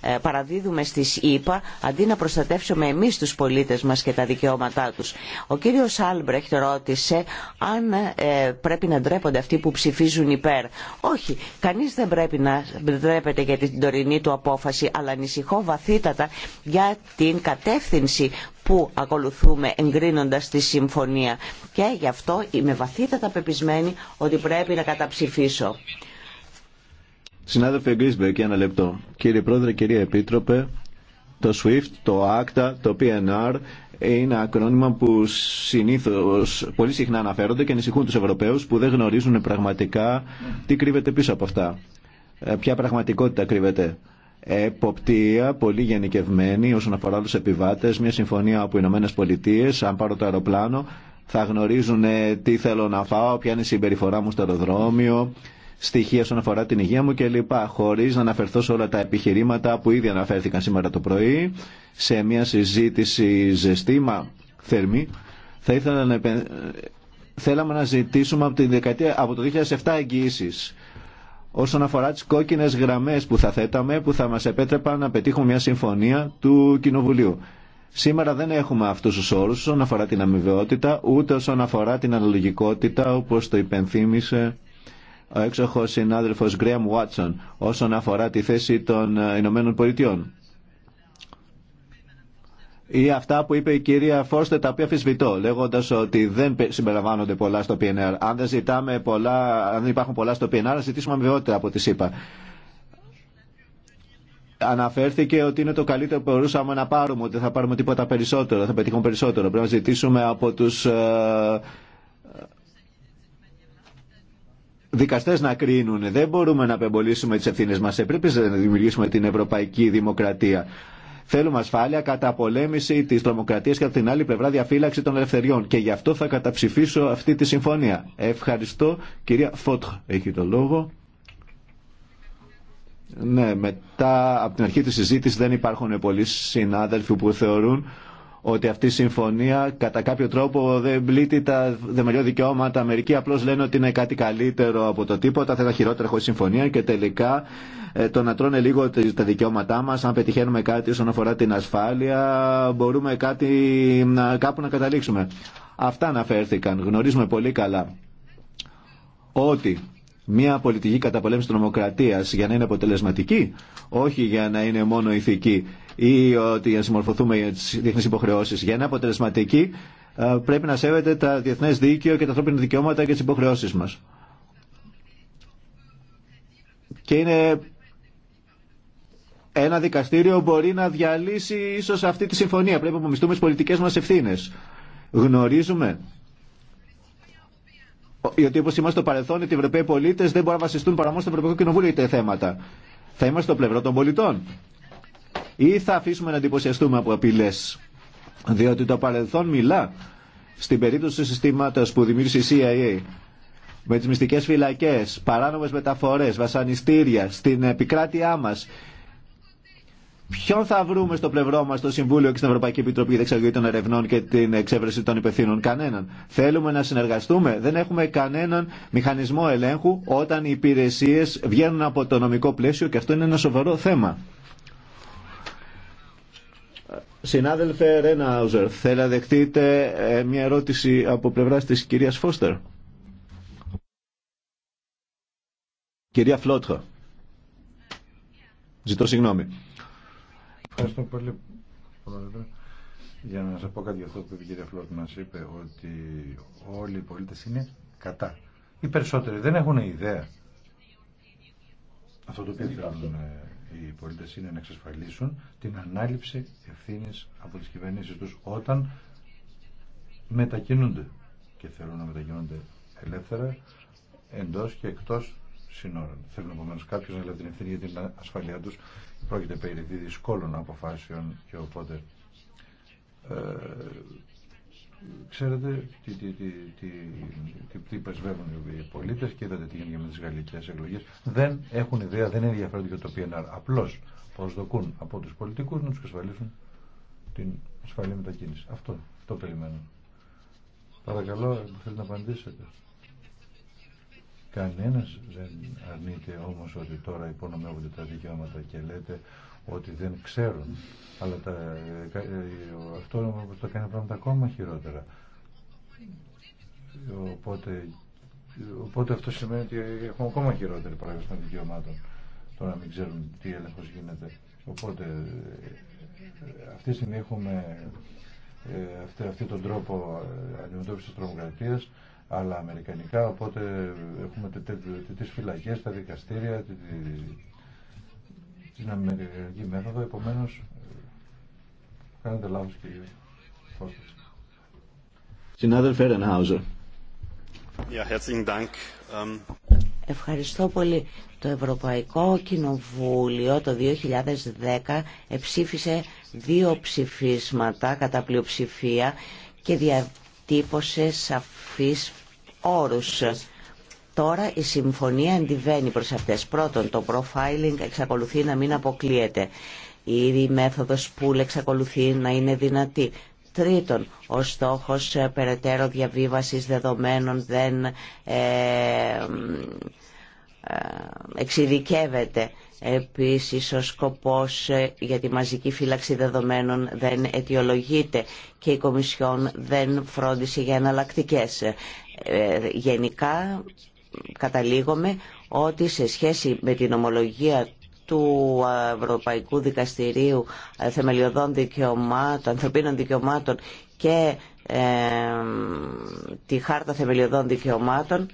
ε, παραδίδουμε στις ΗΠΑ αντί να προστατεύσουμε εμείς τους πολίτες μας και τα δικαιώματά τους. Ο κύριος Άλμπρεχτ ρώτησε αν ε, πρέπει να ντρέπονται αυτοί που ψηφίζουν υπέρ. Όχι, κανείς δεν πρέπει να ντρέπεται για την τωρινή του απόφαση, αλλά ανησυχώ βαθύτατα για την κατεύθυνση που ακολουθούμε εγκρίνοντας τη συμφωνία. Και γι' αυτό είμαι βαθύτατα πεπισμένη ότι πρέπει να καταψηφίσω. Συνάδελφε Γκρίσμπεκ, ένα λεπτό. Κύριε Πρόεδρε, κύριε Επίτροπε, το SWIFT, το ACTA, το PNR είναι ακρόνημα που συνήθως πολύ συχνά αναφέρονται και ανησυχούν τους Ευρωπαίους που δεν γνωρίζουν πραγματικά τι κρύβεται πίσω από αυτά. Ε, ποια πραγματικότητα κρύβεται. Εποπτεία, πολύ γενικευμένη όσον αφορά τους επιβάτες, μια συμφωνία από οι Ηνωμένες Πολιτείες, αν πάρω το αεροπλάνο, θα γνωρίζουν τι θέλω να φάω, ποια είναι η συμπεριφορά μου στο αεροδρόμιο, στοιχεία όσον αφορά την υγεία μου κλπ. Χωρί να αναφερθώ σε όλα τα επιχειρήματα που ήδη αναφέρθηκαν σήμερα το πρωί σε μια συζήτηση ζεστή, μα θερμή. Θα ήθελα να Θέλαμε να ζητήσουμε από, την δεκαετία, από το 2007 εγγυήσει όσον αφορά τις κόκκινες γραμμές που θα θέταμε, που θα μας επέτρεπαν να πετύχουμε μια συμφωνία του Κοινοβουλίου. Σήμερα δεν έχουμε αυτούς τους όρους όσον αφορά την αμοιβαιότητα, ούτε όσον αφορά την αναλογικότητα, όπως το υπενθύμησε ο έξοχος συνάδελφος Γκρέαμ Βάτσον όσον αφορά τη θέση των ε, Ηνωμένων Πολιτειών. Ή αυτά που είπε η κυρία Φόρστε τα οποία αφισβητώ, λέγοντας ότι δεν συμπεριλαμβάνονται πολλά στο PNR. Αν δεν, ζητάμε πολλά, αν δεν υπάρχουν πολλά στο PNR, θα ζητήσουμε αμοιβαιότητα από τη ΣΥΠΑ. Αναφέρθηκε ότι είναι το καλύτερο που μπορούσαμε να πάρουμε, ότι θα πάρουμε τίποτα περισσότερο, θα πετύχουμε περισσότερο. Πρέπει να ζητήσουμε από τους ε, δικαστέ να κρίνουν. Δεν μπορούμε να απεμπολίσουμε τι ευθύνε μα. Πρέπει να δημιουργήσουμε την ευρωπαϊκή δημοκρατία. Θέλουμε ασφάλεια, κατά πολέμηση τη τρομοκρατία και από την άλλη πλευρά διαφύλαξη των ελευθεριών. Και γι' αυτό θα καταψηφίσω αυτή τη συμφωνία. Ευχαριστώ. Κυρία Φότχ, έχει το λόγο. Ναι, μετά από την αρχή της συζήτησης δεν υπάρχουν πολλοί συνάδελφοι που θεωρούν ότι αυτή η συμφωνία κατά κάποιο τρόπο δεν πλήττει τα δεμελιώδη δικαιώματα. Μερικοί απλώ λένε ότι είναι κάτι καλύτερο από το τίποτα, θα ήταν χειρότερα χωρί συμφωνία και τελικά ε, το να τρώνε λίγο τα δικαιώματά μα, αν πετυχαίνουμε κάτι όσον αφορά την ασφάλεια, μπορούμε κάτι, να, κάπου να καταλήξουμε. Αυτά αναφέρθηκαν. Γνωρίζουμε πολύ καλά ότι μια πολιτική καταπολέμηση τη νομοκρατίας για να είναι αποτελεσματική, όχι για να είναι μόνο ηθική, ή ότι για να συμμορφωθούμε για τι διεθνεί υποχρεώσει. Για να αποτελεσματική ε, πρέπει να σέβεται τα διεθνέ δίκαιο και τα ανθρώπινα δικαιώματα και τι υποχρεώσει μα. Και είναι ένα δικαστήριο μπορεί να διαλύσει ίσω αυτή τη συμφωνία. Πρέπει να απομισθούμε τι πολιτικέ μα ευθύνε. Γνωρίζουμε γιατί όπω είμαστε στο παρελθόν, οι Ευρωπαίοι πολίτε δεν μπορούν να βασιστούν παρά μόνο στο Ευρωπαϊκό Κοινοβούλιο για θέματα. Θα είμαστε στο πλευρό των πολιτών ή θα αφήσουμε να εντυπωσιαστούμε από απειλέ. Διότι το παρελθόν μιλά στην περίπτωση του συστήματο που δημιούργησε η CIA με τι μυστικέ φυλακέ, παράνομε μεταφορέ, βασανιστήρια στην επικράτειά μα. Ποιον θα βρούμε στο πλευρό μα στο Συμβούλιο και στην Ευρωπαϊκή Επιτροπή για εξαγωγή των ερευνών και την εξέβρεση των υπευθύνων. Κανέναν. Θέλουμε να συνεργαστούμε. Δεν έχουμε κανέναν μηχανισμό ελέγχου όταν οι υπηρεσίε βγαίνουν από το νομικό πλαίσιο και αυτό είναι ένα σοβαρό θέμα. Συνάδελφε Ρένα Άουζερ, θέλετε να δεχτείτε ε, μια ερώτηση από πλευράς της κυρίας Φώστερ. Κυρία Φλότχα. Ζητώ συγγνώμη. Ευχαριστώ πολύ, Πρόεδρε. Για να σα πω κάτι για αυτό που η κυρία Φλότ μα είπε ότι όλοι οι πολίτε είναι κατά. Οι περισσότεροι δεν έχουν ιδέα αυτό το οποίο θέλουν ε, οι πολίτε είναι να εξασφαλίσουν την ανάληψη ευθύνη από τι κυβερνήσει του, όταν μετακινούνται και θέλουν να μετακινούνται ελεύθερα εντός και εκτός συνόρων. Θέλουν επομένω κάποιο να λάβει την ευθύνη για την ασφαλεία τους. Πρόκειται περί δυσκόλων αποφάσεων και οπότε ε, Ξέρετε τι, τι, τι, τι, τι, τι οι πολίτε και είδατε τι γίνεται με τι γαλλικέ εκλογέ. Δεν έχουν ιδέα, δεν ενδιαφέρονται για το PNR. Απλώ προσδοκούν από του πολιτικού να του ασφαλίσουν την ασφαλή μετακίνηση. Αυτό, το περιμένουν. Παρακαλώ, θέλετε να απαντήσετε. Κανένα δεν αρνείται όμως ότι τώρα υπονομεύονται τα δικαιώματα και λέτε ότι δεν ξέρουν. Αλλά τα, ε, αυτό το κάνει πράγματα ακόμα χειρότερα. Οπότε, οπότε αυτό σημαίνει ότι έχουμε ακόμα χειρότερη παραγωγή των δικαιωμάτων το να μην ξέρουν τι έλεγχο γίνεται. Οπότε ε, αυτή τη στιγμή έχουμε ε, αυτή, αυτή τον τρόπο ε, αντιμετώπισης τρομοκρατίας αλλά αμερικανικά οπότε έχουμε τις φυλακές, τα δικαστήρια, την αμερικανική μέθοδο, επομένω κάνετε λάθο κύριε Φώστα. Συνάδελφε ähm, Ευχαριστώ πολύ. Το Ευρωπαϊκό Κοινοβούλιο το 2010 εψήφισε δύο ψηφίσματα κατά πλειοψηφία και διατύπωσε σαφείς όρους Τώρα η συμφωνία αντιβαίνει προς αυτές. Πρώτον, το profiling εξακολουθεί να μην αποκλείεται. Ήδη η μέθοδος pool εξακολουθεί να είναι δυνατή. Τρίτον, ο στόχος ε, περαιτέρω διαβίβασης δεδομένων δεν ε, ε εξειδικεύεται. Επίσης ο σκοπός ε, για τη μαζική φύλαξη δεδομένων δεν αιτιολογείται και η Κομισιόν δεν φρόντισε για εναλλακτικέ. Γενικά Καταλήγομαι ότι σε σχέση με την ομολογία του Ευρωπαϊκού Δικαστηρίου ε, Θεμελιωδών Δικαιωμάτων, Ανθρωπίνων Δικαιωμάτων και ε, τη Χάρτα Θεμελιωδών Δικαιωμάτων.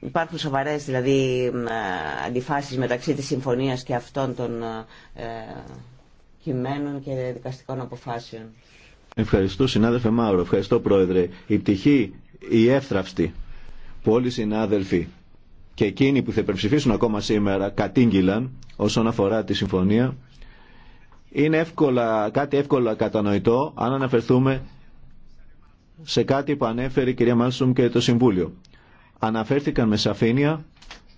Υπάρχουν σοβαρές δηλαδή ε, αντιφάσεις μεταξύ της συμφωνίας και αυτών των κειμένων και δικαστικών αποφάσεων. Ευχαριστώ συνάδελφε Μάουρο, ευχαριστώ πρόεδρε. Η πτυχή, η εύθραυστη που όλοι οι συνάδελφοι και εκείνοι που θα υπερψηφίσουν ακόμα σήμερα κατήγγυλαν όσον αφορά τη συμφωνία είναι εύκολα, κάτι εύκολα κατανοητό αν αναφερθούμε σε κάτι που ανέφερε η κυρία Μάλσουμ και το Συμβούλιο. Αναφέρθηκαν με σαφήνεια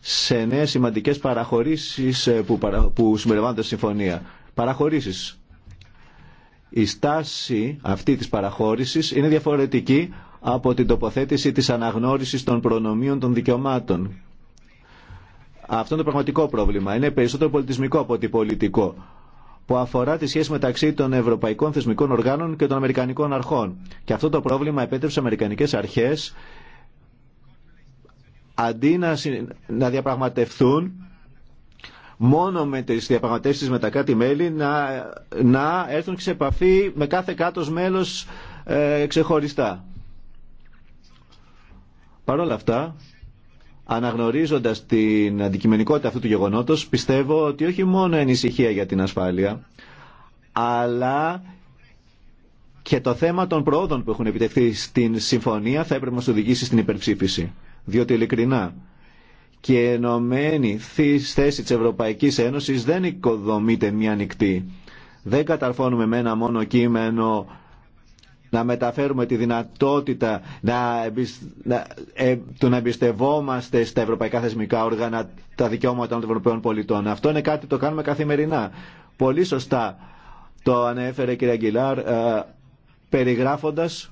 σε νέε σημαντικέ παραχωρήσει ε, που, παρα, που στη συμφωνία. Παραχωρήσει. Η στάση αυτή της παραχώρηση είναι διαφορετική από την τοποθέτηση της αναγνώρισης των προνομίων των δικαιωμάτων. Αυτό είναι το πραγματικό πρόβλημα. Είναι περισσότερο πολιτισμικό από ότι πολιτικό που αφορά τη σχέση μεταξύ των ευρωπαϊκών θεσμικών οργάνων και των αμερικανικών αρχών. Και αυτό το πρόβλημα επέτρεψε αμερικανικές αρχές αντί να, να μόνο με τις διαπραγματεύσεις με τα κάτι μέλη να, να έρθουν σε επαφή με κάθε κάτος μέλος ε, ξεχωριστά. Παρ' όλα αυτά, αναγνωρίζοντας την αντικειμενικότητα αυτού του γεγονότος, πιστεύω ότι όχι μόνο ανησυχία για την ασφάλεια, αλλά και το θέμα των προόδων που έχουν επιτευχθεί στην συμφωνία θα έπρεπε να μας οδηγήσει στην υπερψήφιση. Διότι ειλικρινά και η ενωμένη θέση της Ευρωπαϊκής Ένωσης δεν οικοδομείται μία ανοιχτή. Δεν καταρφώνουμε με ένα μόνο κείμενο να μεταφέρουμε τη δυνατότητα να να... Ε, του να εμπιστευόμαστε στα ευρωπαϊκά θεσμικά όργανα τα δικαιώματα των Ευρωπαίων πολιτών. Αυτό είναι κάτι που το κάνουμε καθημερινά. Πολύ σωστά το ανέφερε κύριε Αγγιλάρ ε... περιγράφοντας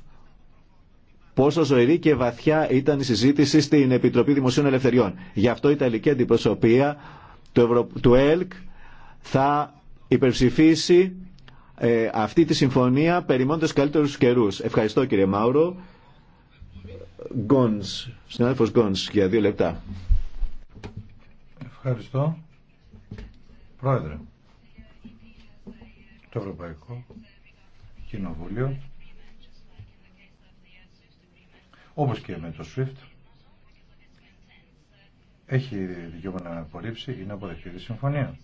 πόσο ζωηρή και βαθιά ήταν η συζήτηση στην Επιτροπή Δημοσίων Ελευθεριών. Γι' αυτό η Ιταλική Αντιπροσωπεία του, του ΕΛΚ θα υπερψηφίσει ε, αυτή τη συμφωνία τους καλύτερους καιρούς. Ευχαριστώ κύριε Μάουρο. Γκόνς, συνάδελφος Γκόνς για δύο λεπτά. Ευχαριστώ. Πρόεδρε, το Ευρωπαϊκό Κοινοβούλιο, όπως και με το SWIFT, έχει δικαίωμα να απορρίψει ή να αποδεχτεί τη συμφωνία.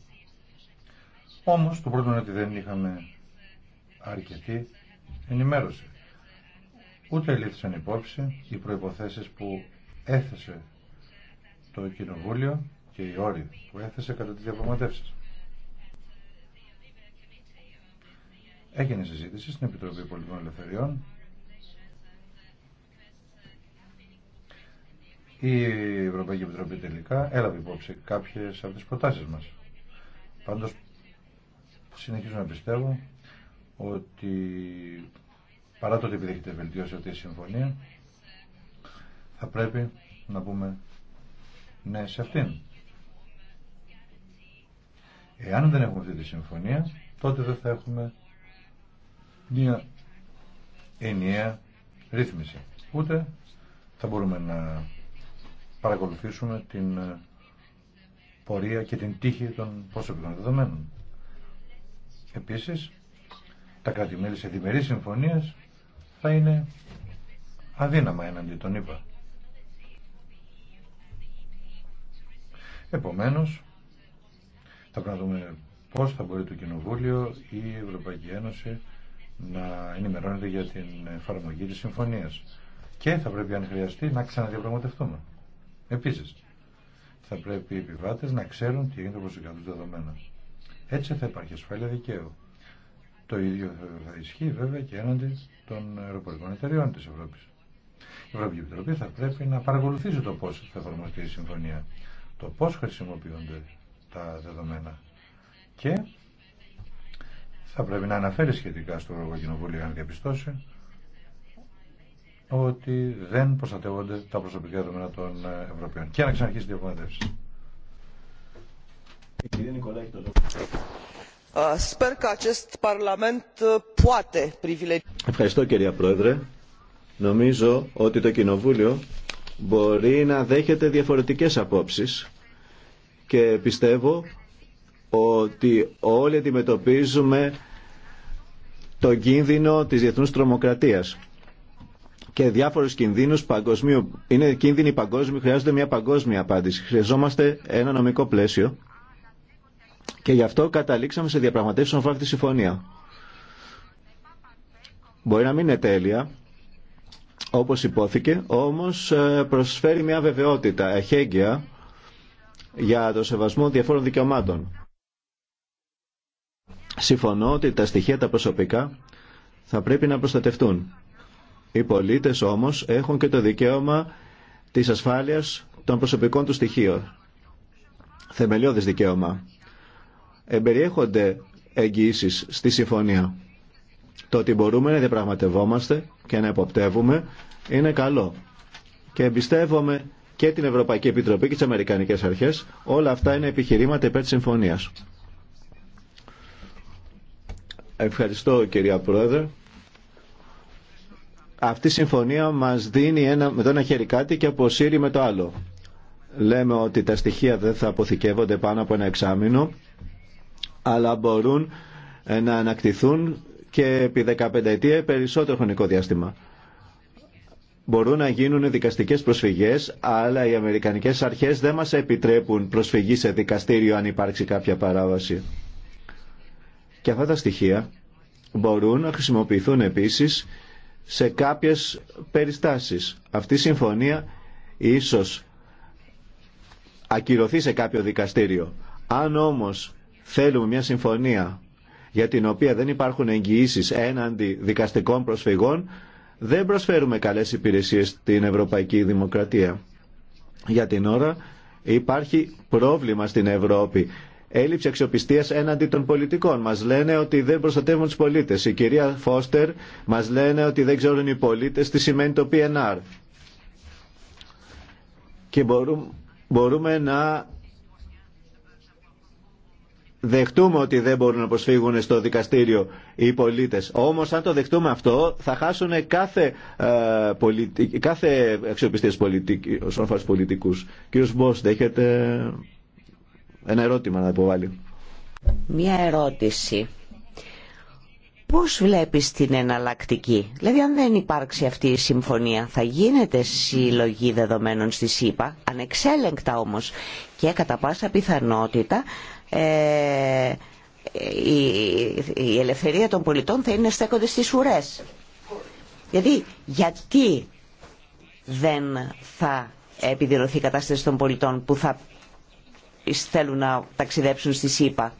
Όμως, το πρώτο είναι ότι δεν είχαμε αρκετή ενημέρωση. Ούτε λήθησαν υπόψη οι προϋποθέσεις που έθεσε το Κοινοβούλιο και οι όροι που έθεσε κατά τις διαπραγματεύσεις. Έγινε συζήτηση στην Επιτροπή Πολιτικών Ελευθεριών. Η Ευρωπαϊκή Επιτροπή τελικά έλαβε υπόψη κάποιες από τις προτάσεις μας. Πάντως συνεχίζω να πιστεύω ότι παρά το ότι επιδέχεται βελτιώσει αυτή η συμφωνία θα πρέπει να πούμε ναι σε αυτήν. Εάν δεν έχουμε αυτή τη συμφωνία τότε δεν θα έχουμε μια ενιαία ρύθμιση. Ούτε θα μπορούμε να παρακολουθήσουμε την ε, πορεία και την τύχη των προσωπικών δεδομένων. Επίσης, τα κράτη-μέλη σε διμερείς συμφωνία θα είναι αδύναμα έναντι τον ΗΠΑ. Επομένως, θα πρέπει να δούμε πώς θα μπορεί το Κοινοβούλιο ή η Ευρωπαϊκή Ένωση να ενημερώνεται για την εφαρμογή της συμφωνίας. Και θα πρέπει αν χρειαστεί να ξαναδιαπραγματευτούμε. Επίσης, θα πρέπει οι επιβάτες να ξέρουν τι το προς δεδομένα. Έτσι θα υπάρχει ασφάλεια δικαίου. Το ίδιο θα ισχύει βέβαια και έναντι των αεροπορικών εταιριών της Ευρώπης. Η Ευρωπαϊκή Επιτροπή θα πρέπει να παρακολουθήσει το πώ θα εφαρμοστεί η συμφωνία, το πώ χρησιμοποιούνται τα δεδομένα και θα πρέπει να αναφέρει σχετικά στο Κοινοβούλιο, αν διαπιστώσει ότι δεν προστατεύονται τα προσωπικά δεδομένα των Ευρωπαίων. Και να ξαναρχίσει τη διαπραγματεύση că uh, Ευχαριστώ κυρία Πρόεδρε. Νομίζω ότι το Κοινοβούλιο μπορεί να δέχεται διαφορετικές απόψεις και πιστεύω ότι όλοι αντιμετωπίζουμε το κίνδυνο της διεθνούς τρομοκρατίας και διάφορους κινδύνους παγκοσμίου. Είναι κίνδυνοι παγκόσμιοι, χρειάζονται μια παγκόσμια απάντηση. Χρειαζόμαστε ένα νομικό πλαίσιο και γι' αυτό καταλήξαμε σε διαπραγματεύσεις όσον αφορά τη συμφωνία. Μπορεί να μην είναι τέλεια, όπως υπόθηκε, όμως ε, προσφέρει μια βεβαιότητα, εχέγγυα, για το σεβασμό διαφόρων δικαιωμάτων. Συμφωνώ ότι τα στοιχεία τα προσωπικά θα πρέπει να προστατευτούν. Οι πολίτες όμως έχουν και το δικαίωμα της ασφάλειας των προσωπικών του στοιχείων. Θεμελιώδης δικαίωμα εμπεριέχονται εγγυήσεις στη συμφωνία. Το ότι μπορούμε να διαπραγματευόμαστε και να εποπτεύουμε είναι καλό. Και εμπιστεύομαι και την Ευρωπαϊκή Επιτροπή και τις Αμερικανικές Αρχές. Όλα αυτά είναι επιχειρήματα υπέρ της συμφωνίας. Ευχαριστώ κυρία Πρόεδρε. Αυτή η συμφωνία μας δίνει ένα, με το ένα χέρι κάτι και αποσύρει με το άλλο. Λέμε ότι τα στοιχεία δεν θα αποθηκεύονται πάνω από ένα εξάμεινο αλλά μπορούν ε, να ανακτηθούν και επί 15 ετία περισσότερο χρονικό διάστημα. Μπορούν να γίνουν δικαστικές προσφυγές, αλλά οι Αμερικανικές αρχές δεν μας επιτρέπουν προσφυγή σε δικαστήριο αν υπάρξει κάποια παράβαση. Και αυτά τα στοιχεία μπορούν να χρησιμοποιηθούν επίσης σε κάποιες περιστάσεις. Αυτή η συμφωνία ίσως ακυρωθεί σε κάποιο δικαστήριο. Αν όμως Θέλουμε μια συμφωνία για την οποία δεν υπάρχουν εγγυήσεις έναντι δικαστικών προσφυγών, δεν προσφέρουμε καλές υπηρεσίες στην Ευρωπαϊκή Δημοκρατία. Για την ώρα υπάρχει πρόβλημα στην Ευρώπη. Έλλειψη αξιοπιστίας έναντι των πολιτικών. Μας λένε ότι δεν προστατεύουν τους πολίτες. Η κυρία Φώστερ μας λένε ότι δεν ξέρουν οι πολίτες τι σημαίνει το PNR. Και μπορούμε, μπορούμε να δεχτούμε ότι δεν μπορούν να προσφύγουν στο δικαστήριο οι πολίτες. Όμως αν το δεχτούμε αυτό θα χάσουν κάθε, ε, πολιτικ, κάθε αξιοπιστία όσον αφορά πολιτικούς. Κύριος Μπόστ, έχετε ένα ερώτημα να υποβάλει. Μία ερώτηση. Πώς βλέπεις την εναλλακτική, δηλαδή αν δεν υπάρξει αυτή η συμφωνία θα γίνεται συλλογή δεδομένων στη ΣΥΠΑ, ανεξέλεγκτα όμως και κατά πάσα πιθανότητα ε, η, η ελευθερία των πολιτών θα είναι στέκονται στις ουρές. Γιατί γιατί δεν θα επιδηλωθεί η κατάσταση των πολιτών που θα θέλουν να ταξιδέψουν στη ΣΥΠΑ.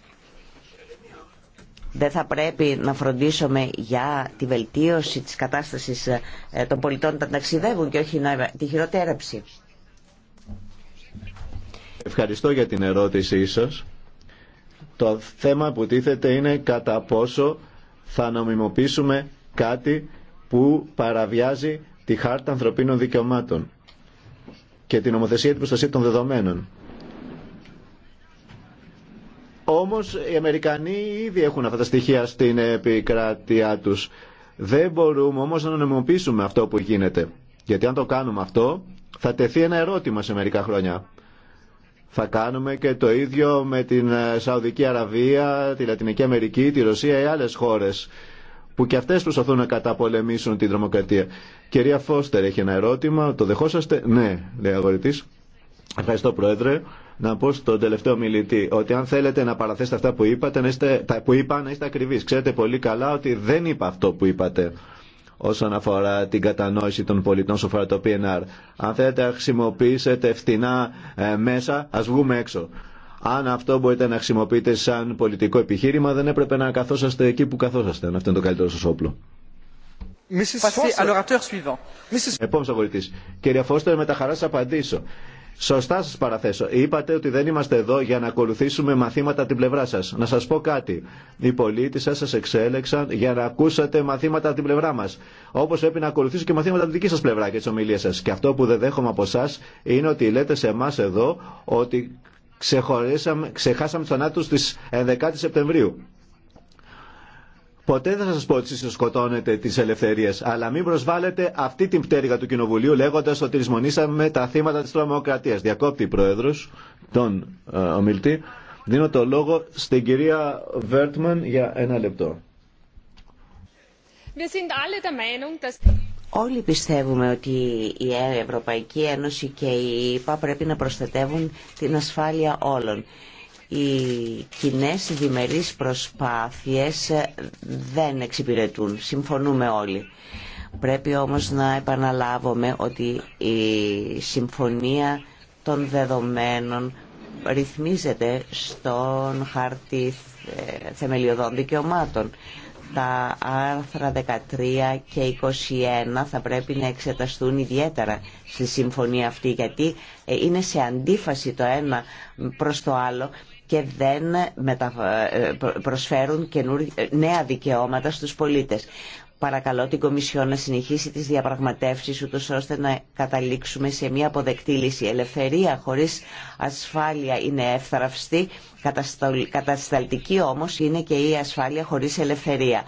Δεν θα πρέπει να φροντίσουμε για τη βελτίωση της κατάστασης ε, των πολιτών να ταξιδεύουν και όχι να, τη χειροτέρεψη. Ευχαριστώ για την ερώτησή σας. Το θέμα που τίθεται είναι κατά πόσο θα νομιμοποιήσουμε κάτι που παραβιάζει τη Χάρτα Ανθρωπίνων Δικαιωμάτων και την ομοθεσία την προστασία των δεδομένων. Όμως οι Αμερικανοί ήδη έχουν αυτά τα στοιχεία στην επικράτειά τους. Δεν μπορούμε όμως να νομιμοποιήσουμε αυτό που γίνεται. Γιατί αν το κάνουμε αυτό θα τεθεί ένα ερώτημα σε μερικά χρόνια. Θα κάνουμε και το ίδιο με την ε, Σαουδική Αραβία, τη Λατινική Αμερική, τη Ρωσία ή άλλες χώρες που και αυτές προσπαθούν να καταπολεμήσουν την τρομοκρατία. Κυρία Φώστερ έχει ένα ερώτημα, το δεχόσαστε. Ναι, λέει αγορητής. Ευχαριστώ Πρόεδρε. Να πω στον τελευταίο μιλητή ότι αν θέλετε να παραθέσετε αυτά που, είπατε, που είπα να είστε ακριβείς. Ξέρετε πολύ καλά ότι δεν είπα αυτό που είπατε όσον αφορά την κατανόηση των πολιτών στο αφορά το PNR. Αν θέλετε να χρησιμοποιήσετε φτηνά ε, μέσα, ας βγούμε έξω. Αν αυτό μπορείτε να χρησιμοποιείτε σαν πολιτικό επιχείρημα, δεν έπρεπε να καθόσαστε εκεί που καθόσαστε, αν αυτό είναι το καλύτερο σας όπλο. Επόμενο αγορητή. Κυρία Φώστερ, με τα χαρά σα απαντήσω. Σωστά σας παραθέσω. Είπατε ότι δεν είμαστε εδώ για να ακολουθήσουμε μαθήματα την πλευρά σας. Να σας πω κάτι. Οι πολίτες σας σας εξέλεξαν για να ακούσατε μαθήματα από την πλευρά μας. Όπως πρέπει να ακολουθήσω και μαθήματα από την δική σας πλευρά και τις ομιλίες σας. Και αυτό που δεν δέχομαι από εσά είναι ότι λέτε σε εμά εδώ ότι ξεχάσαμε τους θανάτους της 11 Σεπτεμβρίου. Ποτέ δεν θα σα πω ότι εσεί σκοτώνετε τι ελευθερίε, αλλά μην προσβάλλετε αυτή την πτέρυγα του Κοινοβουλίου λέγοντα ότι ρισμονήσαμε τα θύματα τη τρομοκρατία. Διακόπτη πρόεδρο, τον ε, ομιλητή. Δίνω το λόγο στην κυρία Βέρτμαν για ένα λεπτό. Όλοι πιστεύουμε ότι η Ευρωπαϊκή Ένωση και η ΕΠΑ πρέπει να προστατεύουν την ασφάλεια όλων οι κοινέ διμερείς προσπάθειες δεν εξυπηρετούν. Συμφωνούμε όλοι. Πρέπει όμως να επαναλάβουμε ότι η συμφωνία των δεδομένων ρυθμίζεται στον χάρτη θεμελιωδών δικαιωμάτων. Τα άρθρα 13 και 21 θα πρέπει να εξεταστούν ιδιαίτερα στη συμφωνία αυτή γιατί ε, είναι σε αντίφαση το ένα προς το άλλο και δεν προσφέρουν νέα δικαιώματα στους πολίτες. Παρακαλώ την Κομισιόν να συνεχίσει τις διαπραγματεύσεις ούτως ώστε να καταλήξουμε σε μια αποδεκτή λύση. ελευθερία χωρίς ασφάλεια είναι εύθραυστη, κατασταλτική όμως είναι και η ασφάλεια χωρίς ελευθερία.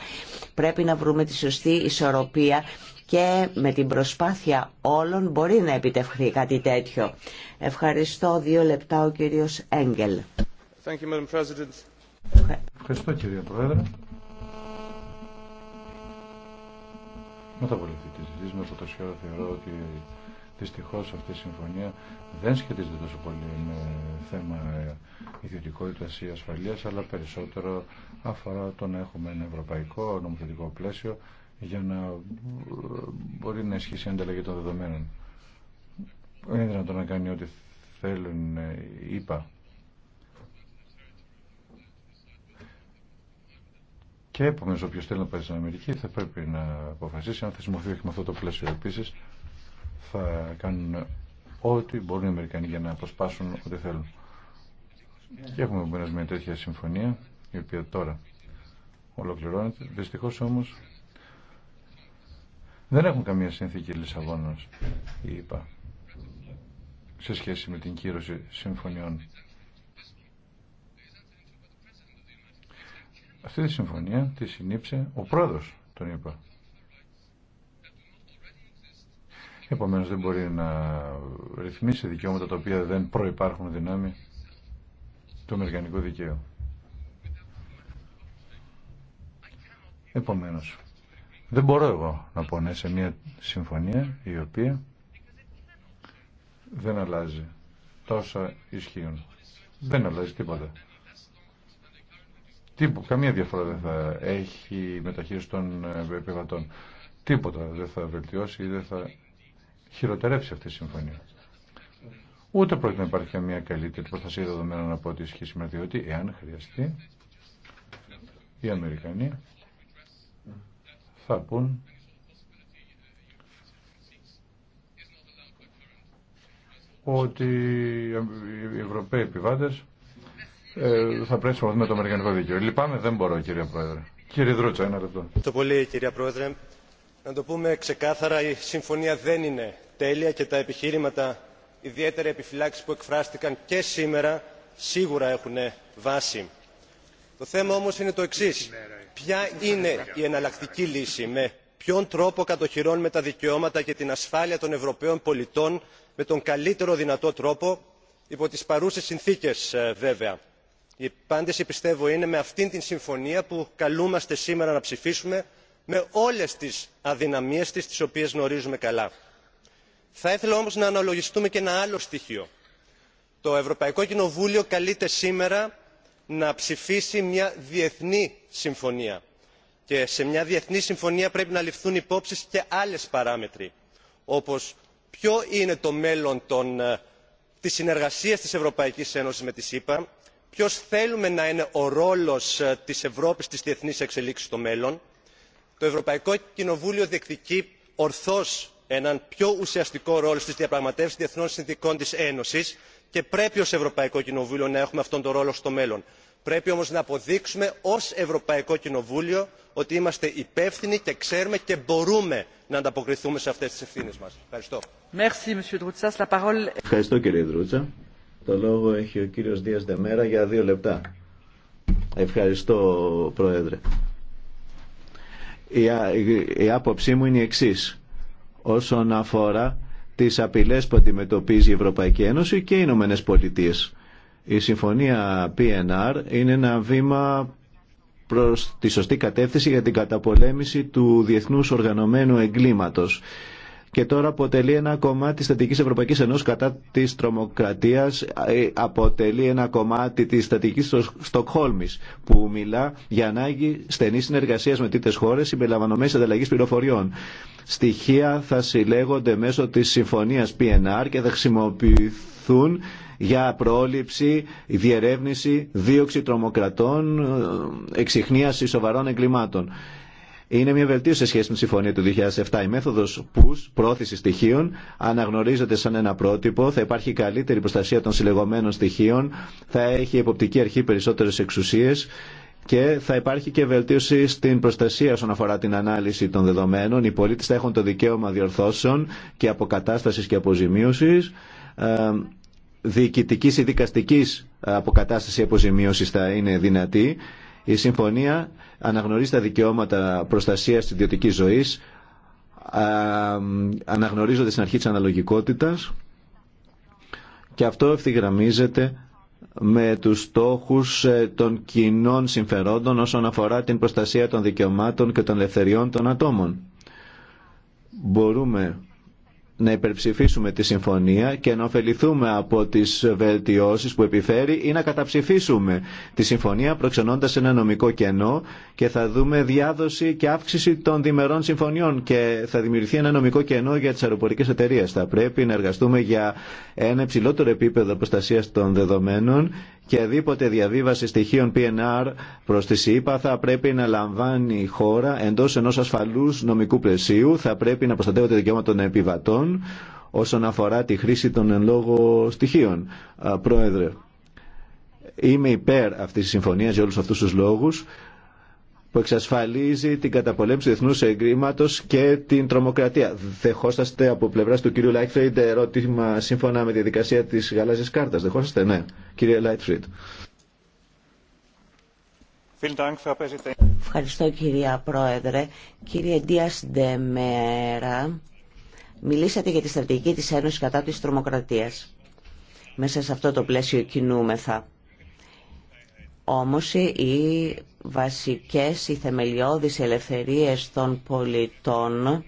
Πρέπει να βρούμε τη σωστή ισορροπία και με την προσπάθεια όλων μπορεί να επιτευχθεί κάτι τέτοιο. Ευχαριστώ. Δύο λεπτά ο κύριος Έγγελ. Thank you, Madam President. Ευχαριστώ κύριε Πρόεδρε. Μετά από αυτή τη συζήτηση τόση ώρα θεωρώ ότι δυστυχώ αυτή η συμφωνία δεν σχετίζεται τόσο πολύ με θέμα ιδιωτικότητα ή ασφαλεία, αλλά περισσότερο αφορά το να έχουμε ένα ευρωπαϊκό νομοθετικό πλαίσιο για να μπορεί να ισχύσει η ανταλλαγή των δεδομένων. Είναι δυνατόν να κάνει ό,τι θέλουν, ε, είπα, Και επομένω, όποιο θέλει να πάει στην Αμερική θα πρέπει να αποφασίσει αν θα όχι με αυτό το πλαίσιο. Επίση, θα κάνουν ό,τι μπορούν οι Αμερικανοί για να αποσπάσουν ό,τι θέλουν. Και έχουμε επομένω μια τέτοια συμφωνία, η οποία τώρα ολοκληρώνεται. Δυστυχώ όμω δεν έχουν καμία συνθήκη Λισαβόνα, είπα, σε σχέση με την κύρωση συμφωνιών. Αυτή τη συμφωνία τη συνήψε ο πρόεδρος τον είπα. Επομένως δεν μπορεί να ρυθμίσει δικαιώματα τα οποία δεν προϋπάρχουν δυνάμει του Αμερικανικού δικαίου. Επομένως, δεν μπορώ εγώ να πω ναι μια συμφωνία η οποία δεν αλλάζει τόσα ισχύουν. Δεν αλλάζει τίποτα. Τίποτα, καμία διαφορά δεν θα έχει μεταχείριση των ε, επιβατών. Τίποτα δεν θα βελτιώσει ή δεν θα χειροτερέψει αυτή η συμφωνία. Ούτε πρόκειται να υπάρχει καμία καλύτερη προστασία δεδομένων από ό,τι ισχύει σήμερα, διότι εάν χρειαστεί, οι Αμερικανοί θα πούν ότι οι Ευρωπαίοι επιβάτες ε, θα πρέπει να με το Αμερικανικό Δίκαιο. Λυπάμαι, δεν μπορώ, κύριε Πρόεδρε. Κύριε Δρούτσα, ένα λεπτό. Ευχαριστώ πολύ, κύριε Πρόεδρε. Να το πούμε ξεκάθαρα, η συμφωνία δεν είναι τέλεια και τα επιχείρηματα, ιδιαίτερα επιφυλάξει που εκφράστηκαν και σήμερα, σίγουρα έχουν βάση. Το θέμα όμω είναι το εξή. Ποια είναι η εναλλακτική λύση, με ποιον τρόπο κατοχυρώνουμε τα δικαιώματα και την ασφάλεια των Ευρωπαίων πολιτών με τον καλύτερο δυνατό τρόπο, υπό τι παρούσε συνθήκε ε, βέβαια η απάντηση πιστεύω είναι με αυτήν την συμφωνία που καλούμαστε σήμερα να ψηφίσουμε με όλες τις αδυναμίες της τις οποίες γνωρίζουμε καλά. θα ήθελα όμως να αναλογιστούμε και ένα άλλο στοιχείο το ευρωπαϊκό κοινοβούλιο καλείται σήμερα να ψηφίσει μια διεθνή συμφωνία και σε μια διεθνή συμφωνία πρέπει να ληφθούν υπόψη και άλλες παράμετροι όπως ποιο είναι το μέλλον ε, της συνεργασίας της ευρωπαϊκής ένωσης με τις ηπα ποιο θέλουμε να είναι ο ρόλο ε, τη ευρώπη στι διεθνεί εξελίξει στο μέλλον το ευρωπαϊκό κοινοβούλιο διεκδικεί ορθώ έναν πιο ουσιαστικό ρόλο στι διαπραγματεύσει διεθνών συνθηκών τη ένωση και πρέπει ω ευρωπαϊκό κοινοβούλιο να έχουμε αυτόν τον ρόλο στο μέλλον. πρέπει όμω να αποδείξουμε ω ευρωπαϊκό κοινοβούλιο ότι είμαστε υπεύθυνοι και ξέρουμε και μπορούμε να ανταποκριθούμε σε αυτέ τι ευθύνε μα. ευχαριστώ. Το λόγο έχει ο κύριος Δίας Δεμέρα για δύο λεπτά. Ευχαριστώ, Πρόεδρε. Η, άποψή μου είναι η εξής. Όσον αφορά τις απειλές που αντιμετωπίζει η Ευρωπαϊκή Ένωση και οι Ηνωμένε Πολιτείε. Η συμφωνία PNR είναι ένα βήμα προς τη σωστή κατεύθυνση για την καταπολέμηση του διεθνούς οργανωμένου εγκλήματος και τώρα αποτελεί ένα κομμάτι της στατικής Ευρωπαϊκής Ενώσης κατά της τρομοκρατίας, ε, αποτελεί ένα κομμάτι της στατικής Στοκχόλμης που μιλά για ανάγκη στενή συνεργασίας με τίτες χώρες συμπεριλαμβανομένης ανταλλαγής πληροφοριών. Στοιχεία θα συλλέγονται μέσω της συμφωνίας PNR και θα χρησιμοποιηθούν για πρόληψη, διερεύνηση, δίωξη τρομοκρατών, ε, εξυχνίαση σοβαρών εγκλημάτων είναι μια βελτίωση σε σχέση με τη συμφωνία του 2007. Η μέθοδος πού πρόθεση στοιχείων, αναγνωρίζεται σαν ένα πρότυπο, θα υπάρχει καλύτερη προστασία των συλλεγωμένων στοιχείων, θα έχει η εποπτική αρχή περισσότερες εξουσίες και θα υπάρχει και βελτίωση στην προστασία όσον αφορά την ανάλυση των δεδομένων. Οι πολίτες θα έχουν το δικαίωμα διορθώσεων και αποκατάστασης και αποζημίωσης. Ε, διοικητικής ή δικαστική αποκατάσταση αποζημίωση θα είναι δυνατή η συμφωνία αναγνωρίζει τα δικαιώματα προστασίας της ιδιωτική ζωής, αναγνωρίζονται στην αρχή τη αναλογικότητα και αυτό ευθυγραμμίζεται με τους στόχους ε, των κοινών συμφερόντων όσον αφορά την προστασία των δικαιωμάτων και των ελευθεριών των ατόμων. Μπορούμε να υπερψηφίσουμε τη συμφωνία και να ωφεληθούμε από τις βελτιώσεις που επιφέρει ή να καταψηφίσουμε τη συμφωνία προξενώντας ένα νομικό κενό και θα δούμε διάδοση και αύξηση των διμερών συμφωνιών και θα δημιουργηθεί ένα νομικό κενό για τις αεροπορικές εταιρείες. Θα πρέπει να εργαστούμε για ένα υψηλότερο επίπεδο προστασία των δεδομένων και δίποτε διαβίβαση στοιχείων PNR προς τη ΣΥΠΑ θα πρέπει να λαμβάνει η χώρα εντός ενός ασφαλούς νομικού πλαισίου, θα πρέπει να προστατεύονται δικαιώματα των επιβατών όσον αφορά τη χρήση των εν λόγω στοιχείων. Πρόεδρε, είμαι υπέρ αυτής της συμφωνίας για όλους αυτούς τους λόγους που εξασφαλίζει την καταπολέμηση του Εθνούς εγκλήματο και την τρομοκρατία. Δεχόσαστε από πλευρά του κύριου Λάιτφριντ ερώτημα σύμφωνα με τη διαδικασία τη γαλάζια κάρτα. Δεχόσαστε, ναι, κύριε Λάιτφριντ. Ευχαριστώ κυρία Πρόεδρε. Κύριε Ντίας Ντεμέρα, Μιλήσατε για τη στρατηγική της Ένωσης κατά της τρομοκρατίας. Μέσα σε αυτό το πλαίσιο κινούμεθα. Όμως οι βασικές, οι θεμελιώδεις ελευθερίες των πολιτών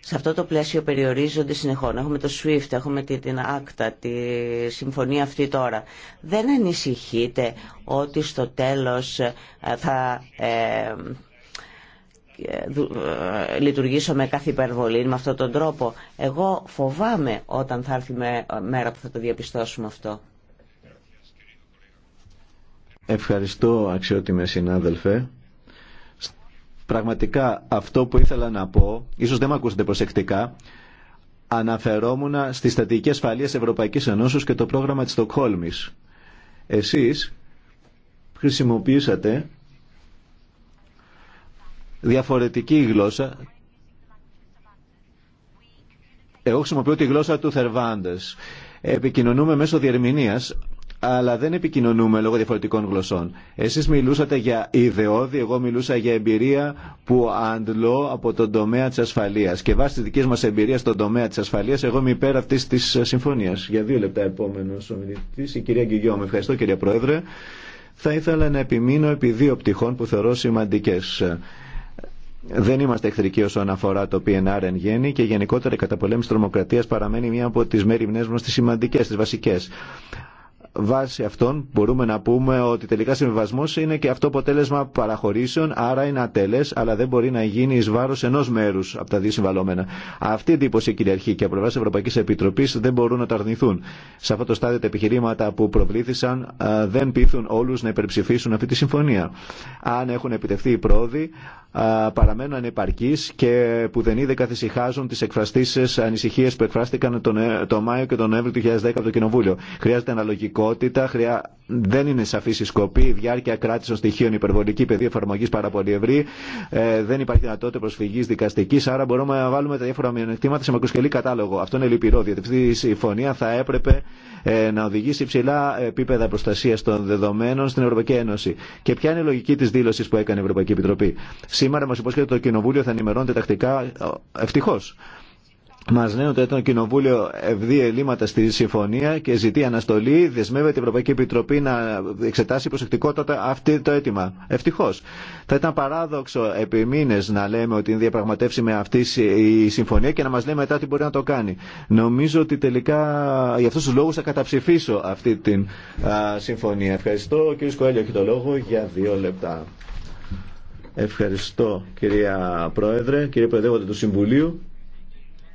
σε αυτό το πλαίσιο περιορίζονται συνεχώς. Έχουμε το SWIFT, έχουμε την ACTA, τη συμφωνία αυτή τώρα. Δεν ανησυχείτε ότι στο τέλος ε, θα ε, ε, ε, λειτουργήσω με κάθε υπερβολή με αυτόν τον τρόπο. Εγώ φοβάμαι όταν θα έρθει ε, μέρα που θα το διαπιστώσουμε αυτό. Ευχαριστώ αξιότιμε συνάδελφε. Πραγματικά αυτό που ήθελα να πω, ίσως δεν με ακούσετε προσεκτικά, αναφερόμουν στη στατική ασφαλεία Ευρωπαϊκής Ενώσεως και το πρόγραμμα της Στοκχόλμης. Εσείς χρησιμοποιήσατε διαφορετική γλώσσα. Εγώ χρησιμοποιώ τη γλώσσα του Θερβάντες. Επικοινωνούμε μέσω διερμηνίας, αλλά δεν επικοινωνούμε λόγω διαφορετικών γλωσσών. Εσείς μιλούσατε για ιδεώδη, εγώ μιλούσα για εμπειρία που αντλώ από τον τομέα της ασφαλείας. Και βάσει τη δική μας εμπειρία στον τομέα της ασφαλείας, εγώ είμαι υπέρ αυτής της συμφωνίας. Για δύο λεπτά επόμενος ο η κυρία με Ευχαριστώ κύριε Πρόεδρε. Θα ήθελα να επιμείνω επί δύο πτυχών που θεωρώ σημαντικές δεν είμαστε εχθρικοί όσον αφορά το PNR εν γέννη και γενικότερα η καταπολέμηση τρομοκρατίας παραμένει μία από τις μέρημνέ μα τι σημαντικές, τι βασικές βάσει αυτών μπορούμε να πούμε ότι τελικά συμβιβασμό είναι και αυτό αποτέλεσμα παραχωρήσεων, άρα είναι ατελέ, αλλά δεν μπορεί να γίνει ει βάρο ενό μέρου από τα δύο συμβαλόμενα. Αυτή η εντύπωση κυριαρχεί και από πλευρά Ευρωπαϊκή Επιτροπή δεν μπορούν να τα αρνηθούν. Σε αυτό το στάδιο τα επιχειρήματα που προβλήθησαν δεν πείθουν όλου να υπερψηφίσουν αυτή τη συμφωνία. Αν έχουν επιτευχθεί οι πρόοδοι, παραμένουν ανεπαρκεί και που δεν είδε καθησυχάζουν τι εκφραστήσει ανησυχίε που εκφράστηκαν ε, τον, Μάιο και τον Νοέμβριο του 2010 από το Κοινοβούλιο. Χρειάζεται αναλογικό πραγματικότητα. χρειά... δεν είναι σαφή η σκοπή, η διάρκεια κράτηση των στοιχείων, υπερβολική πεδία εφαρμογή πάρα πολύ ευρύ, ε, δεν υπάρχει δυνατότητα προσφυγή δικαστική, άρα μπορούμε να βάλουμε τα διάφορα μειονεκτήματα σε μακροσκελή κατάλογο. Αυτό είναι λυπηρό, διότι αυτή η συμφωνία θα έπρεπε ε, να οδηγήσει υψηλά επίπεδα προστασία των δεδομένων στην Ευρωπαϊκή Ένωση. Και ποια είναι η λογική τη δήλωση που έκανε η Ευρωπαϊκή Επιτροπή. Σήμερα μα υπόσχεται το Κοινοβούλιο θα ενημερώνεται τακτικά, ε, ευτυχώ. Μα λένε ότι το Κοινοβούλιο ευδεί ελλείμματα στη συμφωνία και ζητεί αναστολή. Δεσμεύεται η Ευρωπαϊκή Επιτροπή να εξετάσει προσεκτικότατα αυτό το αίτημα. Ευτυχώ. Θα ήταν παράδοξο επί μήνε να λέμε ότι είναι διαπραγματεύσιμη αυτή η συμφωνία και να μα λέει μετά τι μπορεί να το κάνει. Νομίζω ότι τελικά για αυτού του λόγου θα καταψηφίσω αυτή τη συμφωνία. Ευχαριστώ. Κύριε Σκοέλιο, έχει το λόγο για δύο λεπτά. Ευχαριστώ κυρία Πρόεδρε, κύριε Προεδρεύοντα του Συμβουλίου.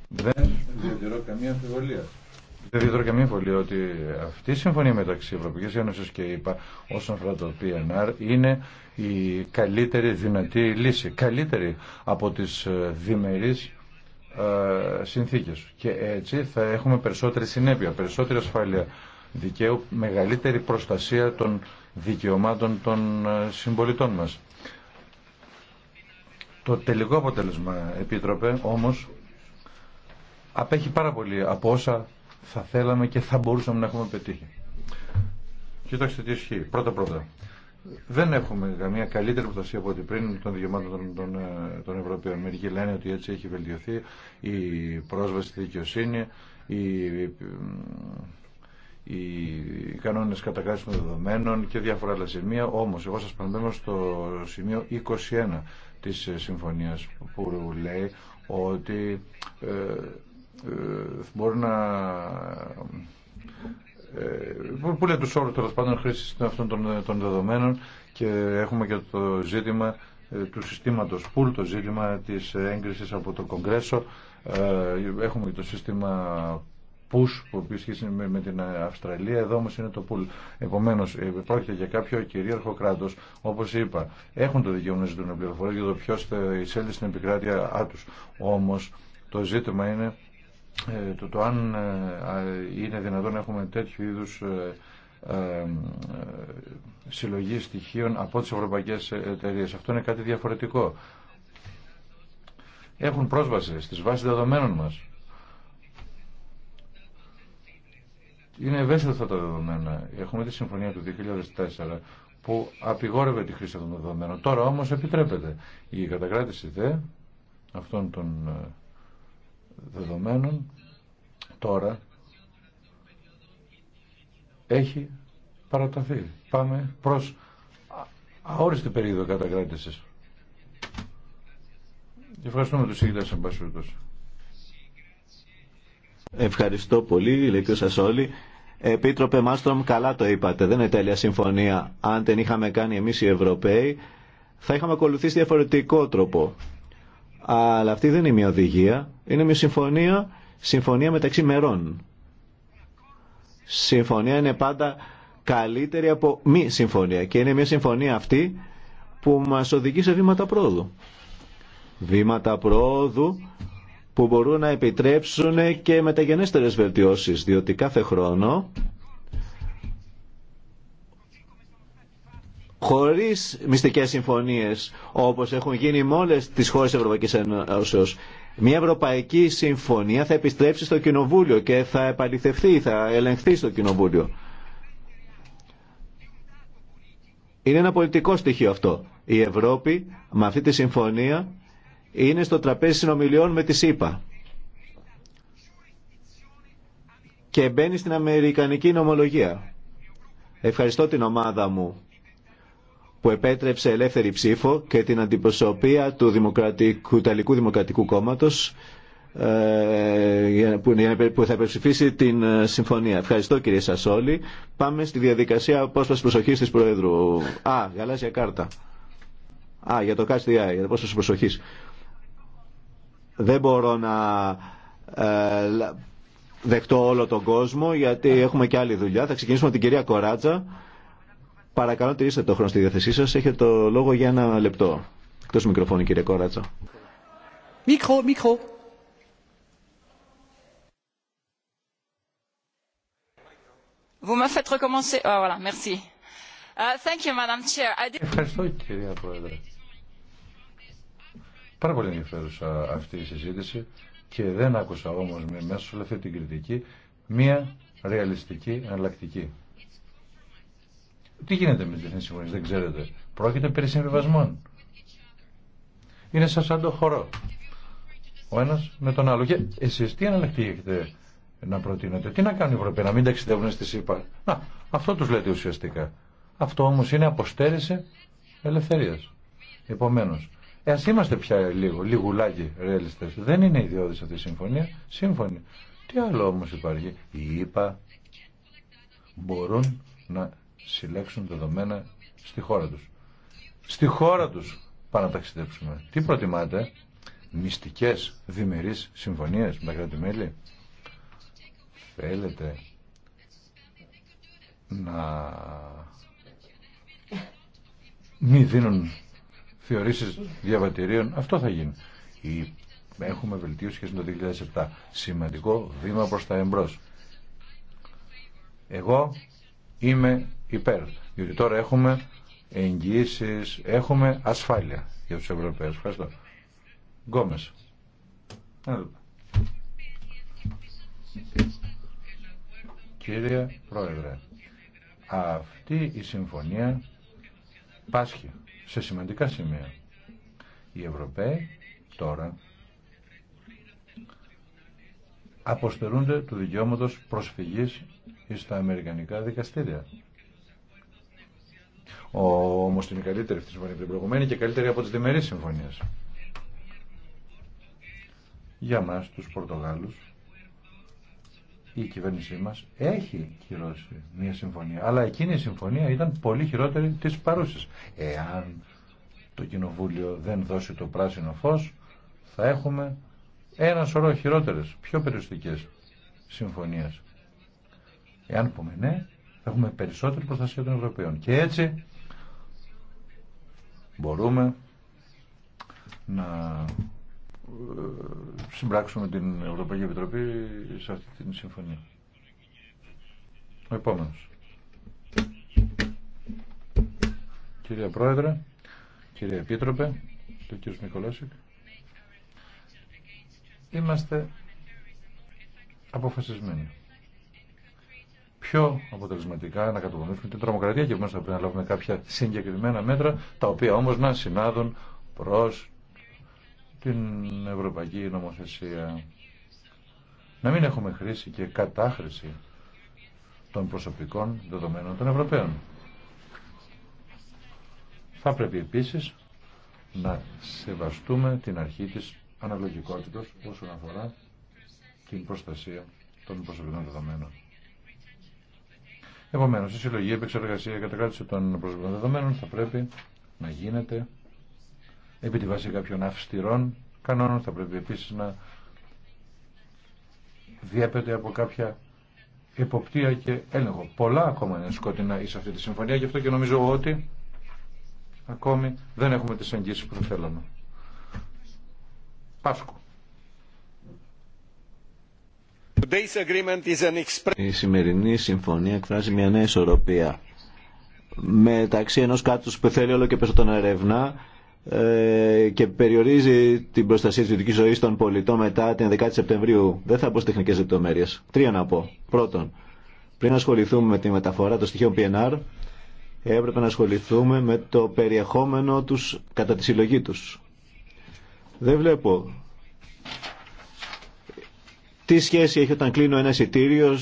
Δεν διατηρώ καμία αμφιβολία. Δεν διατηρώ καμία αμφιβολία ότι αυτή η συμφωνία μεταξύ Ευρωπαϊκή Ένωση και ΕΠΑ ΕΕ όσον αφορά το PNR είναι η καλύτερη δυνατή λύση. Καλύτερη από τι ε, διμερεί ε, συνθήκες. Και έτσι θα έχουμε περισσότερη συνέπεια, περισσότερη ασφάλεια δικαίου, μεγαλύτερη προστασία των δικαιωμάτων των ε, συμπολιτών μας. Το τελικό αποτέλεσμα, Επίτροπε, όμως, απέχει πάρα πολύ από όσα θα θέλαμε και θα μπορούσαμε να έχουμε πετύχει. Κοιτάξτε τι ισχύει. Πρώτα πρώτα. Δεν έχουμε καμία καλύτερη προστασία από ότι πριν των δικαιωμάτων των, των, ε, των Ευρωπαίων. Μερικοί λένε ότι έτσι έχει βελτιωθεί η πρόσβαση στη δικαιοσύνη, η, ε, οι κανόνε κατακράτηση των δεδομένων και διάφορα άλλα σημεία. Όμω, εγώ σα παραμένω στο σημείο 21 τη συμφωνία που λέει ότι ε, ε, μπορεί να ε, που λέει τους όρους τέλος πάντων χρήσης αυτών των, των δεδομένων και έχουμε και το ζήτημα ε, του συστήματος πουλ, το ζήτημα της έγκρισης από το Κογκρέσο έχουμε και το σύστημα push που επίσης με, με την Αυστραλία εδώ όμως είναι το πουλ επομένως πρόκειται για κάποιο κυρίαρχο κράτος όπως είπα έχουν το δικαίωμα να ζητούν πληροφορίες για το ποιος εισέλθει στην επικράτειά τους όμως το ζήτημα είναι ε, το, το αν ε, είναι δυνατόν να έχουμε τέτοιου είδους ε, συλλογή στοιχείων από τις ευρωπαϊκές εταιρείε. Αυτό είναι κάτι διαφορετικό. Έχουν πρόσβαση στις βάσεις δεδομένων μας. Είναι ευαίσθητα αυτά τα δεδομένα. Έχουμε τη συμφωνία του 2004 που απειγόρευε τη χρήση αυτών των δεδομένων. Τώρα όμως επιτρέπεται η κατακράτηση δε αυτών των δεδομένων τώρα έχει παραταθεί. Πάμε προς αόριστη περίοδο κατακράτησης. Ευχαριστούμε τους ηγητές Ευχαριστώ πολύ, λέει σας όλοι. Επίτροπε Μάστρομ, καλά το είπατε. Δεν είναι τέλεια συμφωνία. Αν δεν είχαμε κάνει εμείς οι Ευρωπαίοι, θα είχαμε ακολουθήσει διαφορετικό τρόπο. Αλλά αυτή δεν είναι μια οδηγία, είναι μια συμφωνία, συμφωνία μεταξύ μερών. Συμφωνία είναι πάντα καλύτερη από μη συμφωνία και είναι μια συμφωνία αυτή που μας οδηγεί σε βήματα πρόοδου. Βήματα πρόοδου που μπορούν να επιτρέψουν και μεταγενέστερες βελτιώσεις, διότι κάθε χρόνο χωρίς μυστικές συμφωνίες όπως έχουν γίνει με όλες τις χώρες της Ευρωπαϊκής Ένωσης. Μια Ευρωπαϊκή Συμφωνία θα επιστρέψει στο Κοινοβούλιο και θα επαληθευτεί, θα ελεγχθεί στο Κοινοβούλιο. Είναι ένα πολιτικό στοιχείο αυτό. Η Ευρώπη με αυτή τη συμφωνία είναι στο τραπέζι συνομιλιών με τη ΣΥΠΑ και μπαίνει στην Αμερικανική νομολογία. Ευχαριστώ την ομάδα μου που επέτρεψε ελεύθερη ψήφο και την αντιπροσωπεία του δημοκρατικού, Ιταλικού Δημοκρατικού Κόμματος ε, που θα υπερψηφίσει την ε, συμφωνία. Ευχαριστώ κύριε Σασόλη. Πάμε στη διαδικασία απόσπαση προσοχή της Προέδρου. Α, γαλάζια κάρτα. Α, για το ΚΑΣΤΙΑ, για το απόσπαση προσοχή. Δεν μπορώ να ε, δεχτώ όλο τον κόσμο γιατί έχουμε και άλλη δουλειά. Θα ξεκινήσουμε την κυρία Κοράτζα. Παρακαλώ τηρήστε το χρόνο στη διάθεσή σα. Έχετε το λόγο για ένα λεπτό. Εκτό μικροφώνου κύριε Κόρατσα. Μικρό, μικρό. Vous me faites recommencer. Oh, voilà, merci. Uh, Ευχαριστώ, κυρία Πρόεδρε. Πάρα πολύ ενδιαφέρουσα αυτή η συζήτηση και δεν άκουσα όμως με μέσα σε όλη αυτή την κριτική μία ρεαλιστική εναλλακτική. Τι γίνεται με τις διεθνείς δεν ξέρετε. Πρόκειται περί συμβιβασμών. Είναι σαν σαν το χορό. Ο ένας με τον άλλο. Και εσείς τι αναλεκτή έχετε να προτείνετε. Τι να κάνουν οι Ευρωπαίοι, να μην ταξιδεύουν στη ΣΥΠΑ. Να, αυτό τους λέτε ουσιαστικά. Αυτό όμως είναι αποστέρηση ελευθερίας. Επομένως, ε, ας είμαστε πια λίγο, λιγουλάκι ρεαλιστές. Δεν είναι ιδιώδης αυτή η συμφωνία. Σύμφωνη. Τι άλλο όμως υπάρχει. Οι ΗΠΑ μπορούν να συλλέξουν δεδομένα στη χώρα τους. Στη χώρα τους πάνε να ταξιδέψουμε. Τι προτιμάτε, μυστικές διμερείς συμφωνίες με κράτη-μέλη. Θέλετε να μη δίνουν θεωρήσεις διαβατηρίων. Αυτό θα γίνει. Έχουμε βελτίωση σχέση με το 2007. Σημαντικό βήμα προς τα εμπρός. Εγώ είμαι υπέρ. Διότι τώρα έχουμε εγγυήσει, έχουμε ασφάλεια για του Ευρωπαίου. Ευχαριστώ. Γκόμες. Κύριε Πρόεδρε, αυτή η συμφωνία πάσχει σε σημαντικά σημεία. Οι Ευρωπαίοι τώρα αποστερούνται του δικαιώματος προσφυγής στα Αμερικανικά δικαστήρια. Όμω την καλύτερη αυτή συμφωνία από την προηγουμένη και καλύτερη από τι διμερεί συμφωνίε. Για μα, του Πορτογάλου, η κυβέρνησή μα έχει κυρώσει μια συμφωνία. Αλλά εκείνη η συμφωνία ήταν πολύ χειρότερη τη παρούση. Εάν το Κοινοβούλιο δεν δώσει το πράσινο φω, θα έχουμε ένα σωρό χειρότερε, πιο περιοριστικέ συμφωνίε. Εάν πούμε ναι, θα έχουμε περισσότερη προστασία των Ευρωπαίων. Και έτσι μπορούμε να ε, συμπράξουμε την Ευρωπαϊκή Επιτροπή σε αυτή την συμφωνία. Ο επόμενος. Κύριε Πρόεδρε, κύριε Επίτροπε, και Κύριο κύριος είμαστε αποφασισμένοι πιο αποτελεσματικά να καταπολεμήσουμε την τρομοκρατία και μέσα πρέπει να λάβουμε κάποια συγκεκριμένα μέτρα τα οποία όμως να συνάδουν προς την ευρωπαϊκή νομοθεσία. Να μην έχουμε χρήση και κατάχρηση των προσωπικών δεδομένων των Ευρωπαίων. Θα πρέπει επίσης να σεβαστούμε την αρχή της αναλογικότητας όσον αφορά την προστασία των προσωπικών δεδομένων. Επομένως, η συλλογή, η επεξεργασία και κατακράτηση των προσωπικών δεδομένων θα πρέπει να γίνεται επί τη βάση κάποιων αυστηρών κανόνων. Θα πρέπει επίσης να διέπεται από κάποια εποπτεία και έλεγχο. Πολλά ακόμα είναι σκοτεινά σε αυτή τη συμφωνία, γι' αυτό και νομίζω ότι ακόμη δεν έχουμε τις εγγύσεις που θέλαμε. Πάσκου. Η σημερινή συμφωνία εκφράζει μια νέα ισορροπία μεταξύ ενός κράτους που θέλει όλο και περισσότερο ερευνά ε, και περιορίζει την προστασία της ιδιωτικής ζωής των πολιτών μετά την 11η Σεπτεμβρίου. Δεν θα πω στις τεχνικές λεπτομέρειες. Τρία να πω. Πρώτον, πριν ασχοληθούμε με τη μεταφορά των στοιχείων PNR, έπρεπε να ασχοληθούμε με το περιεχόμενο τους κατά τη συλλογή τους. Δεν βλέπω τι σχέση έχει όταν κλείνω ένα εισιτήριο,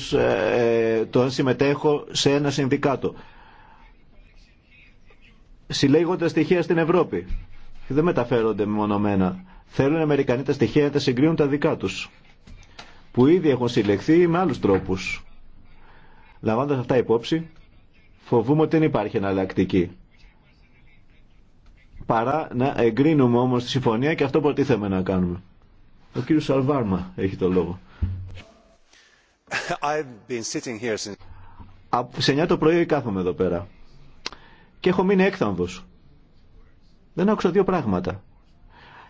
ε, το αν συμμετέχω σε ένα συνδικάτο. Συλλέγονται στοιχεία στην Ευρώπη. Δεν μεταφέρονται μονομένα. Θέλουν οι Αμερικανοί τα στοιχεία να τα συγκρίνουν τα δικά του. Που ήδη έχουν συλλεχθεί με άλλου τρόπου. Λαμβάνοντα αυτά υπόψη, φοβούμαι ότι δεν υπάρχει εναλλακτική. Παρά να εγκρίνουμε όμω τη συμφωνία και αυτό που να κάνουμε. Ο κύριο Σαλβάρμα έχει το λόγο. Σε 9 το πρωί κάθομαι εδώ πέρα. Και έχω μείνει έκθαμβος. Δεν άκουσα δύο πράγματα.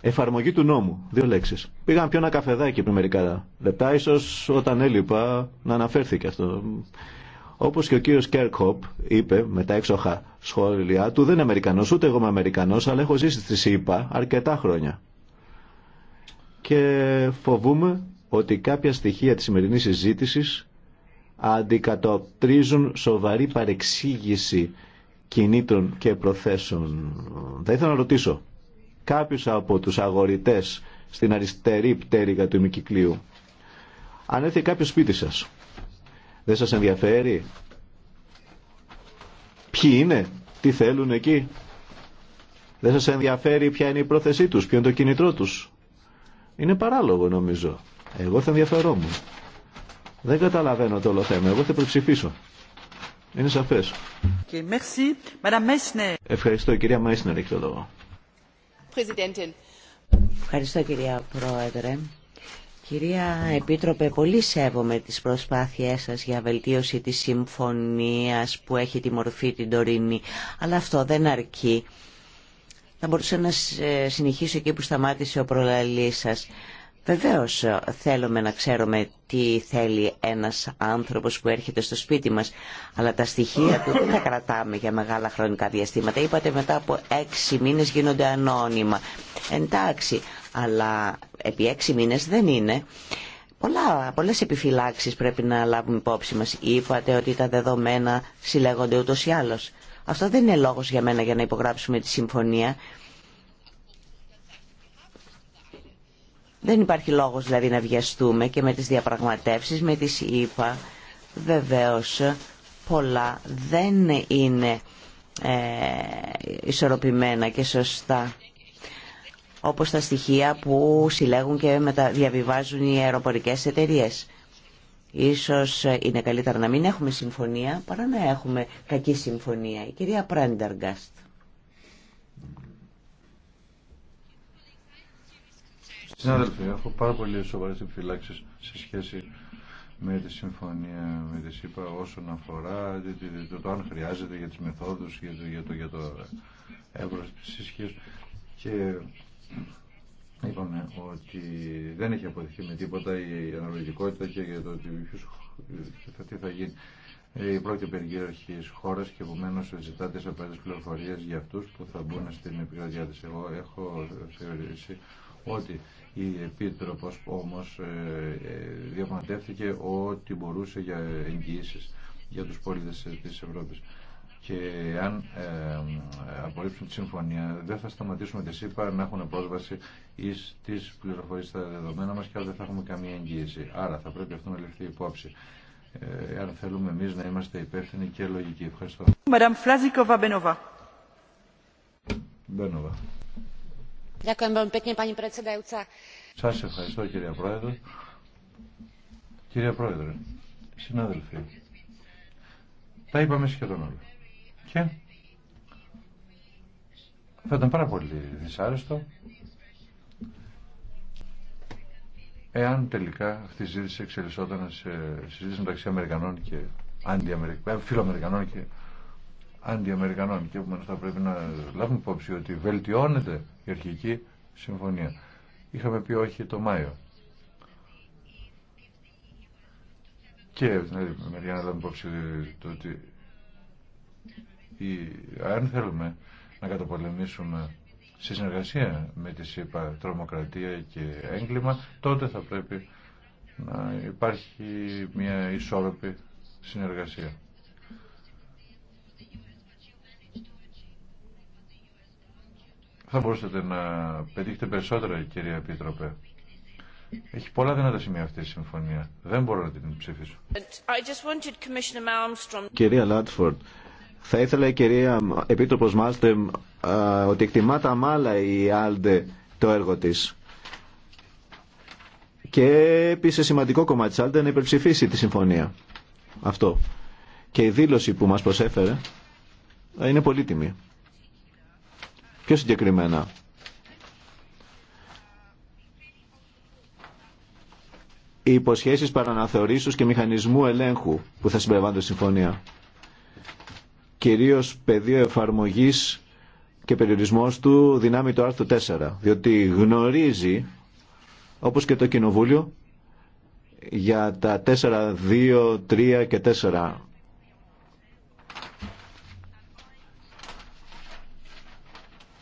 Εφαρμογή του νόμου. Δύο λέξεις. Πήγαμε πιο ένα καφεδάκι πριν μερικά λεπτά. Ίσως όταν έλειπα να αναφέρθηκε αυτό. Όπως και ο κύριος Κέρκοπ είπε με τα έξοχα σχόλια του, δεν είναι Αμερικανός, ούτε εγώ είμαι Αμερικανός, αλλά έχω ζήσει στη ΣΥΠΑ αρκετά χρόνια. Και φοβούμαι ότι κάποια στοιχεία της σημερινής συζήτησης αντικατοπτρίζουν σοβαρή παρεξήγηση κινητών και προθέσεων. Θα ήθελα να ρωτήσω κάποιους από τους αγορητές στην αριστερή πτέρυγα του ημικυκλίου. Αν έρθει κάποιο σπίτι σας, δεν σας ενδιαφέρει ποιοι είναι, τι θέλουν εκεί. Δεν σας ενδιαφέρει ποια είναι η πρόθεσή τους, ποιο είναι το κινητρό τους. Είναι παράλογο νομίζω. Εγώ θα ενδιαφερόμουν. Δεν καταλαβαίνω το όλο θέμα. Εγώ θα υπερψηφίσω. Είναι σαφέ. Ευχαριστώ, κυρία Μέσνερ, έχει το λόγο. Ευχαριστώ, κυρία Πρόεδρε. Κυρία Επίτροπε, πολύ σέβομαι τις προσπάθειές σας για βελτίωση της συμφωνίας που έχει τη μορφή την τωρινή, αλλά αυτό δεν αρκεί. Θα μπορούσα να συνεχίσω εκεί που σταμάτησε ο προλαλής σας. Βεβαίως ε, θέλουμε να ξέρουμε τι θέλει ένας άνθρωπος που έρχεται στο σπίτι μας, αλλά τα στοιχεία του δεν τα κρατάμε για μεγάλα χρονικά διαστήματα. Είπατε μετά από έξι μήνες γίνονται ανώνυμα. Εντάξει, αλλά επί έξι μήνες δεν είναι. Πολλά, πολλές επιφυλάξεις πρέπει να λάβουμε υπόψη μας. Είπατε ότι τα δεδομένα συλλέγονται ούτως ή άλλως. Αυτό δεν είναι λόγος για μένα για να υπογράψουμε τη συμφωνία. Δεν υπάρχει λόγος δηλαδή να βιαστούμε και με τις διαπραγματεύσεις, με τις υπά, Βεβαίως πολλά δεν είναι ε, ισορροπημένα και σωστά όπως τα στοιχεία που συλλέγουν και μεταδιαβιβάζουν διαβιβάζουν οι αεροπορικές εταιρείες. Ίσως ε, είναι καλύτερα να μην έχουμε συμφωνία παρά να έχουμε κακή συμφωνία. Η κυρία Πρέντεργκαστ. Συνάδελφοι, έχω πάρα πολύ σοβαρέ επιφυλάξει σε σχέση με τη συμφωνία με τη ΣΥΠΑ όσον αφορά το, το, αν χρειάζεται για τις μεθόδους για το, για το, για το της και είπαμε ότι δεν έχει αποδειχθεί με τίποτα η αναλογικότητα και για το ότι τι θα γίνει η ε, πρώτη περιγύρωση χώρα και επομένω ζητάτε τι απαραίτητε πληροφορίε για αυτού που θα μπουν στην επικρατεία τη. Εγώ έχω θεωρήσει ότι η Επίτροπος όμως ε, ε, διαπραγματεύτηκε ό,τι μπορούσε για εγγυήσεις για τους πολίτες της Ευρώπης. Και αν ε, απορρίψουν τη συμφωνία δεν θα σταματήσουμε τη είπα, να έχουν πρόσβαση στις τις πληροφορίες στα δεδομένα μας και αν δεν θα έχουμε καμία εγγύηση. Άρα θα πρέπει αυτό να ληφθεί υπόψη. Ε, αν θέλουμε εμείς να είμαστε υπεύθυνοι και λογικοί. Ευχαριστώ. Μπένοβα. Σας ευχαριστώ κύριε Πρόεδρε. Κύριε Πρόεδρε, συνάδελφοι, τα είπαμε σχεδόν όλα. Και θα ήταν πάρα πολύ δυσάρεστο εάν τελικά αυτή η ζήτηση εξελισσόταν σε συζήτηση μεταξύ Αμερικανών και αντιαμερικανών, ε, φιλοαμερικανών και αντιαμερικανών. Και επομένω θα πρέπει να λάβουμε υπόψη ότι βελτιώνεται η αρχική συμφωνία. Είχαμε πει όχι το Μάιο. Και δηλαδή, μεριά να λάβουμε υπόψη το ότι η, αν θέλουμε να καταπολεμήσουμε σε συνεργασία με τη ΣΥΠΑ τρομοκρατία και έγκλημα, τότε θα πρέπει να υπάρχει μια ισόρροπη συνεργασία. θα μπορούσατε να πετύχετε περισσότερα, κυρία Επίτροπε. Έχει πολλά δυνατά σημεία αυτή η συμφωνία. Δεν μπορώ να την ψηφίσω. Κυρία Λάτφορντ, θα ήθελα η κυρία Επίτροπος Μάλστρεμ ότι εκτιμά τα μάλα η Άλντε το έργο της. Και επίσης σημαντικό κομμάτι της Άλντε να υπερψηφίσει τη συμφωνία. Αυτό. Και η δήλωση που μας προσέφερε ε, είναι πολύτιμη. Πιο συγκεκριμένα, οι υποσχέσεις παραναθεωρήσεως και μηχανισμού ελέγχου που θα συμπεριβάλλονται στη συμφωνία. Κυρίως πεδίο εφαρμογής και περιορισμός του δυνάμει το Άρθρο 4, διότι γνωρίζει, όπως και το Κοινοβούλιο, για τα 4, 2, 3 και 4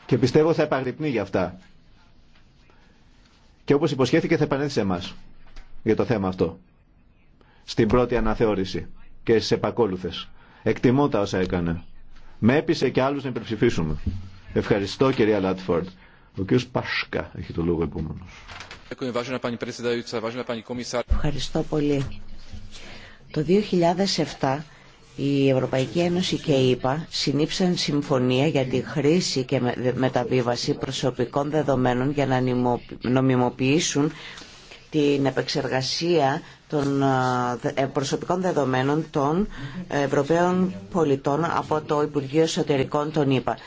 Και πιστεύω θα επαγρυπνεί για αυτά. Και όπως υποσχέθηκε θα επανέλθει σε εμάς για το θέμα αυτό. Στην πρώτη αναθεώρηση και στις επακόλουθες. Εκτιμώ τα όσα έκανε. Με έπεισε και άλλους να υπερψηφίσουμε. Ευχαριστώ κυρία Λάτφορντ. Ο κ. Πάσκα έχει το λόγο επόμενο. Ευχαριστώ πολύ. Το 2007 η Ευρωπαϊκή Ένωση και η ΕΠΑ συνήψαν συμφωνία για τη χρήση και μεταβίβαση προσωπικών δεδομένων για να νομιμοποιήσουν την επεξεργασία των ε, προσωπικών δεδομένων των ε, Ευρωπαίων πολιτών από το Υπουργείο Εσωτερικών των ΗΠΑ.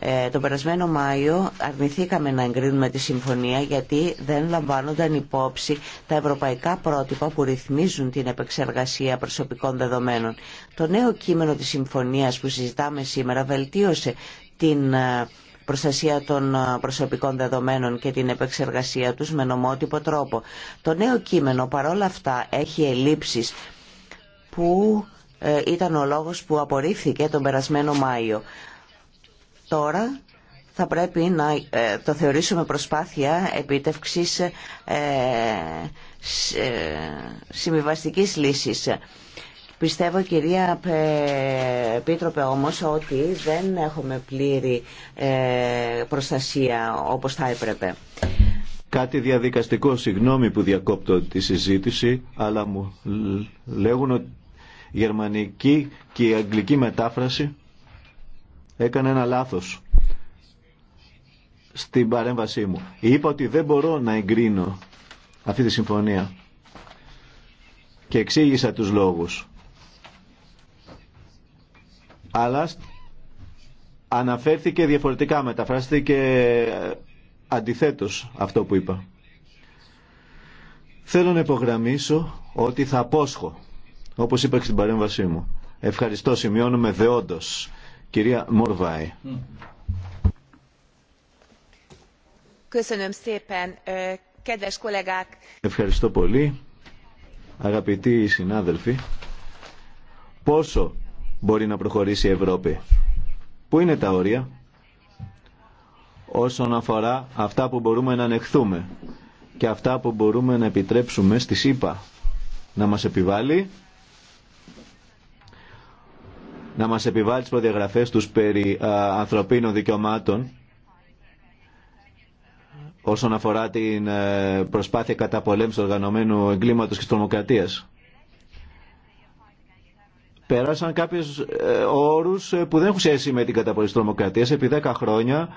Ε, τον περασμένο Μάιο αρνηθήκαμε να εγκρίνουμε τη συμφωνία γιατί δεν λαμβάνονταν υπόψη τα ευρωπαϊκά πρότυπα που ρυθμίζουν την επεξεργασία προσωπικών δεδομένων. Το νέο κείμενο της συμφωνίας που συζητάμε σήμερα βελτίωσε την ε, προστασία των ε, προσωπικών δεδομένων και την επεξεργασία τους με νομότυπο τρόπο. Το νέο κείμενο παρόλα αυτά έχει ελλείψεις που ήταν ο λόγος που απορρίφθηκε τον περασμένο Μάιο. Τώρα θα πρέπει να ε, το θεωρήσουμε προσπάθεια επίτευξης ε, ε, συμβιβαστικής λύσης. Πιστεύω, κυρία Επίτροπε, όμως ότι δεν έχουμε πλήρη προστασία όπως θα έπρεπε. Κάτι διαδικαστικό, συγγνώμη που διακόπτω τη συζήτηση, αλλά μου λέγουν ότι γερμανική και η αγγλική μετάφραση έκανε ένα λάθος στην παρέμβασή μου. Είπα ότι δεν μπορώ να εγκρίνω αυτή τη συμφωνία και εξήγησα τους λόγους. Αλλά αναφέρθηκε διαφορετικά, μεταφράστηκε αντιθέτως αυτό που είπα. Θέλω να υπογραμμίσω ότι θα απόσχω, όπως είπα και στην παρέμβασή μου. Ευχαριστώ, σημειώνουμε δεόντως Κυρία Μορβάη. Ευχαριστώ πολύ. Αγαπητοί συνάδελφοι, πόσο μπορεί να προχωρήσει η Ευρώπη. Πού είναι τα όρια όσον αφορά αυτά που μπορούμε να ανεχθούμε και αυτά που μπορούμε να επιτρέψουμε στη ΣΥΠΑ να μας επιβάλλει να μας επιβάλλει τις προδιαγραφές τους περί ανθρωπίνων δικαιωμάτων όσον αφορά την ε, προσπάθεια καταπολέμησης οργανωμένου εγκλήματος και της Πέρασαν κάποιους ε, όρους ε, που δεν έχουν σχέση με την καταπολέμηση της Επί δέκα χρόνια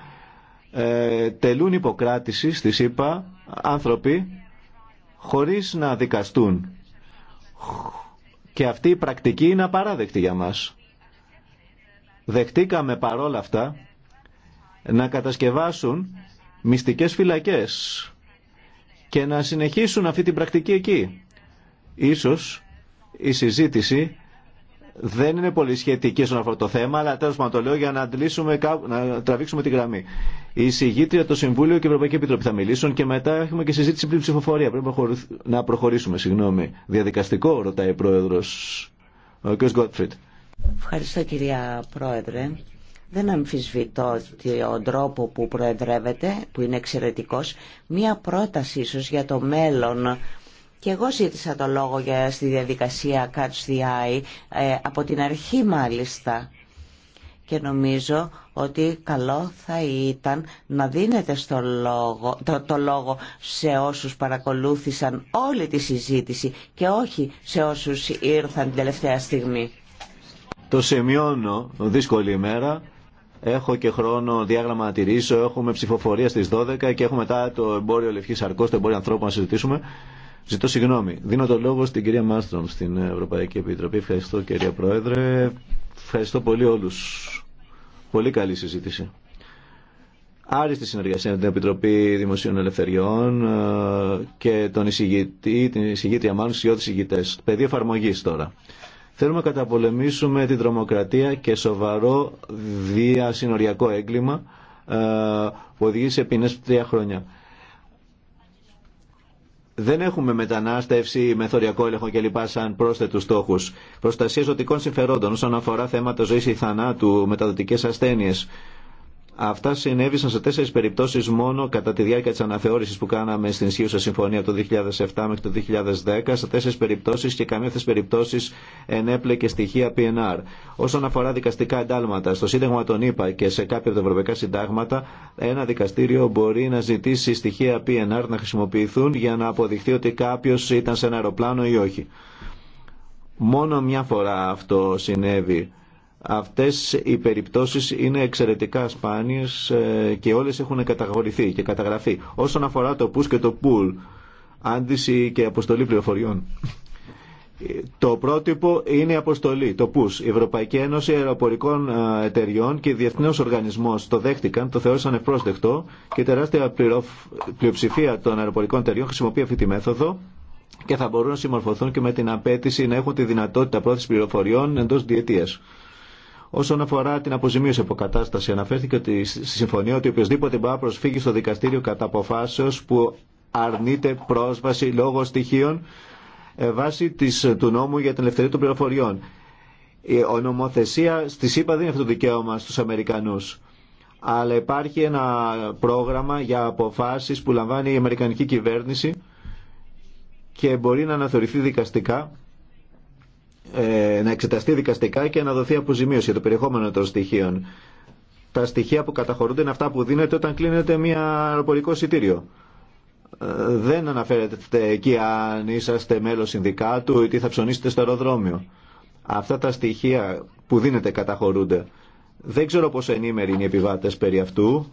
τελούν υποκράτηση στη ΣΥΠΑ άνθρωποι χωρίς να δικαστούν. Και αυτή η πρακτική είναι απαράδεκτη για μας δεχτήκαμε παρόλα αυτά να κατασκευάσουν μυστικές φυλακές και να συνεχίσουν αυτή την πρακτική εκεί. Ίσως η συζήτηση δεν είναι πολύ σχετική στον αυτό το θέμα, αλλά τέλος πάντων το λέω για να, να τραβήξουμε τη γραμμή. Η συγγήτρια, το Συμβούλιο και η Ευρωπαϊκή Επιτροπή θα μιλήσουν και μετά έχουμε και συζήτηση πριν ψηφοφορία. Πρέπει να προχωρήσουμε, συγγνώμη. Διαδικαστικό, ρωτάει ο Πρόεδρος, ο κ. Γκότφριντ. Ευχαριστώ κυρία Πρόεδρε. Δεν αμφισβητώ τον τρόπο που προεδρεύεται, που είναι εξαιρετικός, μία πρόταση ίσως για το μέλλον και εγώ ζήτησα το λόγο για, στη διαδικασία Catch the Eye ε, από την αρχή μάλιστα. Και νομίζω ότι καλό θα ήταν να δίνετε στο το, λόγο σε όσους παρακολούθησαν όλη τη συζήτηση και όχι σε όσους ήρθαν την τελευταία στιγμή. Το σημειώνω, δύσκολη ημέρα. Έχω και χρόνο διάγραμμα να τηρήσω. Έχουμε ψηφοφορία στι 12 και έχουμε μετά το εμπόριο Λευκής Αρκός, το εμπόριο ανθρώπων να συζητήσουμε. Ζητώ συγγνώμη. Δίνω το λόγο στην κυρία Μάστρομ στην Ευρωπαϊκή Επιτροπή. Ευχαριστώ κυρία Πρόεδρε. Ευχαριστώ πολύ όλου. Πολύ καλή συζήτηση. Άριστη συνεργασία με την Επιτροπή Δημοσίων Ελευθεριών ε, και τον εισηγητή, την εισηγήτρια μάλλον, δυο Πεδίο εφαρμογή τώρα. Θέλουμε να καταπολεμήσουμε την τρομοκρατία και σοβαρό διασυνοριακό έγκλημα ε, που οδηγεί σε ποινές τρία χρόνια. Δεν έχουμε μετανάστευση, μεθοριακό έλεγχο κλπ. σαν πρόσθετου στόχου. Προστασία ζωτικών συμφερόντων όσον αφορά θέματα ζωή ή θανάτου, μεταδοτικέ ασθένειε, Αυτά συνέβησαν σε τέσσερι περιπτώσει μόνο κατά τη διάρκεια τη αναθεώρηση που κάναμε στην ισχύουσα συμφωνία από το 2007 μέχρι το 2010. Σε τέσσερι περιπτώσει και καμία αυτέ τι περιπτώσει ενέπλεκε στοιχεία PNR. Όσον αφορά δικαστικά εντάλματα, στο Σύνταγμα των ΗΠΑ και σε κάποια από τα ευρωπαϊκά συντάγματα, ένα δικαστήριο μπορεί να ζητήσει στοιχεία PNR να χρησιμοποιηθούν για να αποδειχθεί ότι κάποιο ήταν σε ένα αεροπλάνο ή όχι. Μόνο μια φορά αυτό συνέβη Αυτές οι περιπτώσεις είναι εξαιρετικά σπάνιες ε, και όλες έχουν καταγορηθεί και καταγραφεί. Όσον αφορά το push και το pull, άντιση και αποστολή πληροφοριών. Το πρότυπο είναι η αποστολή, το PUS. Η Ευρωπαϊκή Ένωση Αεροπορικών ε, Εταιριών και Διεθνέο Οργανισμό το δέχτηκαν, το θεώρησαν ευπρόσδεκτο και τεράστια πλειοψηφία των αεροπορικών εταιριών χρησιμοποιεί αυτή τη μέθοδο και θα μπορούν να συμμορφωθούν και με την απέτηση να έχουν τη δυνατότητα πρόθεση πληροφοριών εντό διετίας. Όσον αφορά την αποζημίωση αποκατάσταση, αναφέρθηκε ότι στη συμφωνία ότι οποιοδήποτε μπορεί να προσφύγει στο δικαστήριο κατά αποφάσεω που αρνείται πρόσβαση λόγω στοιχείων ε, βάσει της, του νόμου για την ελευθερία των πληροφοριών. Η ονομοθεσία στη ΣΥΠΑ δεν είναι αυτό το δικαίωμα στους Αμερικανούς. Αλλά υπάρχει ένα πρόγραμμα για αποφάσεις που λαμβάνει η Αμερικανική κυβέρνηση και μπορεί να αναθεωρηθεί δικαστικά ε, να εξεταστεί δικαστικά και να δοθεί αποζημίωση για το περιεχόμενο των στοιχείων. Τα στοιχεία που καταχωρούνται είναι αυτά που δίνεται όταν κλείνεται μια αεροπορικό εισιτήριο. Ε, δεν αναφέρεται εκεί αν είσαστε μέλος συνδικάτου ή τι θα ψωνίσετε στο αεροδρόμιο. Αυτά τα στοιχεία που δίνεται καταχωρούνται. Δεν ξέρω πόσο ενήμεροι είναι οι επιβάτες περί αυτού,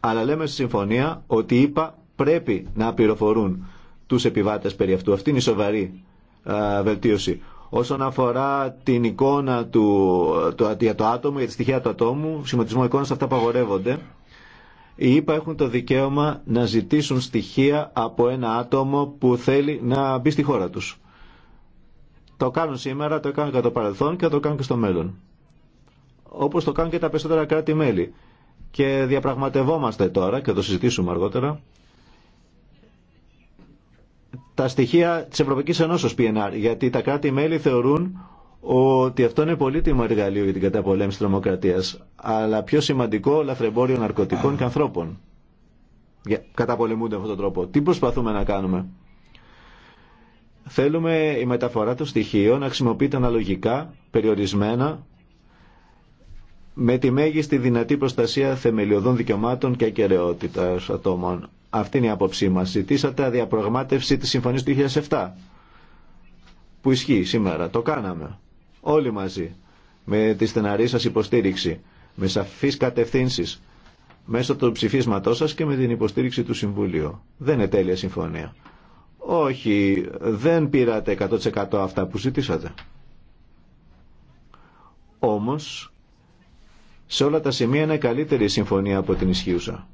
αλλά λέμε στη συμφωνία ότι είπα πρέπει να πληροφορούν τους επιβάτες περί αυτού. Αυτή είναι η σοβαρή βελτίωση. Όσον αφορά την εικόνα του, το, για το άτομο, για τη στοιχεία του ατόμου, σχηματισμό εικόνας αυτά απαγορεύονται. Οι ΙΠΑ έχουν το δικαίωμα να ζητήσουν στοιχεία από ένα άτομο που θέλει να μπει στη χώρα τους. Το κάνουν σήμερα, το έκαναν κατά το παρελθόν και θα το κάνουν και στο μέλλον. Όπως το κάνουν και τα περισσότερα κράτη-μέλη. Και διαπραγματευόμαστε τώρα και το συζητήσουμε αργότερα τα στοιχεία της Ευρωπαϊκής Ενώσεως PNR, γιατί τα κράτη-μέλη θεωρούν ότι αυτό είναι πολύτιμο εργαλείο για την καταπολέμηση της τρομοκρατίας, αλλά πιο σημαντικό λαθρεμπόριο ναρκωτικών και ανθρώπων. Καταπολεμούνται με αυτόν τον τρόπο. Τι προσπαθούμε να κάνουμε. Θέλουμε η μεταφορά των στοιχείων να χρησιμοποιείται αναλογικά, περιορισμένα, με τη μέγιστη δυνατή προστασία θεμελιωδών δικαιωμάτων και ακεραιότητα ατόμων. Αυτή είναι η άποψή μα Ζητήσατε αδιαπραγμάτευση τη συμφωνία του 2007 που ισχύει σήμερα. Το κάναμε. Όλοι μαζί. Με τη στεναρή σα υποστήριξη. Με σαφείς κατευθύνσεις. Μέσω του ψηφίσματό σας και με την υποστήριξη του Συμβουλίου. Δεν είναι τέλεια συμφωνία. Όχι, δεν πήρατε 100% αυτά που ζητήσατε. Όμως, σε όλα τα σημεία είναι καλύτερη η συμφωνία από την ισχύουσα.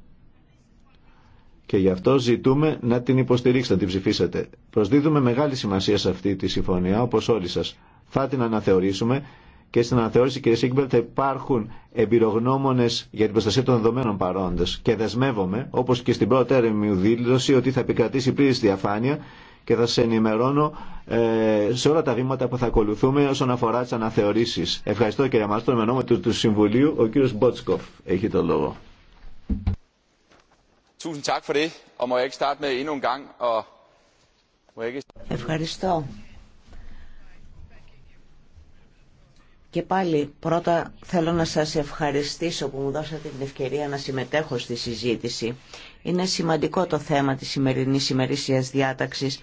Και γι' αυτό ζητούμε να την υποστηρίξετε, να την ψηφίσετε. Προσδίδουμε μεγάλη σημασία σε αυτή τη συμφωνία, όπω όλοι σα. Θα την αναθεωρήσουμε και στην αναθεώρηση, κύριε Σίγκμπερ, θα υπάρχουν εμπειρογνώμονε για την προστασία των δεδομένων παρόντε. Και δεσμεύομαι, όπω και στην πρώτη έρευνη δήλωση, ότι θα επικρατήσει πλήρη διαφάνεια και θα σε ενημερώνω ε, σε όλα τα βήματα που θα ακολουθούμε όσον αφορά τι αναθεωρήσει. Ευχαριστώ, κύριε Μάστρο. Με του, του Συμβουλίου, ο κύριο Μπότσκοφ έχει το λόγο. Ευχαριστώ. Και πάλι πρώτα θέλω να σας ευχαριστήσω που μου δώσατε την ευκαιρία να συμμετέχω στη συζήτηση. Είναι σημαντικό το θέμα της σημερινής ημερήσιας διάταξης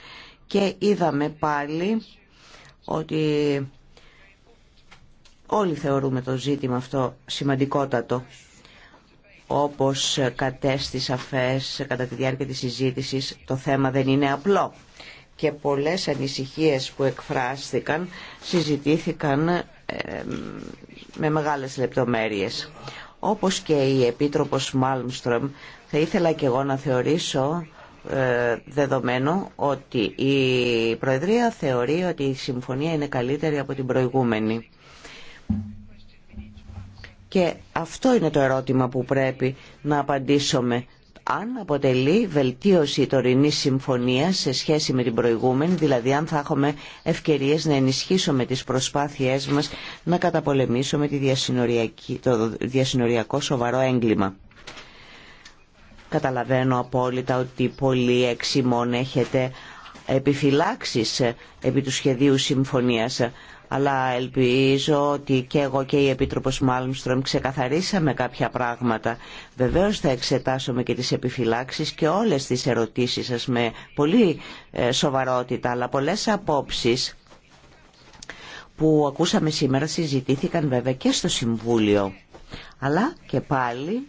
και είδαμε πάλι ότι όλοι θεωρούμε το ζήτημα αυτό σημαντικότατο. Όπως κατέστη σαφές κατά τη διάρκεια της συζήτησης, το θέμα δεν είναι απλό και πολλές ανησυχίες που εκφράστηκαν συζητήθηκαν ε, με μεγάλες λεπτομέρειες. Όπως και η Επίτροπος Μάλμστρομ, θα ήθελα και εγώ να θεωρήσω ε, δεδομένο ότι η Προεδρία θεωρεί ότι η συμφωνία είναι καλύτερη από την προηγούμενη. Και αυτό είναι το ερώτημα που πρέπει να απαντήσουμε. Αν αποτελεί βελτίωση η τωρινή συμφωνία σε σχέση με την προηγούμενη, δηλαδή αν θα έχουμε ευκαιρίες να ενισχύσουμε τις προσπάθειές μας να καταπολεμήσουμε τη το διασυνοριακό σοβαρό έγκλημα. Καταλαβαίνω απόλυτα ότι πολύ εξημών έχετε επιφυλάξεις επί του σχεδίου συμφωνίας αλλά ελπίζω ότι και εγώ και η Επίτροπος Μάλμστρομ ξεκαθαρίσαμε κάποια πράγματα. Βεβαίως θα εξετάσουμε και τις επιφυλάξεις και όλες τις ερωτήσεις σας με πολύ ε, σοβαρότητα, αλλά πολλές απόψεις που ακούσαμε σήμερα συζητήθηκαν βέβαια και στο Συμβούλιο. Αλλά και πάλι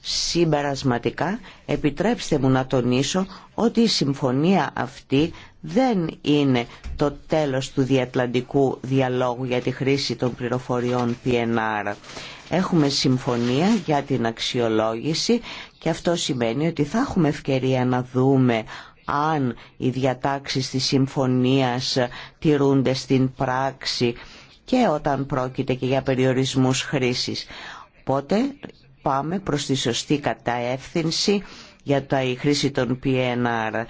συμπερασματικά επιτρέψτε μου να τονίσω ότι η συμφωνία αυτή δεν είναι το τέλος του διατλαντικού διαλόγου για τη χρήση των πληροφοριών PNR. Έχουμε συμφωνία για την αξιολόγηση και αυτό σημαίνει ότι θα έχουμε ευκαιρία να δούμε αν οι διατάξεις της συμφωνίας τηρούνται στην πράξη και όταν πρόκειται και για περιορισμούς χρήσης. Οπότε πάμε προς τη σωστή κατεύθυνση για τα, η χρήση των PNR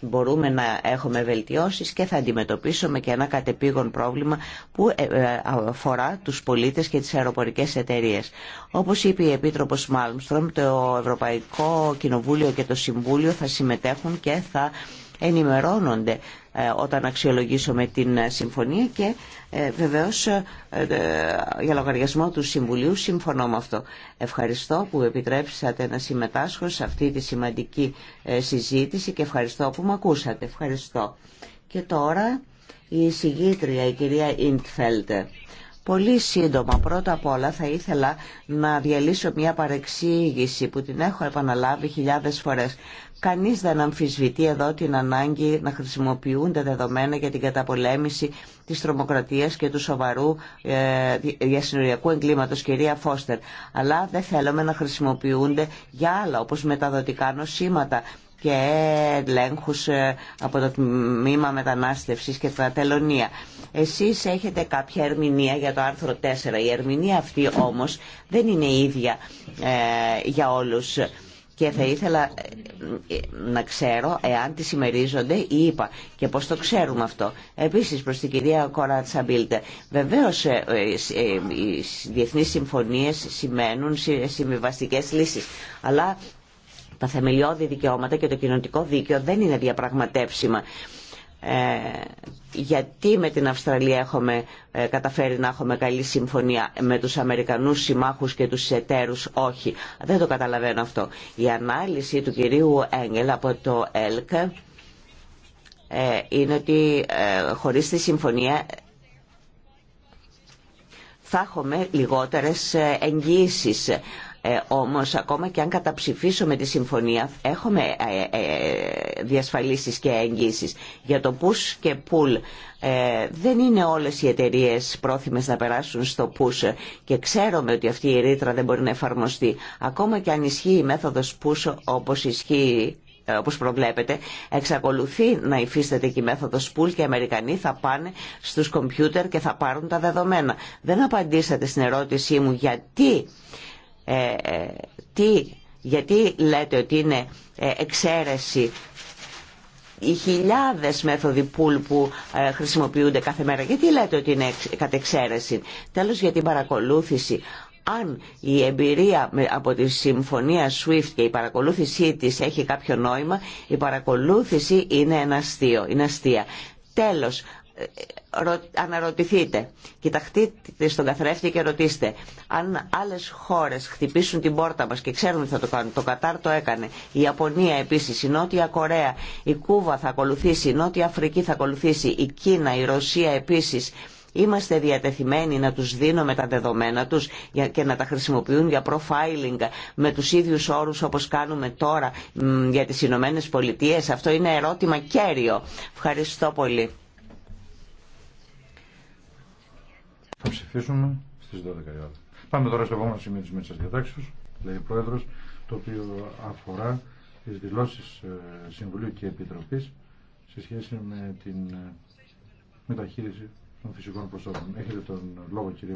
μπορούμε να έχουμε βελτιώσεις και θα αντιμετωπίσουμε και ένα κατεπήγον πρόβλημα που ε, ε, αφορά τους πολίτες και τις αεροπορικές εταιρείες. Όπως είπε η Επίτροπος Μάλμστρομ, το Ευρωπαϊκό Κοινοβούλιο και το Συμβούλιο θα συμμετέχουν και θα ενημερώνονται ε, όταν αξιολογήσουμε την ε, συμφωνία και ε, βεβαίως για λογαριασμό του Συμβουλίου συμφωνώ με αυτό. Ευχαριστώ που επιτρέψατε να συμμετάσχω σε αυτή τη σημαντική συζήτηση και ευχαριστώ που με ακούσατε. Ευχαριστώ. Και τώρα η συγγήτρια, η κυρία Ιντφέλτε. Πολύ σύντομα, πρώτα απ' όλα θα ήθελα να διαλύσω μια παρεξήγηση που την έχω επαναλάβει χιλιάδες φορές. Κανείς δεν αμφισβητεί εδώ την ανάγκη να χρησιμοποιούνται τα δεδομένα για την καταπολέμηση της τρομοκρατίας και του σοβαρού ε, διασυνοριακού εγκλήματος, κυρία Φώστερ. Αλλά δεν θέλουμε να χρησιμοποιούνται για άλλα, όπως μεταδοτικά νοσήματα και ελέγχου ε, από το τμήμα μετανάστευσης και τα τελωνία. Εσείς έχετε κάποια ερμηνεία για το άρθρο 4. Η ερμηνεία αυτή όμως δεν είναι ίδια ε, για όλους και θα ήθελα ε, να ξέρω εάν τη συμμερίζονται ή είπα και πώς το ξέρουμε αυτό. Επίσης προς την κυρία Κοράτσα Μπίλτε, βεβαίως ε, ε, οι διεθνείς συμφωνίες σημαίνουν συμβιβαστικέ λύσεις, αλλά τα θεμελιώδη δικαιώματα και το κοινωνικό δίκαιο δεν είναι διαπραγματεύσιμα. Ε, γιατί με την Αυστραλία έχουμε ε, καταφέρει να έχουμε καλή συμφωνία με τους Αμερικανούς συμμάχους και τους εταίρους όχι. Δεν το καταλαβαίνω αυτό. Η ανάλυση του κυρίου Έγγελ από το ΕΛΚ ε, είναι ότι χωρίς τη συμφωνία θα έχουμε λιγότερες εγγύησεις ε, όμως ακόμα και αν καταψηφίσουμε τη συμφωνία έχουμε ε, ε διασφαλίσεις και εγγύσεις. Για το push και pull ε, δεν είναι όλες οι εταιρείε πρόθυμες να περάσουν στο push και ξέρουμε ότι αυτή η ρήτρα δεν μπορεί να εφαρμοστεί. Ακόμα και αν ισχύει η μέθοδος push όπως ισχύει ε, όπως προβλέπετε, εξακολουθεί να υφίσταται και η μέθοδος πουλ και οι Αμερικανοί θα πάνε στους κομπιούτερ και θα πάρουν τα δεδομένα. Δεν απαντήσατε στην ερώτησή μου γιατί ε, ε, τι, γιατί λέτε ότι είναι ε, εξαίρεση οι χιλιάδες μέθοδοι πουλ που χρησιμοποιούνται κάθε μέρα. Γιατί λέτε ότι είναι κατεξαίρεση. Τέλος για την παρακολούθηση. Αν η εμπειρία από τη συμφωνία SWIFT και η παρακολούθησή της έχει κάποιο νόημα, η παρακολούθηση είναι ένα αστείο, είναι αστεία. Τέλος, αναρωτηθείτε. Κοιταχτείτε στον καθρέφτη και ρωτήστε αν άλλε χώρε χτυπήσουν την πόρτα μα και ξέρουν ότι θα το κάνουν. Το Κατάρ το έκανε. Η Ιαπωνία επίση, η Νότια Κορέα, η Κούβα θα ακολουθήσει, η Νότια Αφρική θα ακολουθήσει, η Κίνα, η Ρωσία επίση, Είμαστε διατεθειμένοι να τους δίνουμε τα δεδομένα τους και να τα χρησιμοποιούν για profiling με τους ίδιους όρους όπως κάνουμε τώρα για τις Ηνωμένε Πολιτείες. Αυτό είναι ερώτημα κέριο. Ευχαριστώ πολύ. Θα ψηφίσουμε στις 12 Πάμε τώρα στο επόμενο σημείο της Μέτσας Διατάξεως, λέει ο Πρόεδρος, το οποίο αφορά τις δηλώσεις ε, Συμβουλίου και Επιτροπής σε σχέση με την ε, μεταχείριση των φυσικών προσώπων. Έχετε τον λόγο κύριε